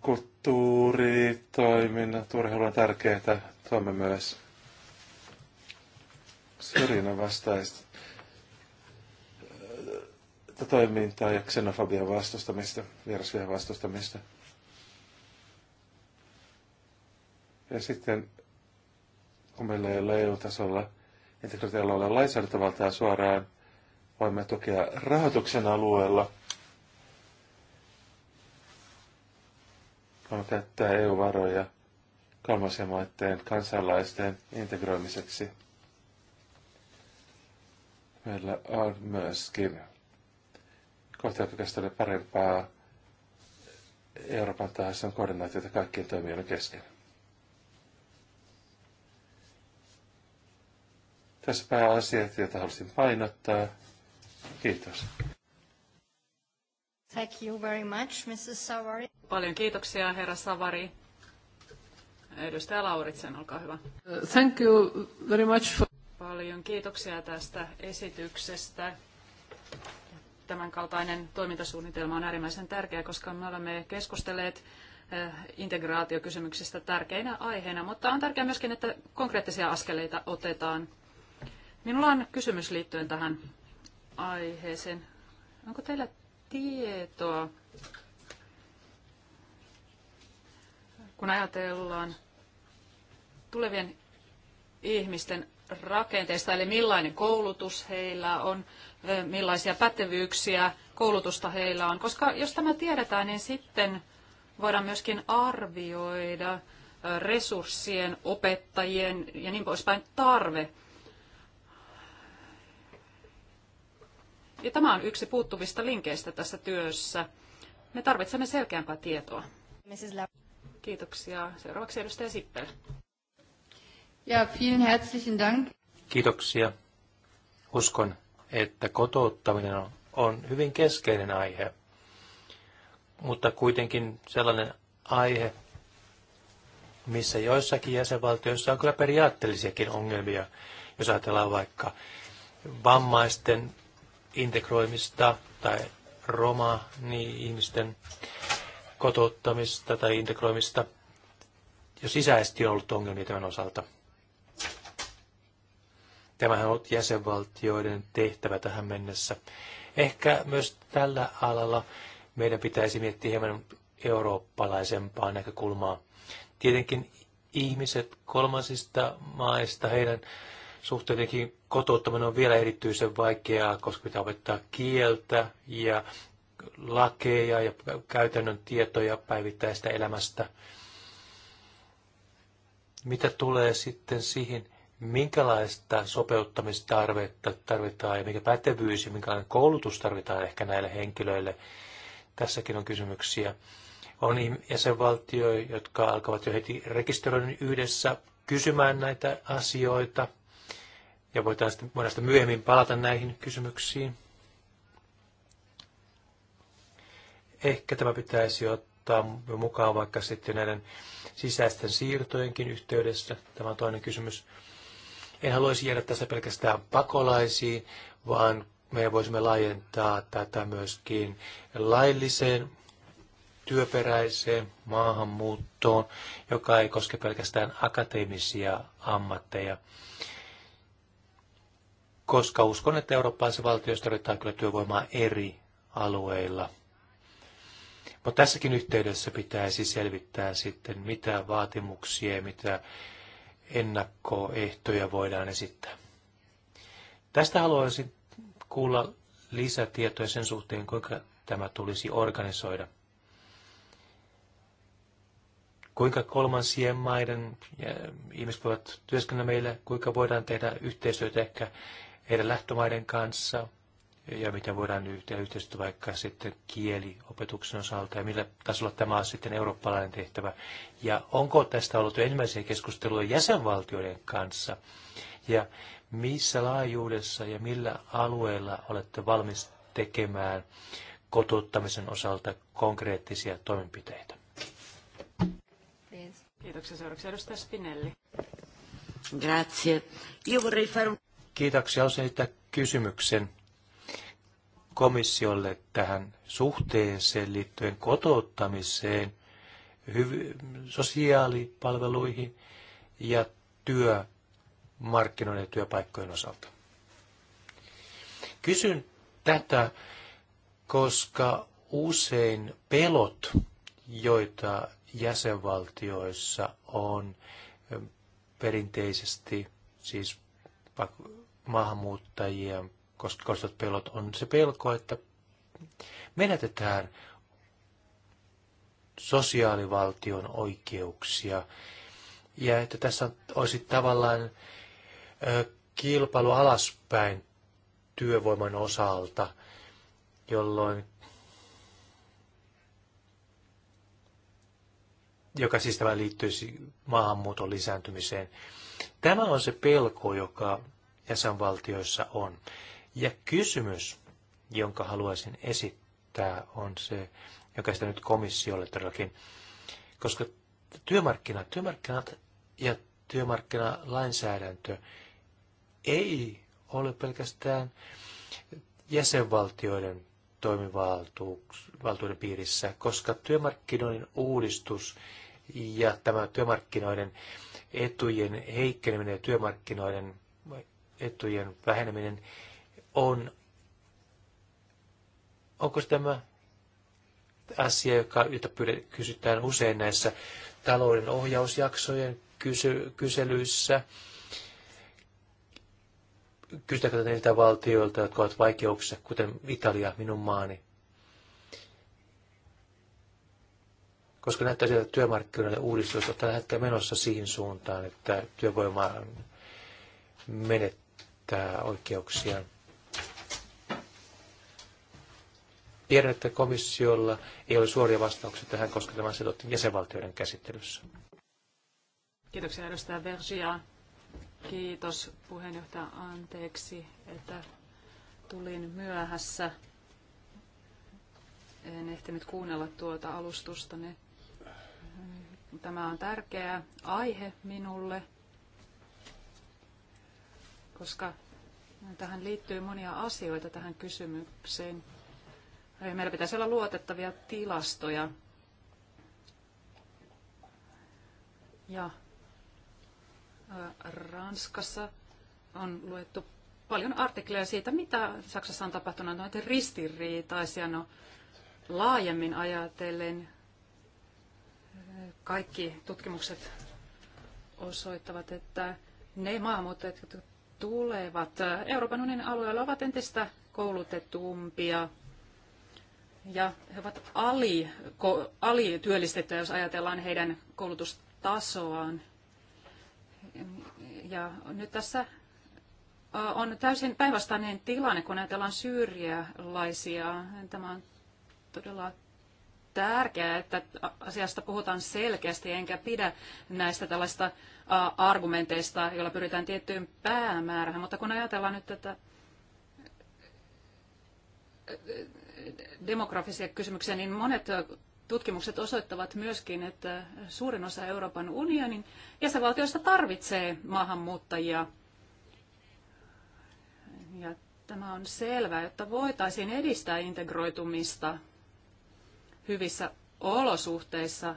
Kulttuuri, toiminnat, urheilu on tärkeää. Tuomme myös syrjinnän vastaista toimintaa ja xenofobian vastustamista, vierasvien vastustamista. Ja sitten kun meillä ei ole EU-tasolla integraatioalueella lainsäädäntövaltaa suoraan, voimme tukea rahoituksen alueella. Voimme käyttää EU-varoja kolmansien maiden kansalaisten integroimiseksi. Meillä on myöskin kohta, joka parempaa Euroopan tahansa koordinaatiota kaikkien toimijoiden kesken. Tässä pääasiat, joita halusin painottaa. Kiitos. Thank you very much, Mrs. Savari. Paljon kiitoksia, herra Savari. Edustaja Lauritsen, olkaa hyvä. Thank you very much for... Paljon kiitoksia tästä esityksestä. Tämänkaltainen toimintasuunnitelma on äärimmäisen tärkeä, koska me olemme keskustelleet eh, integraatiokysymyksistä tärkeinä aiheina, mutta on tärkeää myöskin, että konkreettisia askeleita otetaan. Minulla on kysymys liittyen tähän aiheeseen. Onko teillä tietoa, kun ajatellaan tulevien ihmisten rakenteista, eli millainen koulutus heillä on, millaisia pätevyyksiä koulutusta heillä on. Koska jos tämä tiedetään, niin sitten voidaan myöskin arvioida resurssien, opettajien ja niin poispäin tarve Ja tämä on yksi puuttuvista linkeistä tässä työssä. Me tarvitsemme selkeämpää tietoa. Kiitoksia. Seuraavaksi edustaja Sippel. Ja, vielen herzlichen Dank. Kiitoksia. Uskon, että kotouttaminen on, on hyvin keskeinen aihe, mutta kuitenkin sellainen aihe, missä joissakin jäsenvaltioissa on kyllä periaatteellisiakin ongelmia, jos ajatellaan vaikka vammaisten integroimista tai romani ihmisten kotouttamista tai integroimista, jo sisäisesti on ollut ongelmia tämän osalta. Tämähän on ollut jäsenvaltioiden tehtävä tähän mennessä. Ehkä myös tällä alalla meidän pitäisi miettiä hieman eurooppalaisempaa näkökulmaa. Tietenkin ihmiset kolmansista maista, heidän suhteidenkin kotouttaminen on vielä erityisen vaikeaa, koska pitää opettaa kieltä ja lakeja ja käytännön tietoja päivittäistä elämästä. Mitä tulee sitten siihen, minkälaista sopeuttamistarvetta tarvitaan ja mikä pätevyys ja minkälainen koulutus tarvitaan ehkä näille henkilöille. Tässäkin on kysymyksiä. On jäsenvaltioita, jotka alkavat jo heti rekisteröinnin yhdessä kysymään näitä asioita – ja voidaan sitten, voidaan sitten myöhemmin palata näihin kysymyksiin. Ehkä tämä pitäisi ottaa mukaan vaikka sitten näiden sisäisten siirtojenkin yhteydessä. Tämä on toinen kysymys. En haluaisi jäädä tässä pelkästään pakolaisiin, vaan me voisimme laajentaa tätä myöskin lailliseen työperäiseen maahanmuuttoon, joka ei koske pelkästään akateemisia ammatteja, koska uskon, että eurooppalaisissa valtioissa tarvitaan kyllä työvoimaa eri alueilla. Mutta tässäkin yhteydessä pitäisi selvittää sitten, mitä vaatimuksia ja mitä ennakkoehtoja voidaan esittää. Tästä haluaisin kuulla lisätietoja sen suhteen, kuinka tämä tulisi organisoida. Kuinka kolmansien maiden ihmiset voivat työskennellä meillä, kuinka voidaan tehdä yhteistyötä ehkä heidän lähtömaiden kanssa ja miten voidaan tehdä yhteistyötä vaikka sitten kieliopetuksen osalta ja millä tasolla tämä on sitten eurooppalainen tehtävä. Ja onko tästä ollut jo ensimmäisiä keskusteluja jäsenvaltioiden kanssa ja missä laajuudessa ja millä alueella olette valmis tekemään kotouttamisen osalta konkreettisia toimenpiteitä? Kiitoksia. Seuraavaksi edustaja Spinelli. Grazie. Io vorrei fare un... Kiitoksia. Haluaisin kysymyksen komissiolle tähän suhteeseen liittyen kotouttamiseen, sosiaalipalveluihin ja työmarkkinoiden ja työpaikkojen osalta. Kysyn tätä, koska usein pelot, joita jäsenvaltioissa on perinteisesti, siis maahanmuuttajia koskevat pelot on se pelko, että menetetään sosiaalivaltion oikeuksia ja että tässä olisi tavallaan kilpailu alaspäin työvoiman osalta, jolloin joka siis tämä liittyisi maahanmuuton lisääntymiseen. Tämä on se pelko, joka jäsenvaltioissa on. Ja kysymys, jonka haluaisin esittää, on se, joka sitä nyt komissiolle todellakin, koska työmarkkinat, työmarkkinat ja työmarkkinalainsäädäntö ei ole pelkästään jäsenvaltioiden toimivaltuuden piirissä, koska työmarkkinoiden uudistus ja tämä työmarkkinoiden etujen heikkeneminen ja työmarkkinoiden etujen väheneminen on, onko tämä asia, joka, jota kysytään usein näissä talouden ohjausjaksojen kysy, kyselyissä, kysytäänkö niiltä valtioilta, jotka ovat vaikeuksissa, kuten Italia, minun maani. Koska näyttää sieltä työmarkkinoiden uudistus on tällä hetkellä menossa siihen suuntaan, että työvoimaa menettää käyttää oikeuksia Tiedän, että komissiolla ei ole suoria vastauksia tähän, koska tämä sidottu jäsenvaltioiden käsittelyssä. Kiitoksia edustaja Vergia. Kiitos puheenjohtaja. Anteeksi, että tulin myöhässä. En ehtinyt kuunnella tuota alustustani. Tämä on tärkeä aihe minulle koska tähän liittyy monia asioita tähän kysymykseen. Meillä pitäisi olla luotettavia tilastoja. Ja Ranskassa on luettu paljon artikkeleja siitä, mitä Saksassa on tapahtunut, noita ristiriitaisia, no laajemmin ajatellen kaikki tutkimukset osoittavat, että ne maahanmuuttajat, tulevat Euroopan unionin alueella ovat entistä koulutetumpia ja he ovat ali, alityöllistettyjä, jos ajatellaan heidän koulutustasoaan. Ja nyt tässä on täysin päinvastainen tilanne, kun ajatellaan syyrialaisia. Tämä on todella tärkeää, että asiasta puhutaan selkeästi, enkä pidä näistä tällaista argumenteista, joilla pyritään tiettyyn päämäärään. Mutta kun ajatellaan nyt tätä demografisia kysymyksiä, niin monet tutkimukset osoittavat myöskin, että suurin osa Euroopan unionin jäsenvaltioista tarvitsee maahanmuuttajia. Ja tämä on selvää, että voitaisiin edistää integroitumista hyvissä olosuhteissa,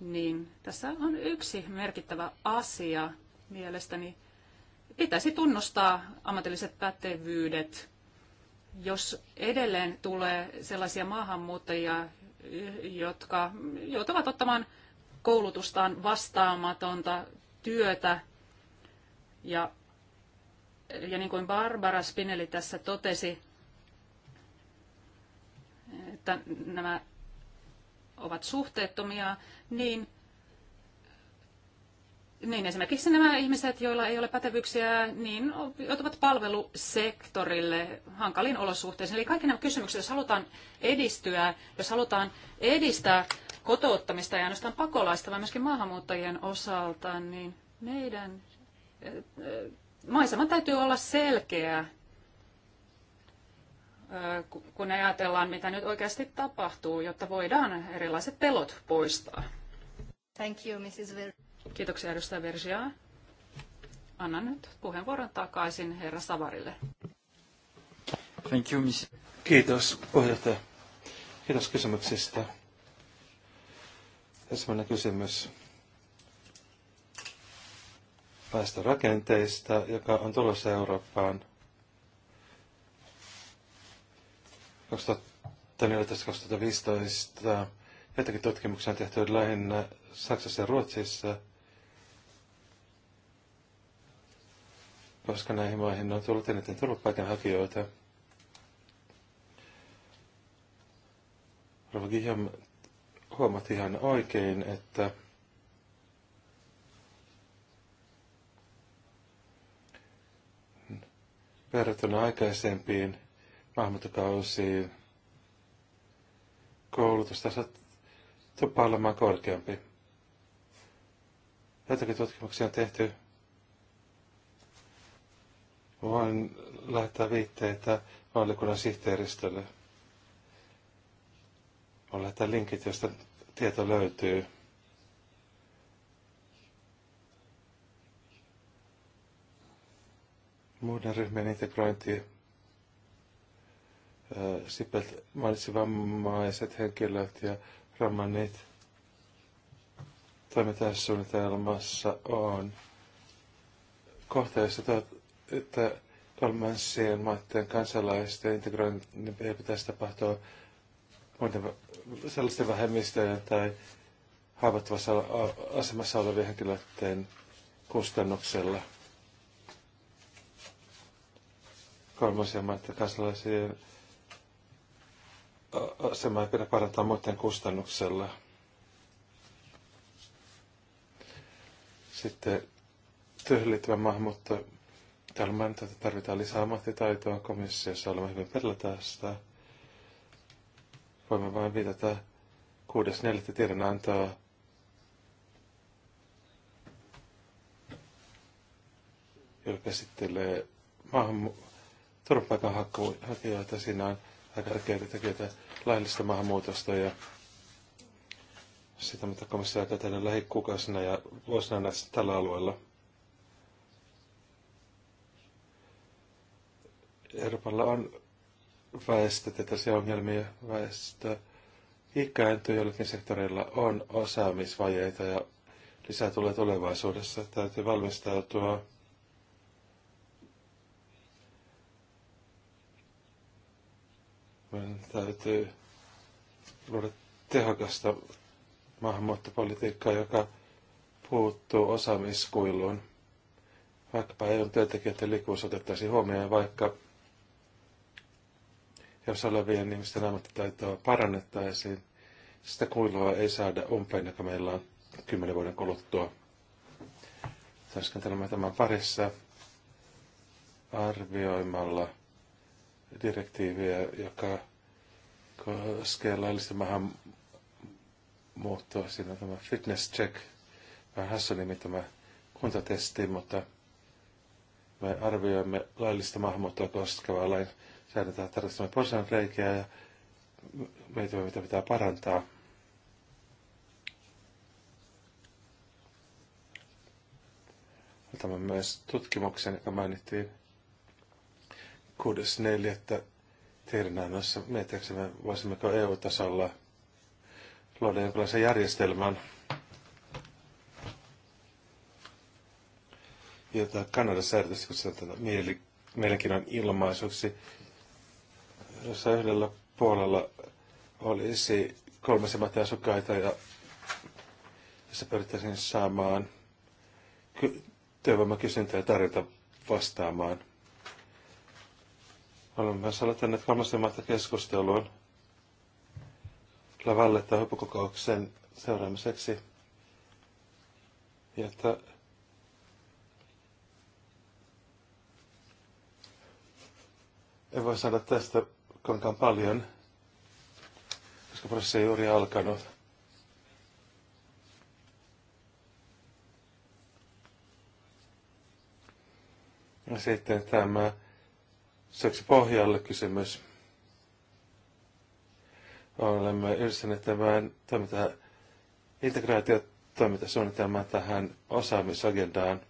niin tässä on yksi merkittävä asia mielestäni. Pitäisi tunnustaa ammatilliset pätevyydet. Jos edelleen tulee sellaisia maahanmuuttajia, jotka joutuvat ottamaan koulutustaan vastaamatonta työtä, ja, ja niin kuin Barbara Spinelli tässä totesi, että nämä ovat suhteettomia, niin, niin esimerkiksi nämä ihmiset, joilla ei ole pätevyyksiä, niin joutuvat palvelusektorille hankaliin olosuhteisiin. Eli kaikki nämä kysymykset, jos halutaan edistyä, jos halutaan edistää kotouttamista ja ainoastaan pakolaista, vaan myöskin maahanmuuttajien osalta, niin meidän eh, eh, maisema täytyy olla selkeä kun ajatellaan, mitä nyt oikeasti tapahtuu, jotta voidaan erilaiset pelot poistaa. Thank you, Mrs. Ver- Kiitoksia, edustaja Vergia. Annan nyt puheenvuoron takaisin herra Savarille. Thank you, miss. Kiitos, puheenjohtaja. Kiitos kysymyksistä. Ensimmäinen kysymys päästörakenteista, joka on tulossa Eurooppaan – 2014-2015 jotakin tutkimuksia on tehty lähinnä Saksassa ja Ruotsissa, koska näihin maihin on tullut eniten turvapaikanhakijoita. Rova Guillaume huomat ihan oikein, että verrattuna aikaisempiin maahanmuuttokausi koulutustaso tuppaa olemaan korkeampi. Jotakin tutkimuksia on tehty. Voin lähettää viitteitä valiokunnan sihteeristölle. Voin lähettää linkit, josta tieto löytyy. Muiden ryhmien integrointi Sipet mainitsi vammaiset henkilöt ja tässä suunnitelmassa on kohteessa, että kolmansien maiden kansalaisten integroinnin ei pitäisi tapahtua muiden sellaisten vähemmistöjen tai haavoittuvassa asemassa olevien henkilöiden kustannuksella. Kolmansien maiden kansalaisien asemaa ei pidä parantaa muiden kustannuksella. Sitten työhön liittyvä maahanmuutto. Täällä mainitaan, että tarvitaan lisää ammattitaitoa komissiossa. Olemme hyvin perillä tästä. Voimme vain viitata 6.4. tiedonantoa joka käsittelee maahan turvapaikanhakijoita. Siinä on aika tärkeitä tekijöitä laillista maahanmuutosta ja sitä, mitä komissio aikoo tehdä lähikuukausina ja vuosina näissä tällä alueella. Euroopalla on väestötietoisia ongelmia. Väestö ikääntyy jollakin sektoreilla on osaamisvajeita ja lisää tulee tulevaisuudessa. Täytyy valmistautua Meidän täytyy luoda tehokasta maahanmuuttopolitiikkaa, joka puuttuu osaamiskuiluun. Vaikkapa ole työntekijöiden liikkuvuus otettaisiin huomioon, vaikka jos olevien ihmisten ammattitaitoa parannettaisiin, sitä kuilua ei saada umpeen, joka meillä on kymmenen vuoden kuluttua. Täskentelemme tämän parissa arvioimalla – direktiiviä, joka koskee laillista maahanmuuttoa. Siinä on tämä fitness check, vähän hassu nimi tämä kuntatesti, mutta me arvioimme laillista maahanmuuttoa koskevaa lain säädäntää tarkastamaan porsan reikiä ja mietimme, mitä pitää parantaa. tämä myös tutkimuksen, joka mainittiin 6.4. tiedonannossa. me voisimmeko EU-tasolla luoda jonkinlaisen järjestelmän, jota Kanadassa kun kutsutaan mieli, mielenkiinnon ilmaisuksi, jossa yhdellä puolella olisi kolme asukkaita ja jossa pyrittäisiin saamaan työvoimakysyntä ja tarjota vastaamaan Olemme myös aloittaneet keskusteluun, lavalle Lavalletta huippukokouksen seuraamiseksi, jotta en voi sanoa tästä kuinkaan paljon, koska prosessi ei juuri alkanut. Ja sitten tämä Seksi pohjalle kysymys. Olemme yhdistäneet tämän toiminta, integraatiotoimintasuunnitelman tähän osaamisagendaan.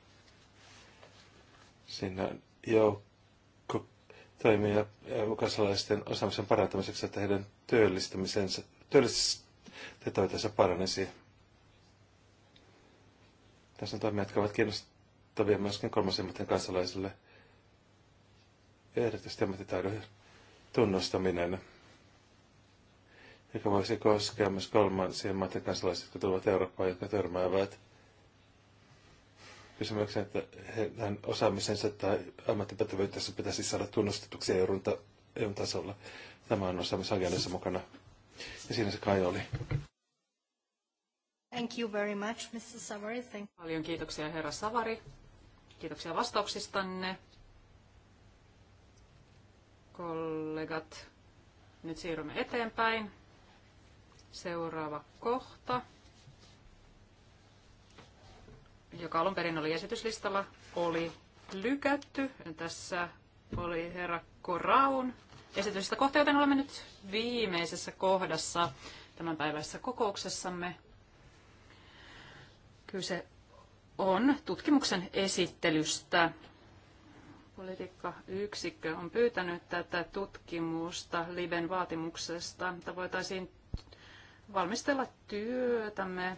Siinä on joukko toimia kansalaisten osaamisen parantamiseksi, että heidän työllistämisensä, työllistetoitensa paranisi. Tässä on toimia, jotka ovat kiinnostavia myöskin kolmasemmaten kansalaisille – ehdotusten ammattitaidon tunnustaminen, joka voisi koskea myös kolmansien maiden kansalaisia, jotka tulevat Eurooppaan, jotka törmäävät kysymykseen, että heidän osaamisensa tai ammattipätevyyttänsä pitäisi saada tunnustetuksi EUn, ta- EUn tasolla. Tämä on osaamisagendassa mukana. Ja siinä se kai oli. Thank you very much, Mrs. Savari. Thank you. Paljon kiitoksia, herra Savari. Kiitoksia vastauksistanne. Kollegat, nyt siirrymme eteenpäin. Seuraava kohta, joka alun perin oli esityslistalla, oli lykätty. Tässä oli herra Koraun esitystä kohta, joten olemme nyt viimeisessä kohdassa tämän päivässä kokouksessamme. Kyse on tutkimuksen esittelystä yksikkö on pyytänyt tätä tutkimusta Liben vaatimuksesta, että voitaisiin valmistella työtämme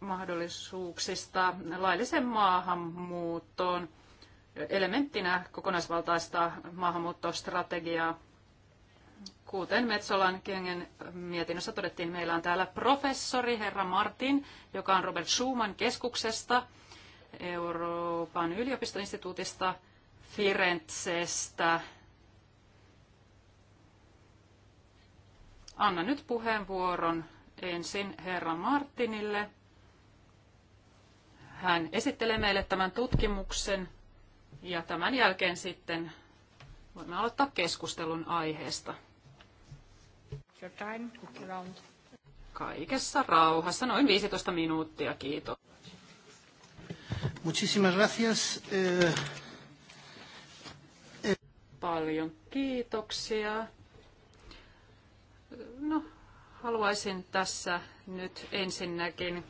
mahdollisuuksista laillisen maahanmuuttoon elementtinä kokonaisvaltaista maahanmuuttostrategiaa. Kuten Metsolan Kengen mietinnössä todettiin, meillä on täällä professori herra Martin, joka on Robert Schumann keskuksesta, Euroopan yliopistoinstituutista – Firenzestä. Anna nyt puheenvuoron ensin herra Martinille. Hän esittelee meille tämän tutkimuksen ja tämän jälkeen sitten voimme aloittaa keskustelun aiheesta. Kaikessa rauhassa, noin 15 minuuttia, kiitos. Muchísimas gracias. Eh paljon kiitoksia. No, haluaisin tässä nyt ensinnäkin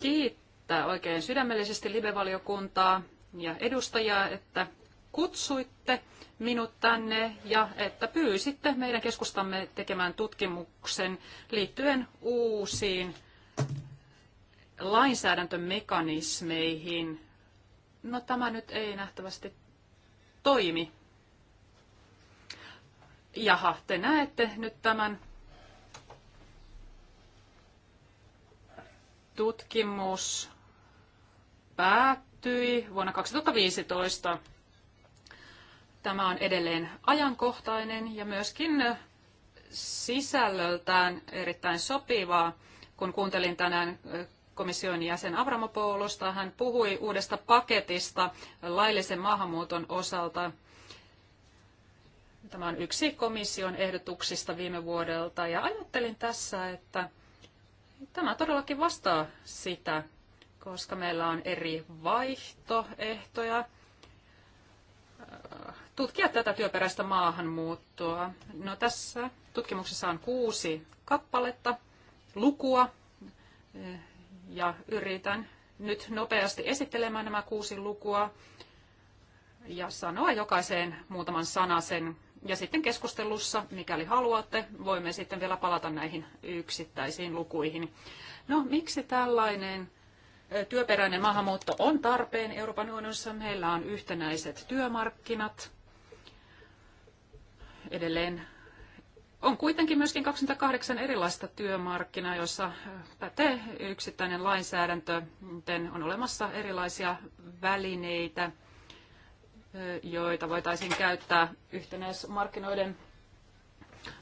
kiittää oikein sydämellisesti live-valiokuntaa ja edustajaa, että kutsuitte minut tänne ja että pyysitte meidän keskustamme tekemään tutkimuksen liittyen uusiin lainsäädäntömekanismeihin. No tämä nyt ei nähtävästi toimi. Jaha, te näette nyt tämän tutkimus päättyi vuonna 2015. Tämä on edelleen ajankohtainen ja myöskin sisällöltään erittäin sopivaa, kun kuuntelin tänään komission jäsen Avramopoulosta. Hän puhui uudesta paketista laillisen maahanmuuton osalta. Tämä on yksi komission ehdotuksista viime vuodelta ja ajattelin tässä, että tämä todellakin vastaa sitä, koska meillä on eri vaihtoehtoja äh, tutkia tätä työperäistä maahanmuuttoa. No tässä tutkimuksessa on kuusi kappaletta, lukua, ja yritän nyt nopeasti esittelemään nämä kuusi lukua ja sanoa jokaiseen muutaman sanasen. Ja sitten keskustelussa, mikäli haluatte, voimme sitten vielä palata näihin yksittäisiin lukuihin. No, miksi tällainen työperäinen maahanmuutto on tarpeen Euroopan unionissa? Meillä on yhtenäiset työmarkkinat. Edelleen on kuitenkin myöskin 28 erilaista työmarkkinaa, joissa äh, pätee yksittäinen lainsäädäntö, joten on olemassa erilaisia välineitä, äh, joita voitaisiin käyttää yhtenäismarkkinoiden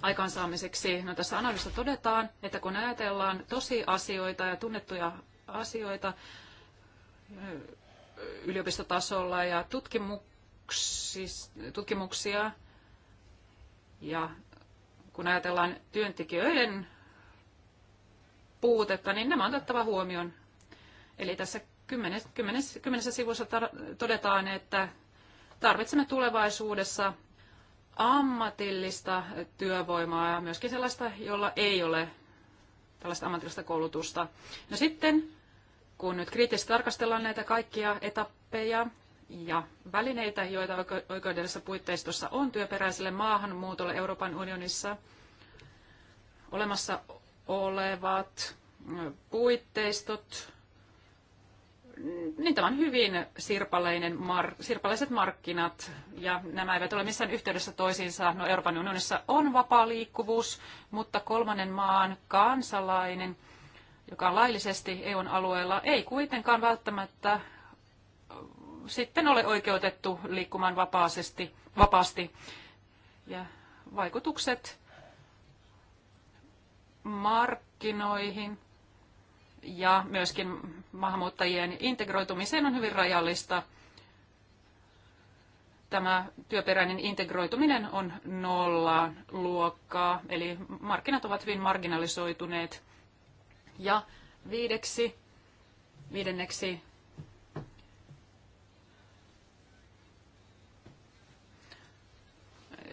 aikaansaamiseksi. No, tässä analyysissa todetaan, että kun ajatellaan tosiasioita ja tunnettuja asioita äh, yliopistotasolla ja tutkimuksia ja kun ajatellaan työntekijöiden puutetta, niin nämä on otettava huomioon. Eli tässä kymmenes, kymmenes, kymmenessä sivussa todetaan, että tarvitsemme tulevaisuudessa ammatillista työvoimaa ja myöskin sellaista, jolla ei ole tällaista ammatillista koulutusta. No sitten, kun nyt kriittisesti tarkastellaan näitä kaikkia etappeja, ja välineitä, joita oikeudellisessa puitteistossa on työperäiselle maahanmuutolle Euroopan unionissa. Olemassa olevat puitteistot, niin tämä on hyvin sirpaleinen mar, sirpaleiset markkinat ja nämä eivät ole missään yhteydessä toisiinsa. No, Euroopan unionissa on vapaa liikkuvuus, mutta kolmannen maan kansalainen, joka on laillisesti EUn alueella, ei kuitenkaan välttämättä sitten ole oikeutettu liikkumaan vapaasti. vapaasti. Ja vaikutukset markkinoihin ja myöskin maahanmuuttajien integroitumiseen on hyvin rajallista. Tämä työperäinen integroituminen on nollaan luokkaa, eli markkinat ovat hyvin marginalisoituneet. Ja viideksi, viidenneksi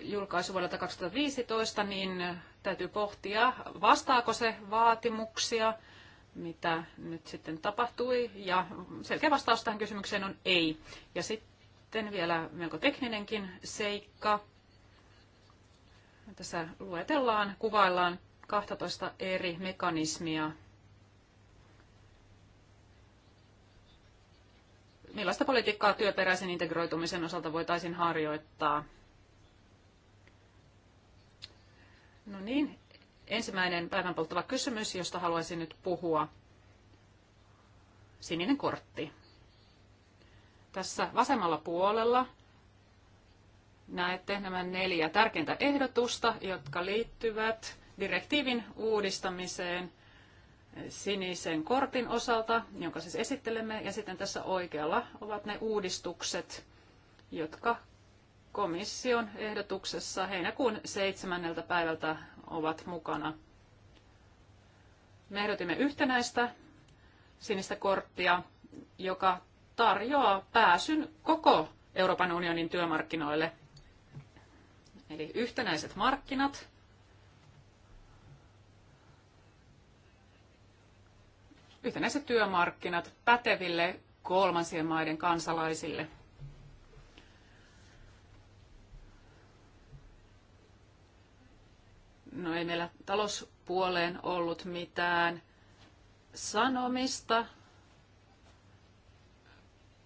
julkaisu vuodelta 2015, niin täytyy pohtia, vastaako se vaatimuksia, mitä nyt sitten tapahtui. Ja selkeä vastaus tähän kysymykseen on ei. Ja sitten vielä melko tekninenkin seikka. Tässä luetellaan, kuvaillaan 12 eri mekanismia, millaista politiikkaa työperäisen integroitumisen osalta voitaisiin harjoittaa. No niin, ensimmäinen päivän polttava kysymys, josta haluaisin nyt puhua. Sininen kortti. Tässä vasemmalla puolella näette nämä neljä tärkeintä ehdotusta, jotka liittyvät direktiivin uudistamiseen sinisen kortin osalta, jonka siis esittelemme, ja sitten tässä oikealla ovat ne uudistukset, jotka komission ehdotuksessa heinäkuun seitsemänneltä päivältä ovat mukana. Me ehdotimme yhtenäistä sinistä korttia, joka tarjoaa pääsyn koko Euroopan unionin työmarkkinoille. Eli yhtenäiset markkinat. Yhtenäiset työmarkkinat päteville kolmansien maiden kansalaisille – No ei meillä talouspuoleen ollut mitään sanomista,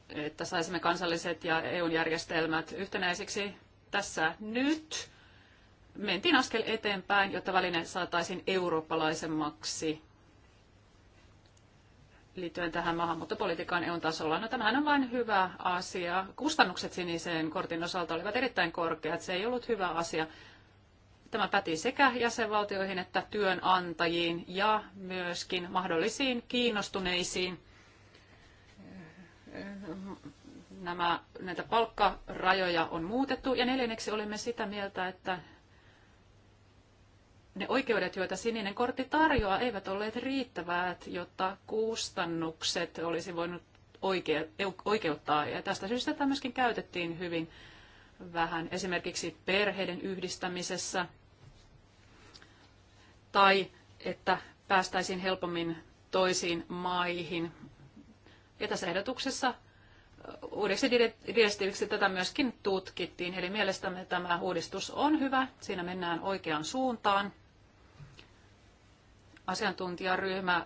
että saisimme kansalliset ja EUn järjestelmät yhtenäisiksi tässä nyt. Mentiin askel eteenpäin, jotta väline saataisiin eurooppalaisemmaksi liittyen tähän maahanmuuttopolitiikkaan EUn tasolla. No tämähän on vain hyvä asia. Kustannukset siniseen kortin osalta olivat erittäin korkeat. Se ei ollut hyvä asia. Tämä päti sekä jäsenvaltioihin että työnantajiin ja myöskin mahdollisiin kiinnostuneisiin nämä, näitä palkkarajoja on muutettu. Ja neljänneksi olimme sitä mieltä, että ne oikeudet, joita sininen kortti tarjoaa, eivät olleet riittävät, jotta kustannukset olisi voinut oikeuttaa. Ja tästä syystä tämä myöskin käytettiin hyvin vähän esimerkiksi perheiden yhdistämisessä tai että päästäisiin helpommin toisiin maihin. Ja tässä ehdotuksessa uudeksi direktiiviksi tätä myöskin tutkittiin, eli mielestämme tämä uudistus on hyvä, siinä mennään oikeaan suuntaan. Asiantuntijaryhmä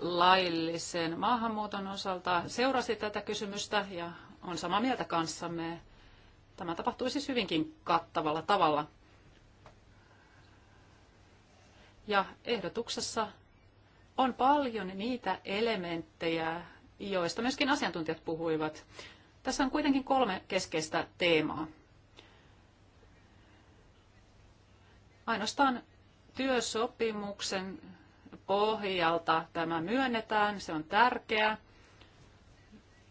laillisen maahanmuuton osalta seurasi tätä kysymystä ja on samaa mieltä kanssamme, Tämä tapahtui siis hyvinkin kattavalla tavalla. Ja ehdotuksessa on paljon niitä elementtejä, joista myöskin asiantuntijat puhuivat. Tässä on kuitenkin kolme keskeistä teemaa. Ainoastaan työsopimuksen pohjalta tämä myönnetään, se on tärkeää.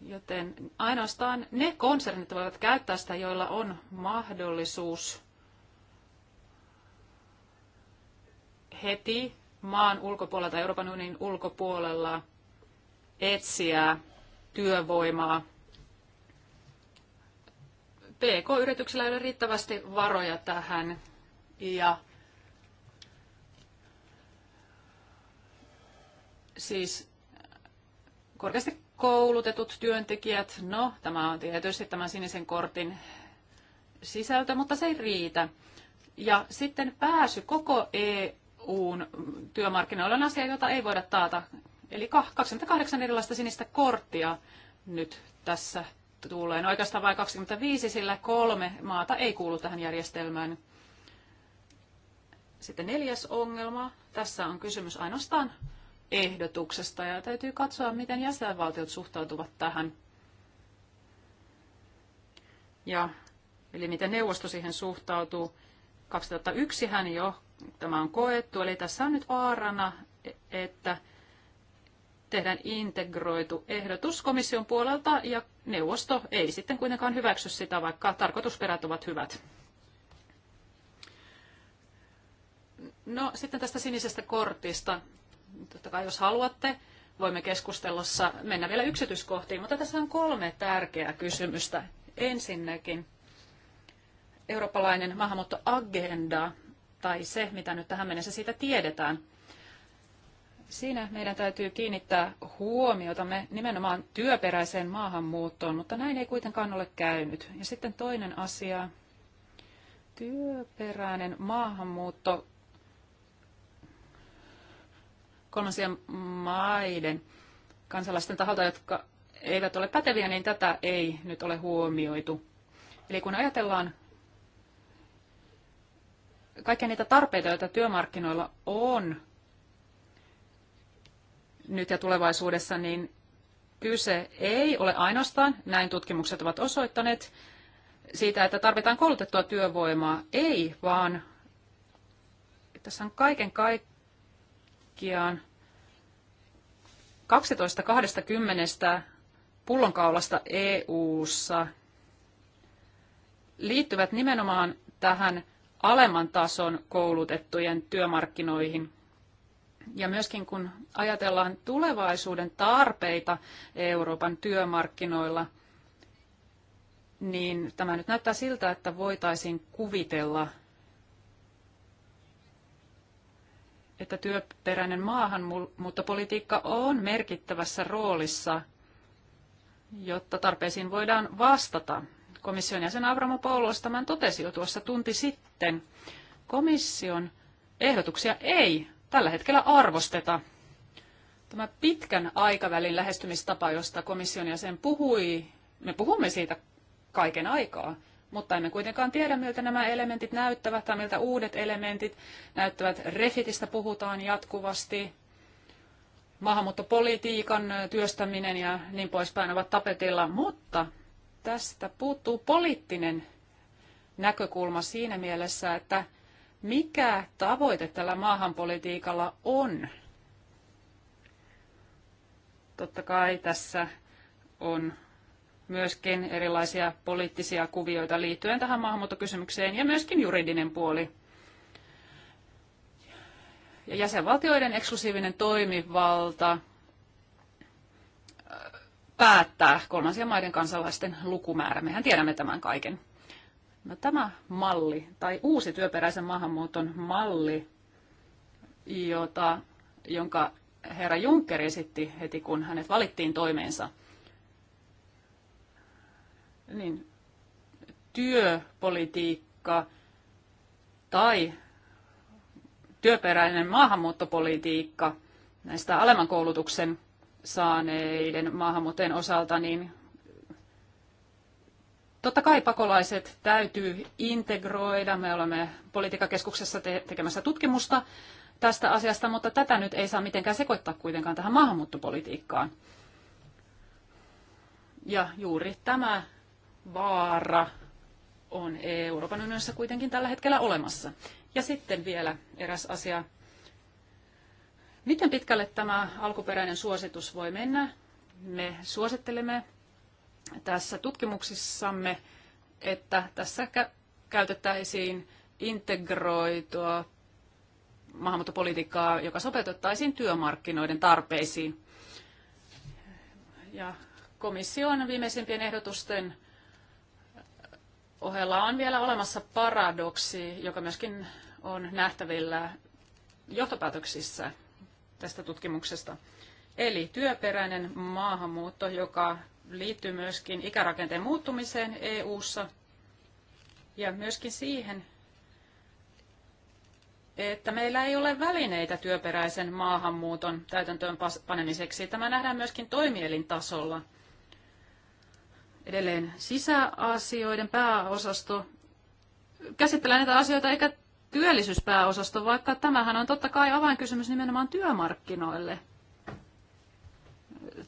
Joten ainoastaan ne konsernit voivat käyttää sitä, joilla on mahdollisuus heti maan ulkopuolella tai Euroopan unionin ulkopuolella etsiä työvoimaa. PK-yrityksillä ei ole riittävästi varoja tähän ja siis korkeasti koulutetut työntekijät. No, tämä on tietysti tämän sinisen kortin sisältö, mutta se ei riitä. Ja sitten pääsy koko EUn työmarkkinoille on asia, jota ei voida taata. Eli 28 erilaista sinistä korttia nyt tässä tulee. No oikeastaan vain 25, sillä kolme maata ei kuulu tähän järjestelmään. Sitten neljäs ongelma. Tässä on kysymys ainoastaan ehdotuksesta ja täytyy katsoa, miten jäsenvaltiot suhtautuvat tähän. Ja, eli miten neuvosto siihen suhtautuu. 2001 hän jo tämä on koettu, eli tässä on nyt vaarana, että tehdään integroitu ehdotus komission puolelta ja neuvosto ei sitten kuitenkaan hyväksy sitä, vaikka tarkoitusperät ovat hyvät. No sitten tästä sinisestä kortista. Totta kai jos haluatte, voimme keskustelussa mennä vielä yksityiskohtiin, mutta tässä on kolme tärkeää kysymystä. Ensinnäkin eurooppalainen maahanmuuttoagenda tai se, mitä nyt tähän mennessä siitä tiedetään. Siinä meidän täytyy kiinnittää huomiota me nimenomaan työperäiseen maahanmuuttoon, mutta näin ei kuitenkaan ole käynyt. Ja sitten toinen asia, työperäinen maahanmuutto kolmansien maiden kansalaisten taholta, jotka eivät ole päteviä, niin tätä ei nyt ole huomioitu. Eli kun ajatellaan kaikkia niitä tarpeita, joita työmarkkinoilla on nyt ja tulevaisuudessa, niin kyse ei ole ainoastaan, näin tutkimukset ovat osoittaneet, siitä, että tarvitaan koulutettua työvoimaa. Ei, vaan tässä on kaiken kaik- kaikkiaan 12 pullonkaulasta EU-ssa liittyvät nimenomaan tähän alemman tason koulutettujen työmarkkinoihin. Ja myöskin kun ajatellaan tulevaisuuden tarpeita Euroopan työmarkkinoilla, niin tämä nyt näyttää siltä, että voitaisiin kuvitella – että työperäinen maahanmuuttopolitiikka on merkittävässä roolissa, jotta tarpeisiin voidaan vastata. Komission jäsen Avramopoulos tämän totesi jo tuossa tunti sitten. Komission ehdotuksia ei tällä hetkellä arvosteta. Tämä pitkän aikavälin lähestymistapa, josta komission jäsen puhui, me puhumme siitä kaiken aikaa – mutta emme kuitenkaan tiedä, miltä nämä elementit näyttävät tai miltä uudet elementit näyttävät. Refitistä puhutaan jatkuvasti, maahanmuuttopolitiikan työstäminen ja niin poispäin ovat tapetilla, mutta tästä puuttuu poliittinen näkökulma siinä mielessä, että mikä tavoite tällä maahanpolitiikalla on. Totta kai tässä on myöskin erilaisia poliittisia kuvioita liittyen tähän maahanmuuttokysymykseen ja myöskin juridinen puoli. Ja jäsenvaltioiden eksklusiivinen toimivalta äh, päättää kolmansien maiden kansalaisten lukumäärä. Mehän tiedämme tämän kaiken. No, tämä malli tai uusi työperäisen maahanmuuton malli, jota, jonka herra Juncker esitti heti, kun hänet valittiin toimeensa – niin työpolitiikka tai työperäinen maahanmuuttopolitiikka näistä alemman koulutuksen saaneiden maahanmuuttajien osalta, niin totta kai pakolaiset täytyy integroida. Me olemme politiikakeskuksessa te- tekemässä tutkimusta tästä asiasta, mutta tätä nyt ei saa mitenkään sekoittaa kuitenkaan tähän maahanmuuttopolitiikkaan. Ja juuri tämä vaara on Euroopan unionissa kuitenkin tällä hetkellä olemassa. Ja sitten vielä eräs asia. Miten pitkälle tämä alkuperäinen suositus voi mennä? Me suosittelemme tässä tutkimuksissamme, että tässä käytettäisiin integroitua maahanmuuttopolitiikkaa, joka sopeutettaisiin työmarkkinoiden tarpeisiin. Ja komission viimeisimpien ehdotusten ohella on vielä olemassa paradoksi, joka myöskin on nähtävillä johtopäätöksissä tästä tutkimuksesta. Eli työperäinen maahanmuutto, joka liittyy myöskin ikärakenteen muuttumiseen EU:ssa ja myöskin siihen, että meillä ei ole välineitä työperäisen maahanmuuton täytäntöön panemiseksi. Tämä nähdään myöskin toimielintasolla. tasolla Edelleen sisäasioiden pääosasto käsittelee näitä asioita eikä työllisyyspääosasto, vaikka tämähän on totta kai avainkysymys nimenomaan työmarkkinoille.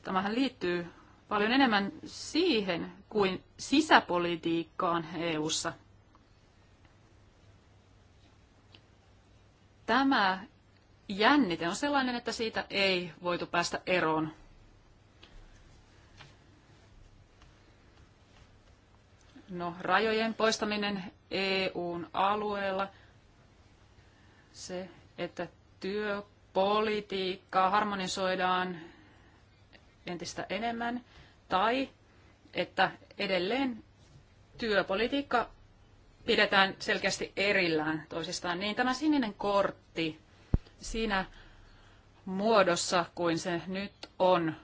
Tämähän liittyy paljon enemmän siihen kuin sisäpolitiikkaan EU-ssa. Tämä jännite on sellainen, että siitä ei voitu päästä eroon. No, rajojen poistaminen EUn alueella, se, että työpolitiikkaa harmonisoidaan entistä enemmän, tai että edelleen työpolitiikka pidetään selkeästi erillään toisistaan, niin tämä sininen kortti siinä muodossa kuin se nyt on,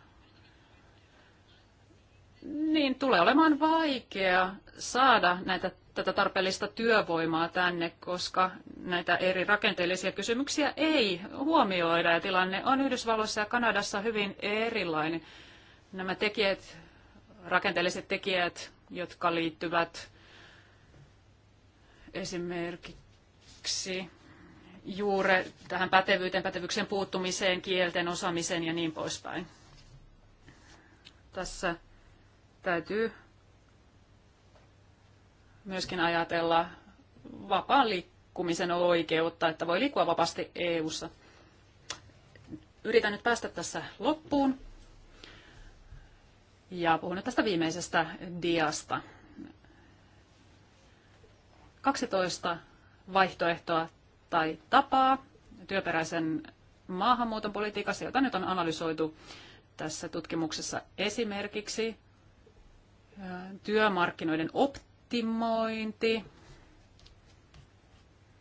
niin tulee olemaan vaikea saada näitä, tätä tarpeellista työvoimaa tänne, koska näitä eri rakenteellisia kysymyksiä ei huomioida ja tilanne on Yhdysvalloissa ja Kanadassa hyvin erilainen. Nämä tekijät, rakenteelliset tekijät, jotka liittyvät esimerkiksi juuri tähän pätevyyteen, pätevyyksien puuttumiseen, kielten osaamiseen ja niin poispäin. Tässä täytyy myöskin ajatella vapaan liikkumisen oikeutta, että voi liikkua vapaasti EU-ssa. Yritän nyt päästä tässä loppuun. Ja puhun nyt tästä viimeisestä diasta. 12 vaihtoehtoa tai tapaa työperäisen maahanmuuton politiikassa, jota nyt on analysoitu tässä tutkimuksessa esimerkiksi työmarkkinoiden opt optimointi,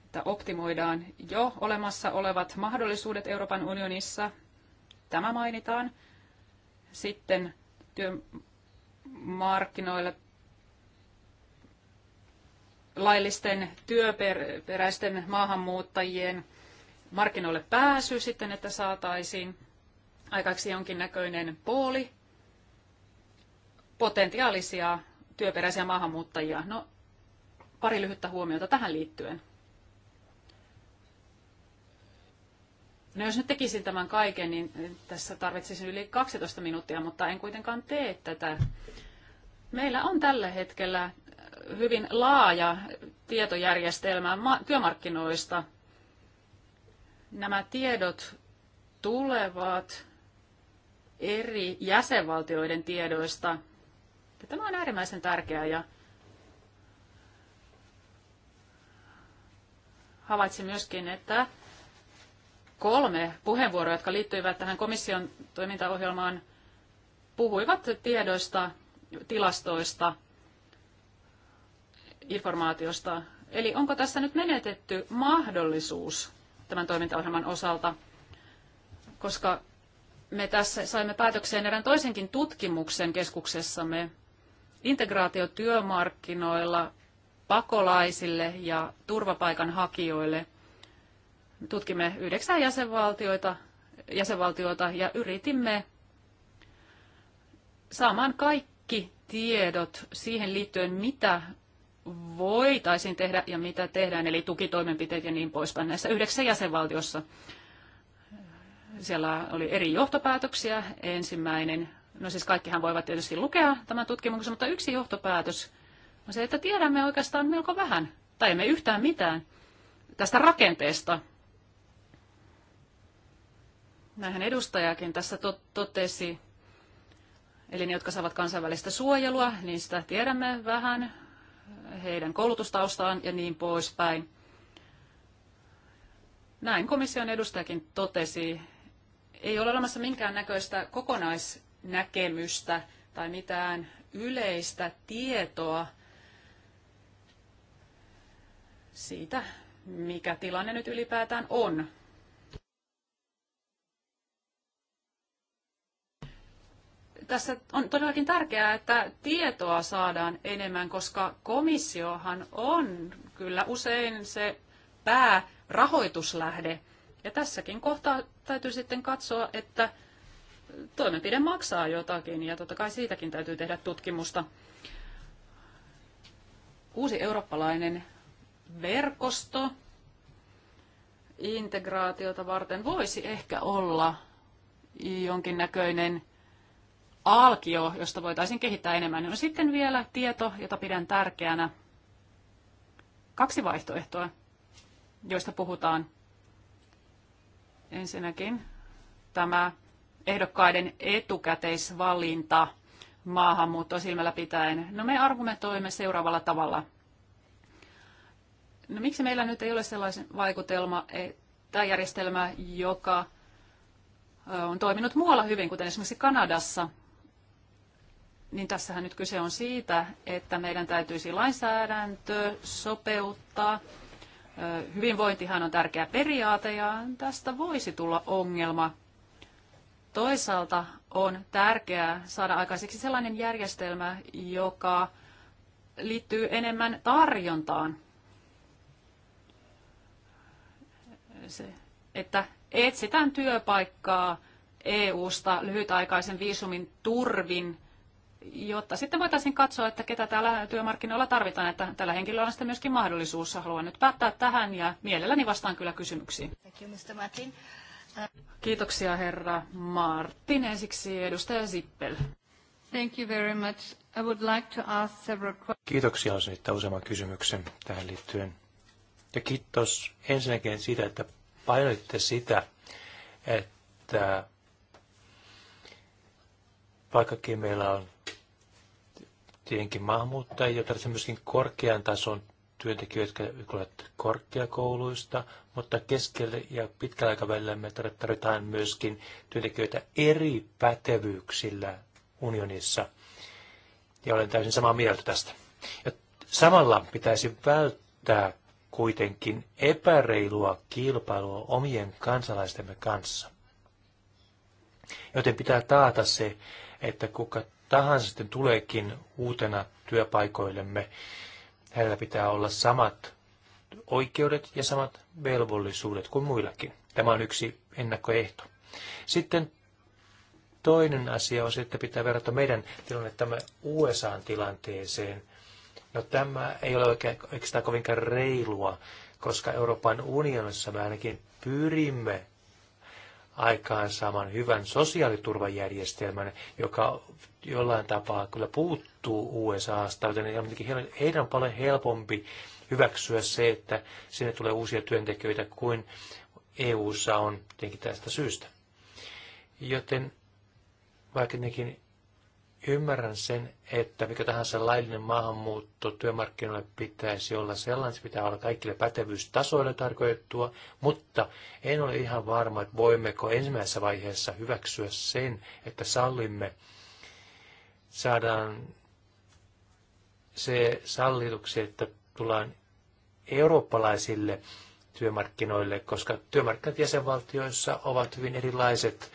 että optimoidaan jo olemassa olevat mahdollisuudet Euroopan unionissa. Tämä mainitaan. Sitten työmarkkinoille laillisten työperäisten maahanmuuttajien markkinoille pääsy sitten, että saataisiin aikaiksi jonkinnäköinen pooli potentiaalisia työperäisiä maahanmuuttajia. No, pari lyhyttä huomiota tähän liittyen. No jos nyt tekisin tämän kaiken, niin tässä tarvitsisin yli 12 minuuttia, mutta en kuitenkaan tee tätä. Meillä on tällä hetkellä hyvin laaja tietojärjestelmä työmarkkinoista. Nämä tiedot tulevat eri jäsenvaltioiden tiedoista – että tämä on äärimmäisen tärkeää ja havaitsin myöskin, että kolme puheenvuoroa, jotka liittyivät tähän komission toimintaohjelmaan, puhuivat tiedoista, tilastoista, informaatiosta. Eli onko tässä nyt menetetty mahdollisuus tämän toimintaohjelman osalta, koska me tässä saimme päätökseen erään toisenkin tutkimuksen keskuksessamme, integraatio työmarkkinoilla pakolaisille ja turvapaikanhakijoille. Tutkimme yhdeksän jäsenvaltioita, jäsenvaltioita ja yritimme saamaan kaikki tiedot siihen liittyen, mitä voitaisiin tehdä ja mitä tehdään, eli tukitoimenpiteet ja niin poispäin näissä yhdeksän jäsenvaltiossa. Siellä oli eri johtopäätöksiä. Ensimmäinen no siis kaikkihan voivat tietysti lukea tämän tutkimuksen, mutta yksi johtopäätös on se, että tiedämme oikeastaan melko vähän, tai emme yhtään mitään tästä rakenteesta. Näinhän edustajakin tässä totesi, eli ne, jotka saavat kansainvälistä suojelua, niistä tiedämme vähän, heidän koulutustaustaan ja niin poispäin. Näin komission edustajakin totesi, ei ole olemassa minkäännäköistä kokonais näkemystä tai mitään yleistä tietoa siitä, mikä tilanne nyt ylipäätään on. Tässä on todellakin tärkeää, että tietoa saadaan enemmän, koska komissiohan on kyllä usein se päärahoituslähde. Ja tässäkin kohtaa täytyy sitten katsoa, että toimenpide maksaa jotakin ja totta kai siitäkin täytyy tehdä tutkimusta. Uusi eurooppalainen verkosto integraatiota varten voisi ehkä olla jonkinnäköinen alkio, josta voitaisiin kehittää enemmän. No sitten vielä tieto, jota pidän tärkeänä. Kaksi vaihtoehtoa, joista puhutaan. Ensinnäkin tämä ehdokkaiden etukäteisvalinta maahanmuuttoa silmällä pitäen. No me argumentoimme seuraavalla tavalla. No miksi meillä nyt ei ole sellaisen vaikutelma, että järjestelmä, joka on toiminut muualla hyvin, kuten esimerkiksi Kanadassa, niin tässähän nyt kyse on siitä, että meidän täytyisi lainsäädäntö sopeuttaa. Hyvinvointihan on tärkeä periaate ja tästä voisi tulla ongelma Toisaalta on tärkeää saada aikaiseksi sellainen järjestelmä, joka liittyy enemmän tarjontaan. Se, että etsitään työpaikkaa EU-sta lyhytaikaisen viisumin turvin, jotta sitten voitaisiin katsoa, että ketä täällä työmarkkinoilla tarvitaan, että tällä henkilöllä on sitten myöskin mahdollisuus. Haluan nyt päättää tähän ja mielelläni vastaan kyllä kysymyksiin. Thank you, Mr. Kiitoksia herra Martin. Ensiksi edustaja Zippel. Thank you very much. I would like to ask several questions. Kiitoksia esittää useamman kysymyksen tähän liittyen. Ja kiitos ensinnäkin siitä, että painoitte sitä, että vaikkakin meillä on tietenkin maahanmuuttajia, tarvitsee myöskin korkean tason työntekijöitä, jotka ovat korkeakouluista, mutta keskellä ja pitkällä aikavälillä me tarvitaan myöskin työntekijöitä eri pätevyyksillä unionissa. Ja olen täysin samaa mieltä tästä. Ja samalla pitäisi välttää kuitenkin epäreilua kilpailua omien kansalaistemme kanssa. Joten pitää taata se, että kuka tahansa sitten tuleekin uutena työpaikoillemme, hänellä pitää olla samat oikeudet ja samat velvollisuudet kuin muillakin. Tämä on yksi ennakkoehto. Sitten toinen asia on se, että pitää verrata meidän tilannettamme usa tilanteeseen. No tämä ei ole oikeastaan kovinkaan reilua, koska Euroopan unionissa me ainakin pyrimme aikaan saamaan hyvän sosiaaliturvajärjestelmän, joka jollain tapaa kyllä puuttuu USAsta, joten heidän on paljon helpompi hyväksyä se, että sinne tulee uusia työntekijöitä kuin EUssa on tietenkin tästä syystä. Joten vaikka nekin ymmärrän sen, että mikä tahansa laillinen maahanmuutto työmarkkinoille pitäisi olla sellainen, se pitää olla kaikille pätevyystasoille tarkoitettua, mutta en ole ihan varma, että voimmeko ensimmäisessä vaiheessa hyväksyä sen, että sallimme saadaan se sallituksi, että tullaan eurooppalaisille työmarkkinoille, koska työmarkkinat jäsenvaltioissa ovat hyvin erilaiset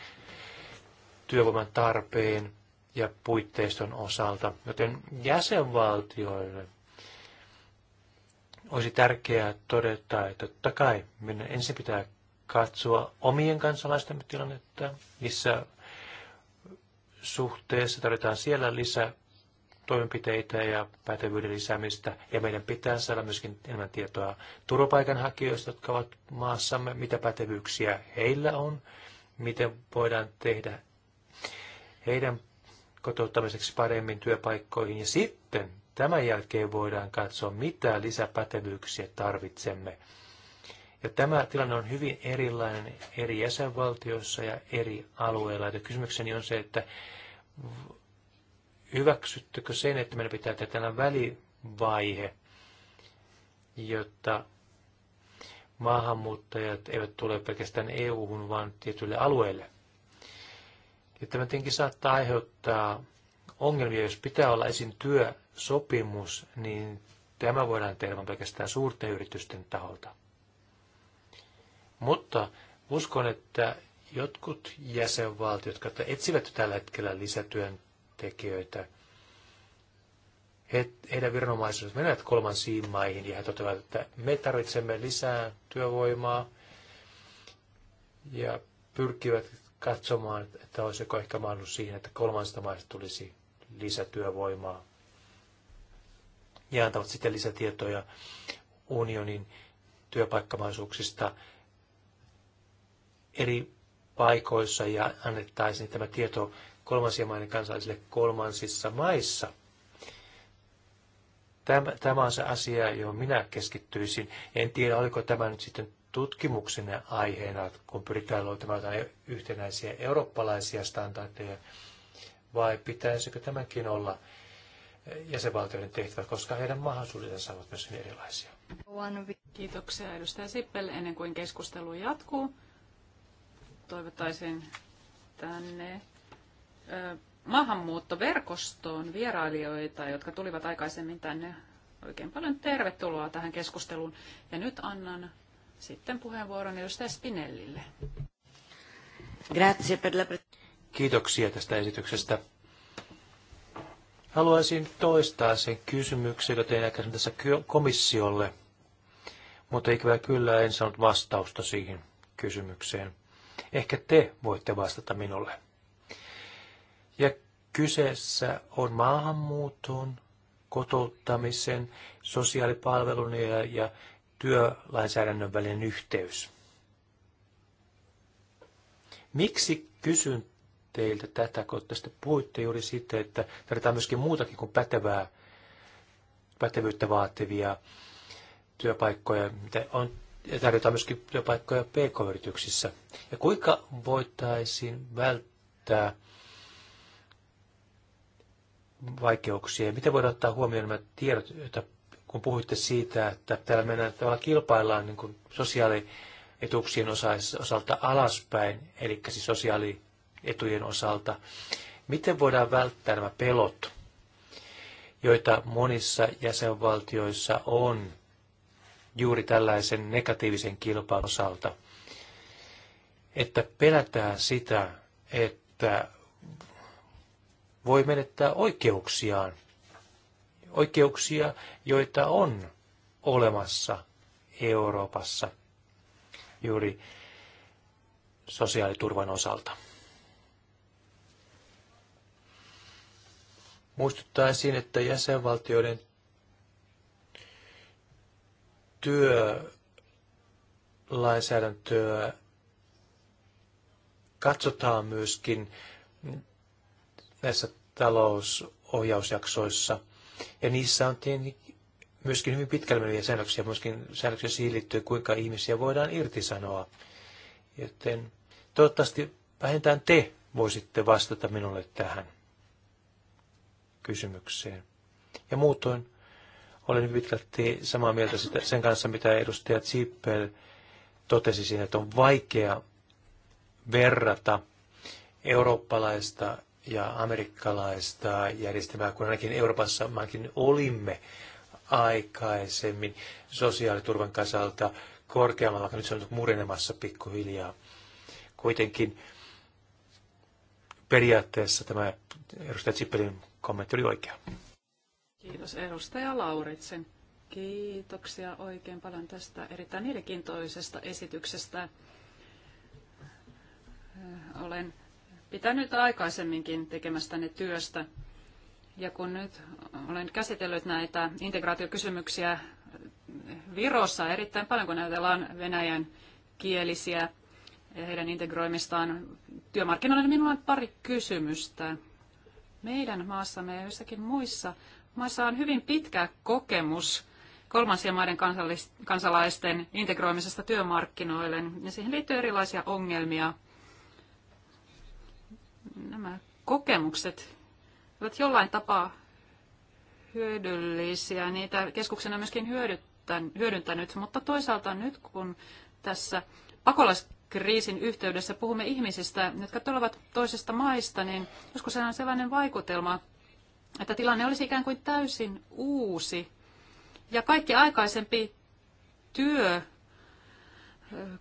työvoiman tarpeen ja puitteiston osalta, joten jäsenvaltioille olisi tärkeää todeta, että totta kai ensin pitää katsoa omien kansalaisten tilannetta, missä suhteessa tarvitaan siellä lisää toimenpiteitä ja pätevyyden lisäämistä. Ja meidän pitää saada myöskin enemmän tietoa turvapaikanhakijoista, jotka ovat maassamme, mitä pätevyyksiä heillä on, miten voidaan tehdä heidän kotouttamiseksi paremmin työpaikkoihin. Ja sitten tämän jälkeen voidaan katsoa, mitä lisäpätevyyksiä tarvitsemme ja tämä tilanne on hyvin erilainen eri jäsenvaltioissa ja eri alueilla. Ja kysymykseni on se, että hyväksyttekö sen, että meidän pitää tehdä tällainen välivaihe, jotta maahanmuuttajat eivät tule pelkästään EU-hun, vaan tietyille alueille. Ja tämä tietenkin saattaa aiheuttaa ongelmia, jos pitää olla esim. työsopimus, niin tämä voidaan tehdä pelkästään suurten yritysten taholta. Mutta uskon, että jotkut jäsenvaltiot, jotka etsivät tällä hetkellä lisätyöntekijöitä, heidän viranomaisensa menevät kolmansiin maihin ja he toteavat, että me tarvitsemme lisää työvoimaa ja pyrkivät katsomaan, että olisiko ehkä mahdollisuus siihen, että kolmansista maista tulisi lisätyövoimaa ja antavat sitten lisätietoja unionin työpaikkamahdollisuuksista eri paikoissa ja annettaisiin tämä tieto kolmansien maiden kansalaisille kolmansissa maissa. Tämä, tämä on se asia, johon minä keskittyisin. En tiedä, oliko tämä nyt sitten tutkimuksen aiheena, kun pyritään löytämään jotain yhtenäisiä eurooppalaisia standardeja, vai pitäisikö tämänkin olla jäsenvaltioiden tehtävä, koska heidän mahdollisuutensa ovat myös erilaisia. Kiitoksia edustaja Sippel ennen kuin keskustelu jatkuu toivotaisin tänne maahanmuuttoverkostoon vierailijoita, jotka tulivat aikaisemmin tänne. Oikein paljon tervetuloa tähän keskusteluun. Ja nyt annan sitten puheenvuoron edustaja Spinellille. Kiitoksia tästä esityksestä. Haluaisin toistaa sen kysymyksen, jota tein aikaisemmin tässä komissiolle, mutta ikävä kyllä en saanut vastausta siihen kysymykseen. Ehkä te voitte vastata minulle. Ja kyseessä on maahanmuuton, kotouttamisen, sosiaalipalvelun ja, ja työlainsäädännön välinen yhteys. Miksi kysyn teiltä tätä, kun tästä puhuitte juuri siitä, että tarvitaan myöskin muutakin kuin pätevää, pätevyyttä vaativia työpaikkoja, mitä on ja tarjotaan myöskin työpaikkoja pk-yrityksissä. Ja kuinka voitaisiin välttää vaikeuksia? Miten voidaan ottaa huomioon nämä tiedot, joita kun puhuitte siitä, että täällä mennään tavallaan kilpaillaan niin kuin sosiaalietuuksien osalta alaspäin, eli siis sosiaalietujen osalta. Miten voidaan välttää nämä pelot, joita monissa jäsenvaltioissa on juuri tällaisen negatiivisen kilpailun osalta, että pelätään sitä, että voi menettää oikeuksiaan, oikeuksia, joita on olemassa Euroopassa juuri sosiaaliturvan osalta. Muistuttaisin, että jäsenvaltioiden työlainsäädäntöä katsotaan myöskin näissä talousohjausjaksoissa. Ja niissä on tietenkin myöskin hyvin pitkälle meneviä säännöksiä, myöskin säännöksiä siihen liittyen, kuinka ihmisiä voidaan irtisanoa. Joten toivottavasti vähintään te voisitte vastata minulle tähän kysymykseen. Ja muutoin olen pitkälti samaa mieltä sitä, sen kanssa, mitä edustaja Zippel totesi siinä, että on vaikea verrata eurooppalaista ja amerikkalaista järjestelmää, kun ainakin Euroopassa mäkin olimme aikaisemmin sosiaaliturvan kasalta korkeammalla, vaikka nyt se on murenemassa pikkuhiljaa. Kuitenkin periaatteessa tämä edustaja Zippelin kommentti oli oikea. Kiitos edustaja Lauritsen. Kiitoksia oikein paljon tästä erittäin mielenkiintoisesta esityksestä. Äh, olen pitänyt aikaisemminkin tekemästäni työstä. Ja kun nyt olen käsitellyt näitä integraatiokysymyksiä Virossa erittäin paljon, kun ajatellaan venäjän kielisiä ja heidän integroimistaan työmarkkinoille, niin minulla on pari kysymystä. Meidän maassamme ja jossakin muissa Maassa on hyvin pitkä kokemus kolmansien maiden kansalaisten integroimisesta työmarkkinoille, ja siihen liittyy erilaisia ongelmia. Nämä kokemukset ovat jollain tapaa hyödyllisiä, niitä keskuksena myöskin hyödyntänyt, mutta toisaalta nyt kun tässä pakolaiskriisin yhteydessä puhumme ihmisistä, jotka tulevat toisesta maista, niin joskus on sellainen vaikutelma, että tilanne olisi ikään kuin täysin uusi. Ja kaikki aikaisempi työ,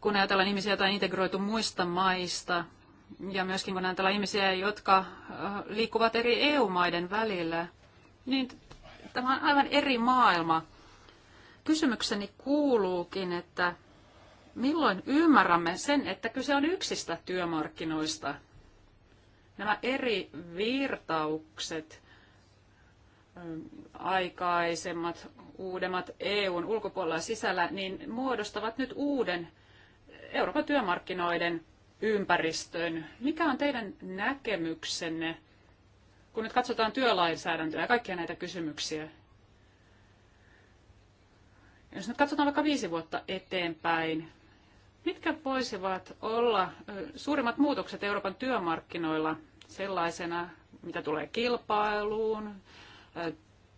kun ajatellaan ihmisiä, joita on integroitu muista maista, ja myöskin kun ajatellaan ihmisiä, jotka äh, liikkuvat eri EU-maiden välillä, niin tämä on aivan eri maailma. Kysymykseni kuuluukin, että milloin ymmärrämme sen, että kyse on yksistä työmarkkinoista? Nämä eri virtaukset – aikaisemmat uudemmat EUn ulkopuolella ja sisällä, niin muodostavat nyt uuden Euroopan työmarkkinoiden ympäristön. Mikä on teidän näkemyksenne, kun nyt katsotaan työlainsäädäntöä ja kaikkia näitä kysymyksiä? Jos nyt katsotaan vaikka viisi vuotta eteenpäin, mitkä voisivat olla suurimmat muutokset Euroopan työmarkkinoilla sellaisena, mitä tulee kilpailuun,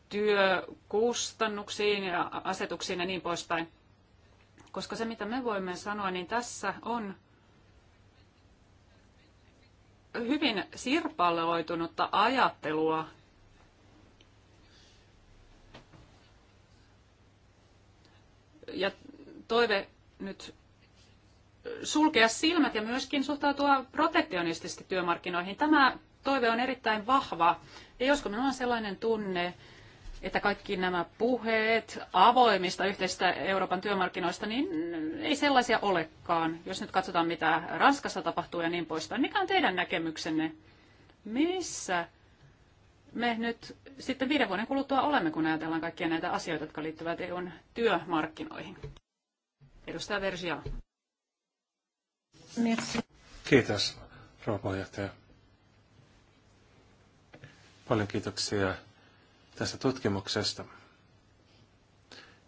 työkustannuksiin ja asetuksiin ja niin poispäin. Koska se, mitä me voimme sanoa, niin tässä on hyvin sirpaloitunutta ajattelua ja toive nyt sulkea silmät ja myöskin suhtautua protektionistisesti työmarkkinoihin. Tämä toive on erittäin vahva ja joskus minulla on sellainen tunne, että kaikki nämä puheet avoimista yhteisistä Euroopan työmarkkinoista, niin ei sellaisia olekaan. Jos nyt katsotaan, mitä Ranskassa tapahtuu ja niin poispäin. Mikä on teidän näkemyksenne? Missä me nyt sitten viiden vuoden kuluttua olemme, kun ajatellaan kaikkia näitä asioita, jotka liittyvät EUn työmarkkinoihin? Edustaja Versia. Kiitos, rouva puheenjohtaja. Paljon kiitoksia tästä tutkimuksesta.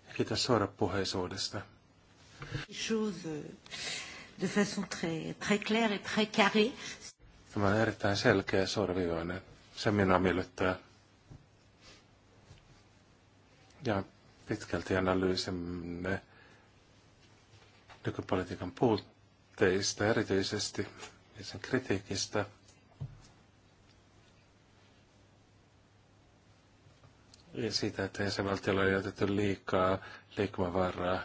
Ja kiitos suorapuheisuudesta. Euh, Tämä on erittäin selkeä ja suoraviivainen. Se minua miellyttää. Ja pitkälti analyysimme nykypolitiikan puutteista erityisesti ja sen kritiikistä – siitä, että jäsenvaltiolla ei otettu liikaa liikkumavaraa,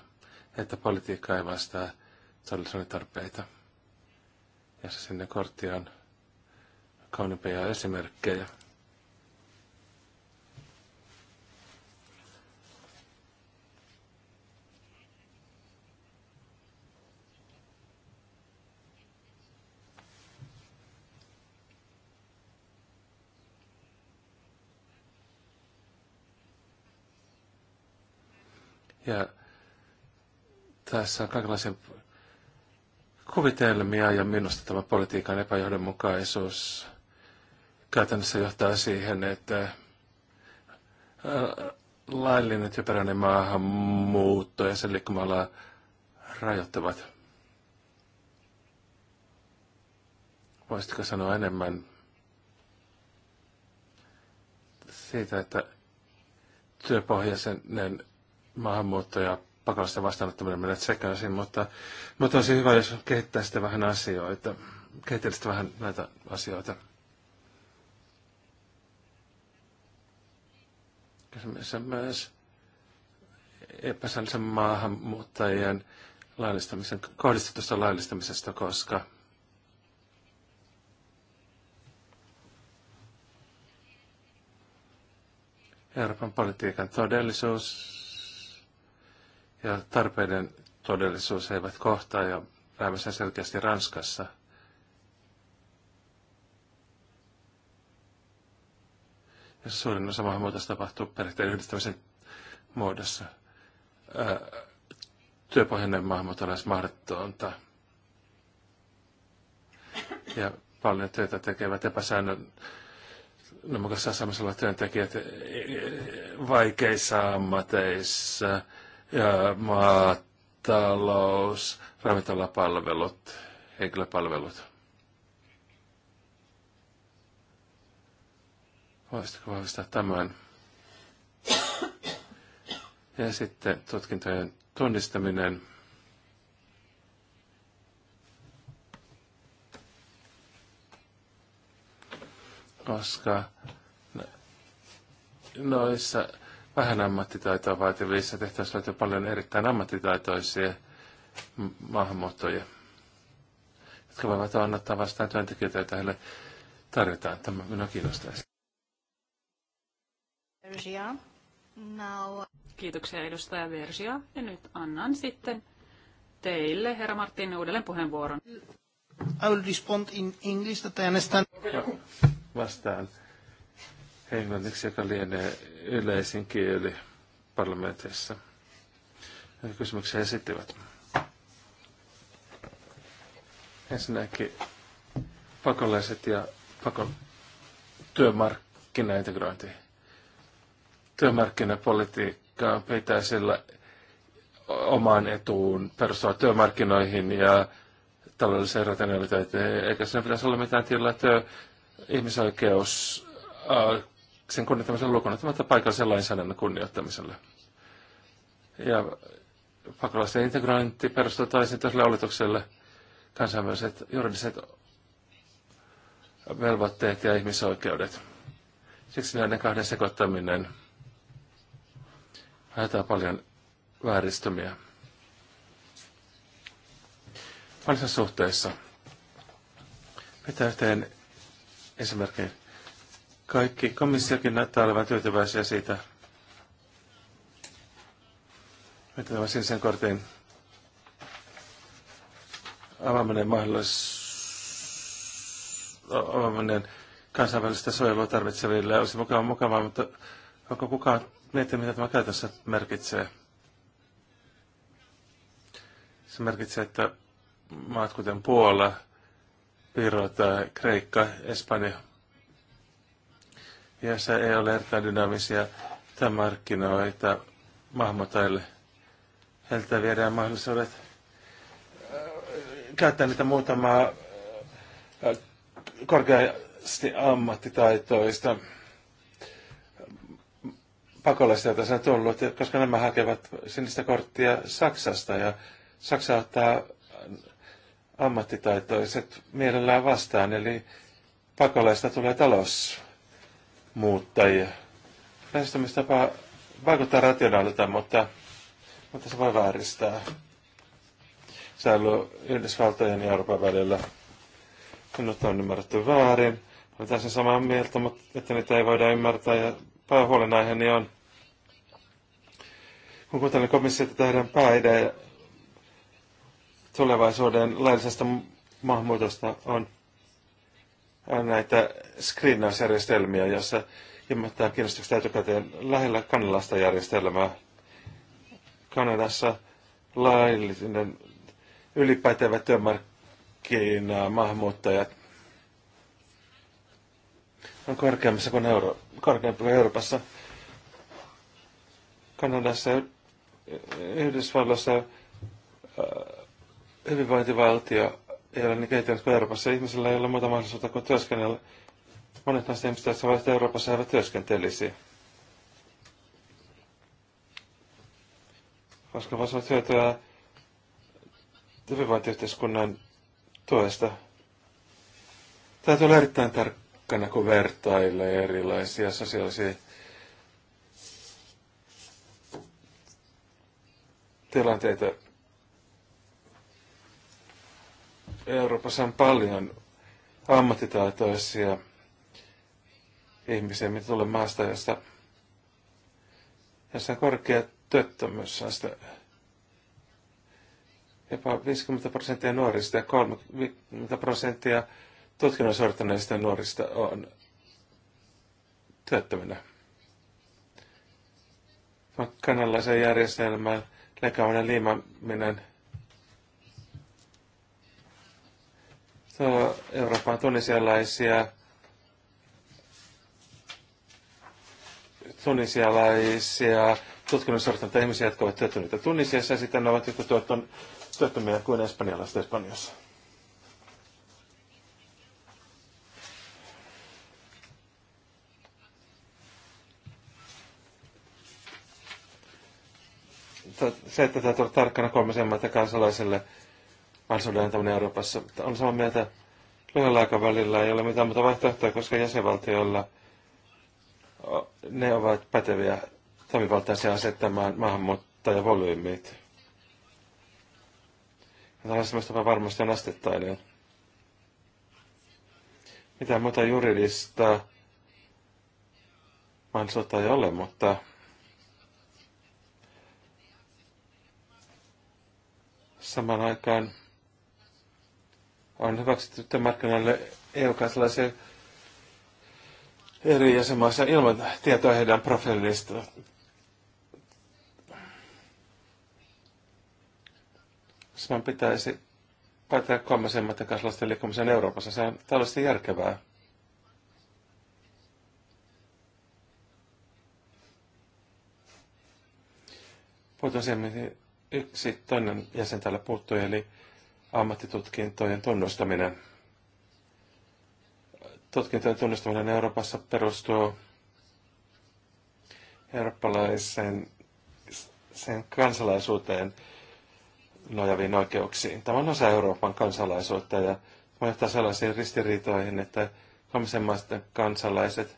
että politiikka ei vastaa todellisuuden tarpeita. Ja se sinne kortti on kauniimpia esimerkkejä. Ja tässä on kaikenlaisia kuvitelmia ja minusta tämä politiikan epäjohdonmukaisuus käytännössä johtaa siihen, että äh, laillinen työperäinen maahanmuutto ja sen liikkumalla rajoittavat. Voisitko sanoa enemmän siitä, että työpohjaisen maahanmuutto ja pakolaisten vastaanottaminen menee sekaisin, mutta, mutta olisi hyvä, jos kehittäisitte vähän asioita, kehittelisitte vähän näitä asioita. Kysymys myös epäsäällisen maahanmuuttajien laillistamisen, kohdistetusta laillistamisesta, koska Euroopan politiikan todellisuus ja tarpeiden todellisuus eivät kohtaa ja päivässä selkeästi Ranskassa. Ja suurin osa maahanmuutosta tapahtuu perheen yhdistämisen muodossa. Ää, työpohjainen maahanmuutto on lähes mahdotonta. Ja paljon työtä tekevät epäsäännön no, asemassa olevat työntekijät vaikeissa ammateissa – maatalous, ravintolapalvelut, henkilöpalvelut. Voisitko vahvistaa tämän? Ja sitten tutkintojen tunnistaminen. Koska no, noissa vähän ammattitaitoa vaativissa tehtävissä löytyy paljon erittäin ammattitaitoisia maahanmuuttoja, jotka voivat annattaa vastaan työntekijöitä, joita heille tarvitaan. Tämä minua kiinnostaisi. Kiitoksia edustaja Versia. Ja nyt annan sitten teille, herra Martin, uudelleen puheenvuoron. I will respond in English, that I understand. Vastaan englanniksi, joka lienee yleisin kieli parlamentissa. Kysymyksiä esittivät. Ensinnäkin pakolaiset ja pakon työmarkkinaintegrointi. Työmarkkinapolitiikka pitää sillä omaan etuun perustua työmarkkinoihin ja taloudelliseen rationaliteettiin, eikä siinä pitäisi olla mitään tilaa työ, ihmisoikeus äh, sen kunnioittamisen lukunottamatta paikallisen lainsäädännön kunnioittamiselle. Ja pakolaisten integrointi perustuu taisin tälle oletukselle kansainväliset juridiset velvoitteet ja ihmisoikeudet. Siksi näiden kahden sekoittaminen aiheuttaa paljon vääristymiä. Paljon suhteissa. Pitää yhteen esimerkiksi kaikki komissiokin näyttää olevan tyytyväisiä siitä, että tämä sinisen kortin avaaminen mahdollis... avaaminen kansainvälistä suojelua tarvitseville olisi mukava, mukavaa, mutta onko kukaan miettinyt, mitä tämä käytössä merkitsee? Se merkitsee, että maat kuten Puola, Viro tai Kreikka, Espanja, ja se ei ole erittäin dynaamisia tämä markkinoita mahmotaille. Heiltä viedään mahdollisuudet äh, käyttää niitä muutamaa äh, korkeasti ammattitaitoista äh, pakolaisia, joita on tullut, koska nämä hakevat sinistä korttia Saksasta ja Saksa ottaa ammattitaitoiset mielellään vastaan, eli pakolaista tulee talous muuttajia. Lähestymistapa vaikuttaa rationaalilta, mutta, mutta se voi vääristää säilyy Yhdysvaltojen ja Euroopan välillä. Minut on ymmärretty väärin. Olen täysin samaa mieltä, mutta että niitä ei voida ymmärtää. Ja päähuolenaiheeni on, kun kuuntelen komissiota tehdään pääidea tulevaisuuden laillisesta maahanmuutosta on on äh, näitä screenausjärjestelmiä, joissa ilmoittaa kiinnostuksesta etukäteen lähellä kanadalaista järjestelmää. Kanadassa laillinen ylipäätävä työmarkkina maahanmuuttajat on korkeammassa kuin Euro- korkeampi kuin Euroopassa. Kanadassa ja Yhdysvalloissa äh, hyvinvointivaltio ei ole niin kehittynyt kuin Euroopassa. Ihmisillä ei ole muuta mahdollisuutta kuin työskennellä. Monet näistä ihmistä, jotka ovat Euroopassa, eivät työskentelisi. Koska voisivat hyötyä hyvinvointiyhteiskunnan tuesta. Täytyy olla erittäin tarkkana, kun vertailee erilaisia sosiaalisia tilanteita Euroopassa on paljon ammattitaitoisia ihmisiä, mitä tulee maasta, josta, jossa on korkea työttömyys. On sitä jopa 50 prosenttia nuorista ja 30 prosenttia tutkinnon suorittaneista nuorista on työttöminä. Kanalaisen järjestelmän leikkaaminen liimaminen – Euroopan tunisialaisia tunisialaisia tutkinnon ihmisiä, jotka ovat työttömiä Tunisiassa ja sitten ne ovat joku työttömiä kuin espanjalaiset Espanjassa. se, että tämä tulee tarkkana kolmisen maita kansalaiselle kansallisuuden antaminen Euroopassa. On samaa mieltä, lyhyellä aikavälillä ei ole mitään muuta vaihtoehtoa, koska jäsenvaltioilla ne ovat päteviä toimivaltaisia asettamaan maahanmuuttajavolyymit. Tällaisemmistapa varmasti on astettainen. Mitä muuta juridista mahdollisuutta ei ole, mutta samaan aikaan on hyväksytty markkinoille EU-kansalaisia eri jäsenmaissa ilman tietoa heidän profiilista. Saman pitäisi päättää kolmasen maiden kansalaisten liikkumisen Euroopassa. Se on tällaista järkevää. Puhutaan siihen, yksi toinen jäsen täällä puuttui, eli ammattitutkintojen tunnustaminen. Tutkintojen tunnustaminen Euroopassa perustuu eurooppalaisen sen kansalaisuuteen nojaviin oikeuksiin. Tämä on osa Euroopan kansalaisuutta ja voi johtaa sellaisiin ristiriitoihin, että kolmisen maisten kansalaiset,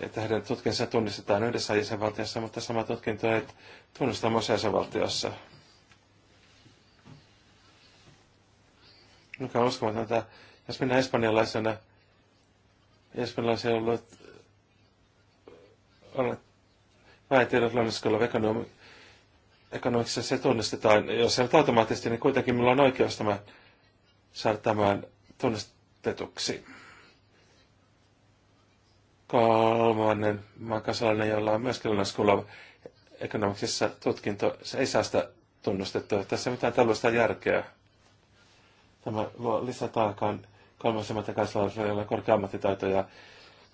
että heidän tutkinsa tunnistetaan yhdessä jäsenvaltiossa, mutta sama tutkinto ei tunnusteta muissa jäsenvaltiossa. mikä on uskomatonta, jos mennään espanjalaisena, on ollut, olen, mä en tiedä, että ekonomi, ekonomiksi se tunnistetaan, jos se on automaattisesti, niin kuitenkin minulla on oikeus tämä, saada tämän tunnistetuksi. Kolmannen maan kansalainen, jolla on myöskin London ekonomisessa tutkinto, se ei saa sitä tunnustettua. Tässä ei mitään tällaista järkeä. Tämä luo lisätaakan kolmasemmalta kansalaisella, jolla on korkea ammattitaito ja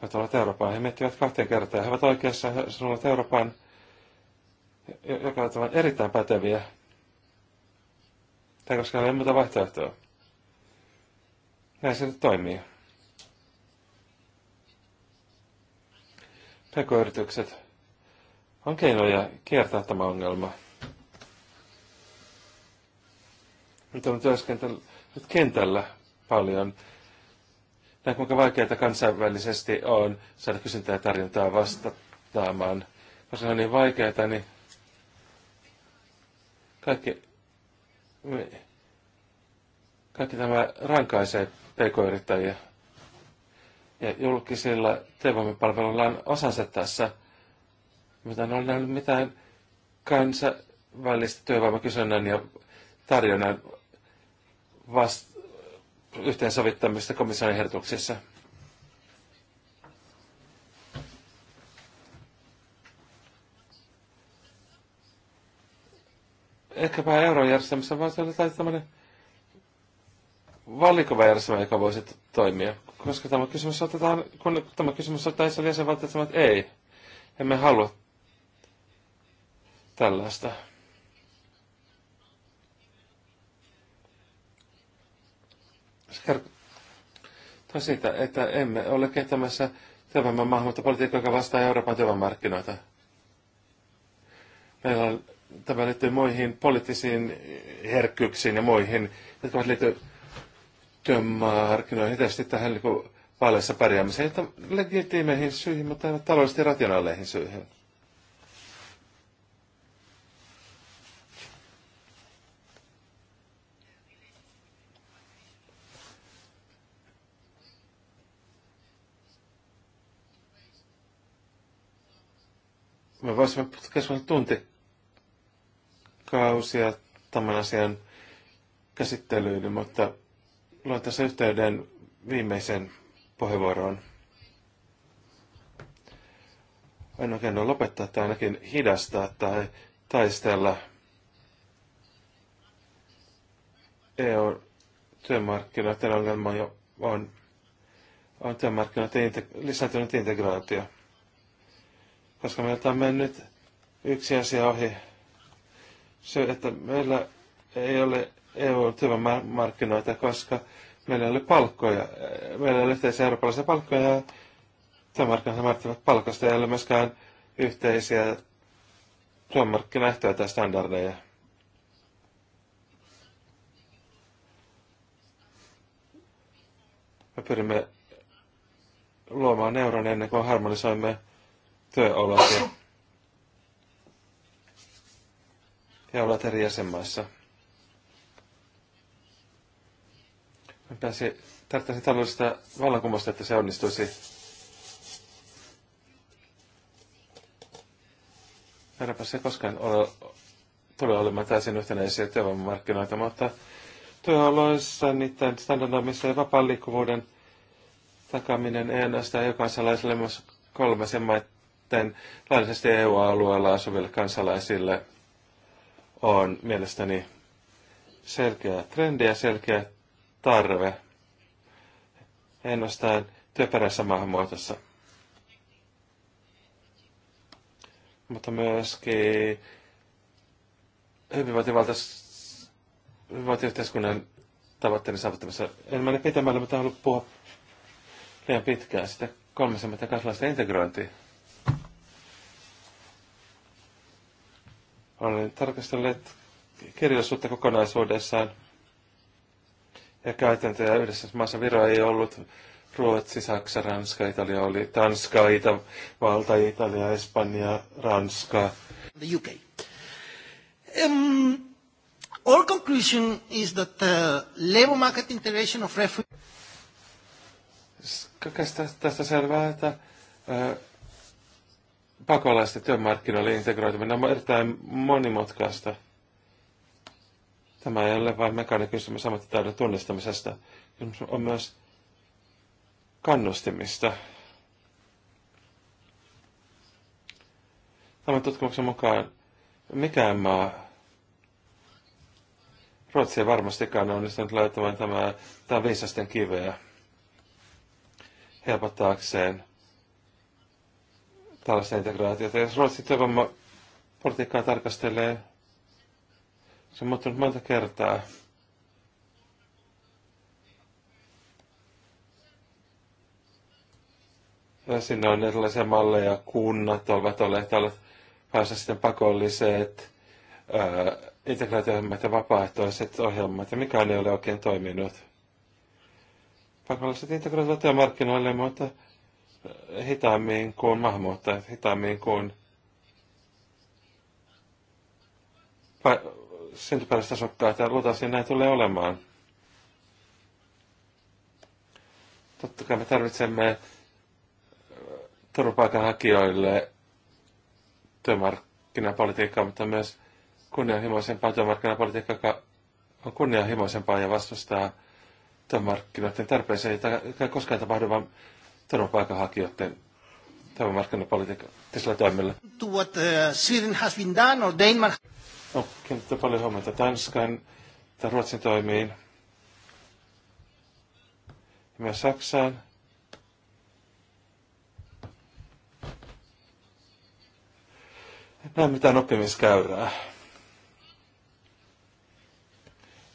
he ovat Eurooppaan. He miettivät kahteen kertaan. He ovat oikeassa, he ovat Euroopan, joka on erittäin päteviä. Tai koska ei muuta vaihtoehtoa. Näin se nyt toimii. Pekoyritykset on keinoja kiertää tämä ongelma. Nyt on työskentely nyt kentällä paljon. Näin kuinka vaikeaa kansainvälisesti on saada kysyntää ja tarjontaa vastaamaan. Koska se on niin vaikeaa, niin kaikki, me, kaikki tämä rankaisee pk-yrittäjiä. Ja julkisilla työvoimapalveluilla on osansa tässä, mutta en ole nähnyt mitään kansainvälistä työvoimakysynnän ja tarjonnan vast, yhteensovittamista komission ehdotuksessa. Ehkäpä eurojärjestelmässä vaan olisi tämmöinen valikoiva järjestelmä, joka voisi toimia. Koska tämä kysymys otetaan, kun tämä kysymys otetaan jäsenvaltiot jäsenvaltio että ei, emme halua tällaista. kertoo siitä, että emme ole kehittämässä työvoiman maahanmuuttopolitiikkaa, joka vastaa Euroopan työvoimamarkkinoita. Meillä on, tämä liittyy muihin poliittisiin herkkyyksiin ja muihin, jotka ovat liittyy työmarkkinoihin, tietysti tähän niin vaaleissa pärjäämiseen, että legitiimeihin syihin, mutta taloudellisesti rationaaleihin syihin. Me voisimme keskustella kausia tämän asian käsittelyyn, mutta luen tässä yhteyden viimeisen puheenvuoroon. oikein ole lopettaa tai ainakin hidastaa tai taistella EU-työmarkkinoiden ongelma on, on työmarkkinoiden inte- lisääntynyt integraatio koska meiltä on mennyt yksi asia ohi. Se, että meillä ei ole EU-työmarkkinoita, koska meillä ei ole palkkoja. Meillä ei ole yhteisiä eurooppalaisia palkkoja ja työmarkkinoita määrittävät palkasta. Ei ole myöskään yhteisiä työmarkkinaehtoja tai standardeja. Me pyrimme luomaan euron ennen kuin harmonisoimme työolot ja, ja olot eri jäsenmaissa. Mä pääsin, tarvittaisiin taloudellista vallankumousta, että se onnistuisi. Verrapa se koskaan ole, tule olemaan täysin yhtenäisiä työvoimamarkkinoita, mutta työoloissa niiden standardoimissa ja vapaan liikkuvuuden takaminen ei ainoastaan jokaiselle kolmasen maiden sitten laillisesti EU-alueella asuville kansalaisille on mielestäni selkeä trendi ja selkeä tarve ennostaan työperäisessä maahanmuutossa. Mutta myöskin hyvinvointiyhteiskunnan tavoitteiden saavuttamisessa. En mene pitämällä, mutta haluan puhua liian pitkään sitä kolmessa kansalaisten integrointia. Olen tarkastellut kirjallisuutta kokonaisuudessaan ja käytäntöjä yhdessä maassa Viro ei ollut. Ruotsi, Saksa, Ranska, Italia oli Tanska, Valta, Italia, Espanja, Ranska. The UK. Um, our conclusion is that the uh, labor market integration of refugees... Kaikesta tästä selvää, että uh, pakolaisten työmarkkinoille integroituminen on erittäin monimutkaista. Tämä ei ole vain mekaaninen kysymys ammattitaidon tunnistamisesta. Kysymys on myös kannustimista. Tämän tutkimuksen mukaan mikään maa, Ruotsi ei varmastikaan onnistunut löytämään tämä, tämä viisasten kiveä helpottaakseen – tällaista integraatiota. Ja Ruotsin työvoimapolitiikkaa tarkastelee, se on muuttunut monta kertaa. Ja sinne on erilaisia malleja, kunnat ovat olleet päässä sitten pakolliset, integraatio-ohjelmat ja vapaaehtoiset ohjelmat, ja mikään ei ole oikein toiminut. Pakolliset ja markkinoille, mutta hitaammin kuin maahanmuuttajat, hitaammin kuin pa- syntyperäiset asukkaat, ja luultavasti näin tulee olemaan. Totta kai me tarvitsemme äh, turvapaikanhakijoille työmarkkinapolitiikkaa, mutta myös kunnianhimoisempaa työmarkkinapolitiikkaa, joka on kunnianhimoisempaa ja vastustaa työmarkkinoiden tarpeeseen, joka ei koskaan tapahdu, vaan turvapaikanhakijoiden työmarkkinapolitiikkaisella toimilla. To what uh, Sweden has been done or Denmark. On no, kiinnitetty paljon huomiota Tanskan tai Ruotsin toimiin. Ja myös Saksaan. Näin mitään oppimiskäyrää.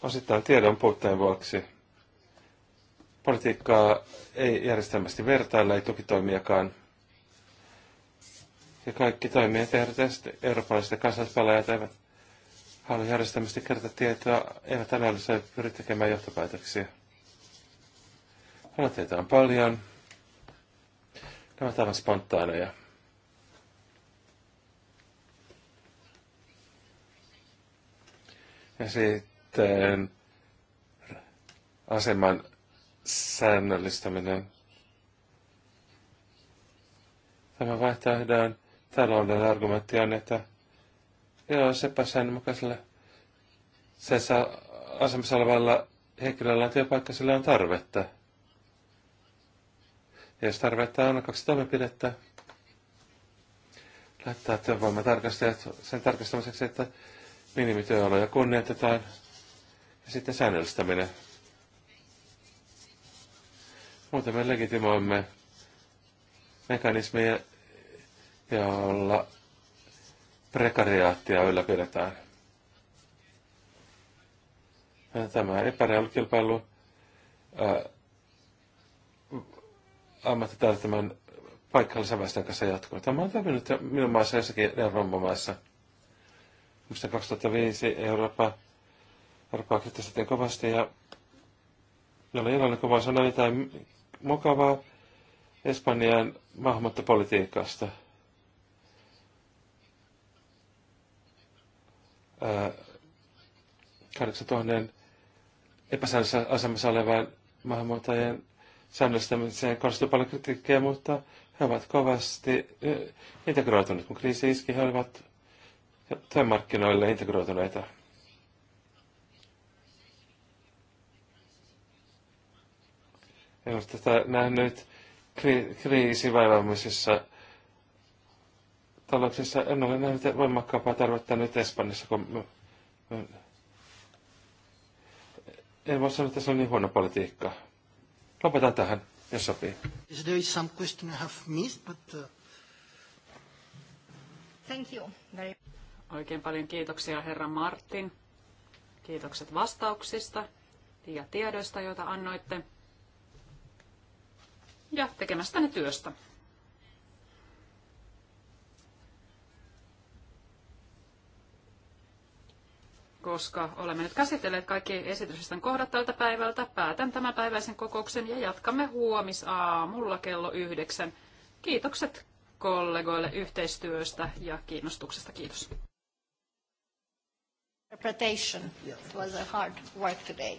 Osittain tiedon puutteen vuoksi. Politiikkaa ei järjestelmästi vertailla, ei tukitoimiakaan. Ja kaikki toimijat eivät eurooppalaiset ja kansallispelaajat eivät halua järjestelmästi kerätä tietoa, eivät analysoi pyri tekemään johtopäätöksiä. Aloitteita on paljon. Nämä ovat aivan spontaaneja. Ja sitten aseman säännöllistäminen. Tämä vaihtoehdon talouden argumentti on, että joo, sepä säännönmukaisella se saa asemassa olevalla henkilöllä on työpaikka, sillä on tarvetta. Ja jos tarvetta on, on kaksi toimenpidettä. Lähettää työvoimatarkastajat sen tarkastamiseksi, että minimityöoloja kunnioitetaan ja sitten säännöllistäminen. Muuten me legitimoimme mekanismeja, joilla prekariaattia ylläpidetään. Tämä epäreilu kilpailu tämän paikallisen väestön kanssa jatkuu. Tämä on toiminut minun maassa jossakin Euroopan maissa. Minusta 2005 Eurooppa, Eurooppaa kritisoitiin kovasti ja jolla jollain kovaa sanoi jotain mukavaa Espanjan maahanmuuttopolitiikasta. Ää, 8000 epäsäännössä asemassa olevan maahanmuuttajien säännöllistämiseen kohdistuu paljon kritiikkiä, mutta he ovat kovasti integroituneet. Kun kriisi iski, he olivat työmarkkinoille integroituneita. En ole tätä nähnyt kri- kriisivaivaamisessa. Talouksessa En ole nähnyt voimakkaampaa tarvetta nyt Espanjassa mä, En voi sanoa, että se on niin huono politiikka. Lopetan tähän, jos sopii. Is there some question I have missed, but... Uh... Thank you. Very... Oikein paljon kiitoksia herra Martin. Kiitokset vastauksista ja tiedoista, joita annoitte ja tekemästäni työstä. Koska olemme nyt käsitelleet kaikki esityslistan kohdat tältä päivältä, päätän tämän päiväisen kokouksen ja jatkamme huomisaamulla kello yhdeksän. Kiitokset kollegoille yhteistyöstä ja kiinnostuksesta. Kiitos. Interpretation. It was a hard work today.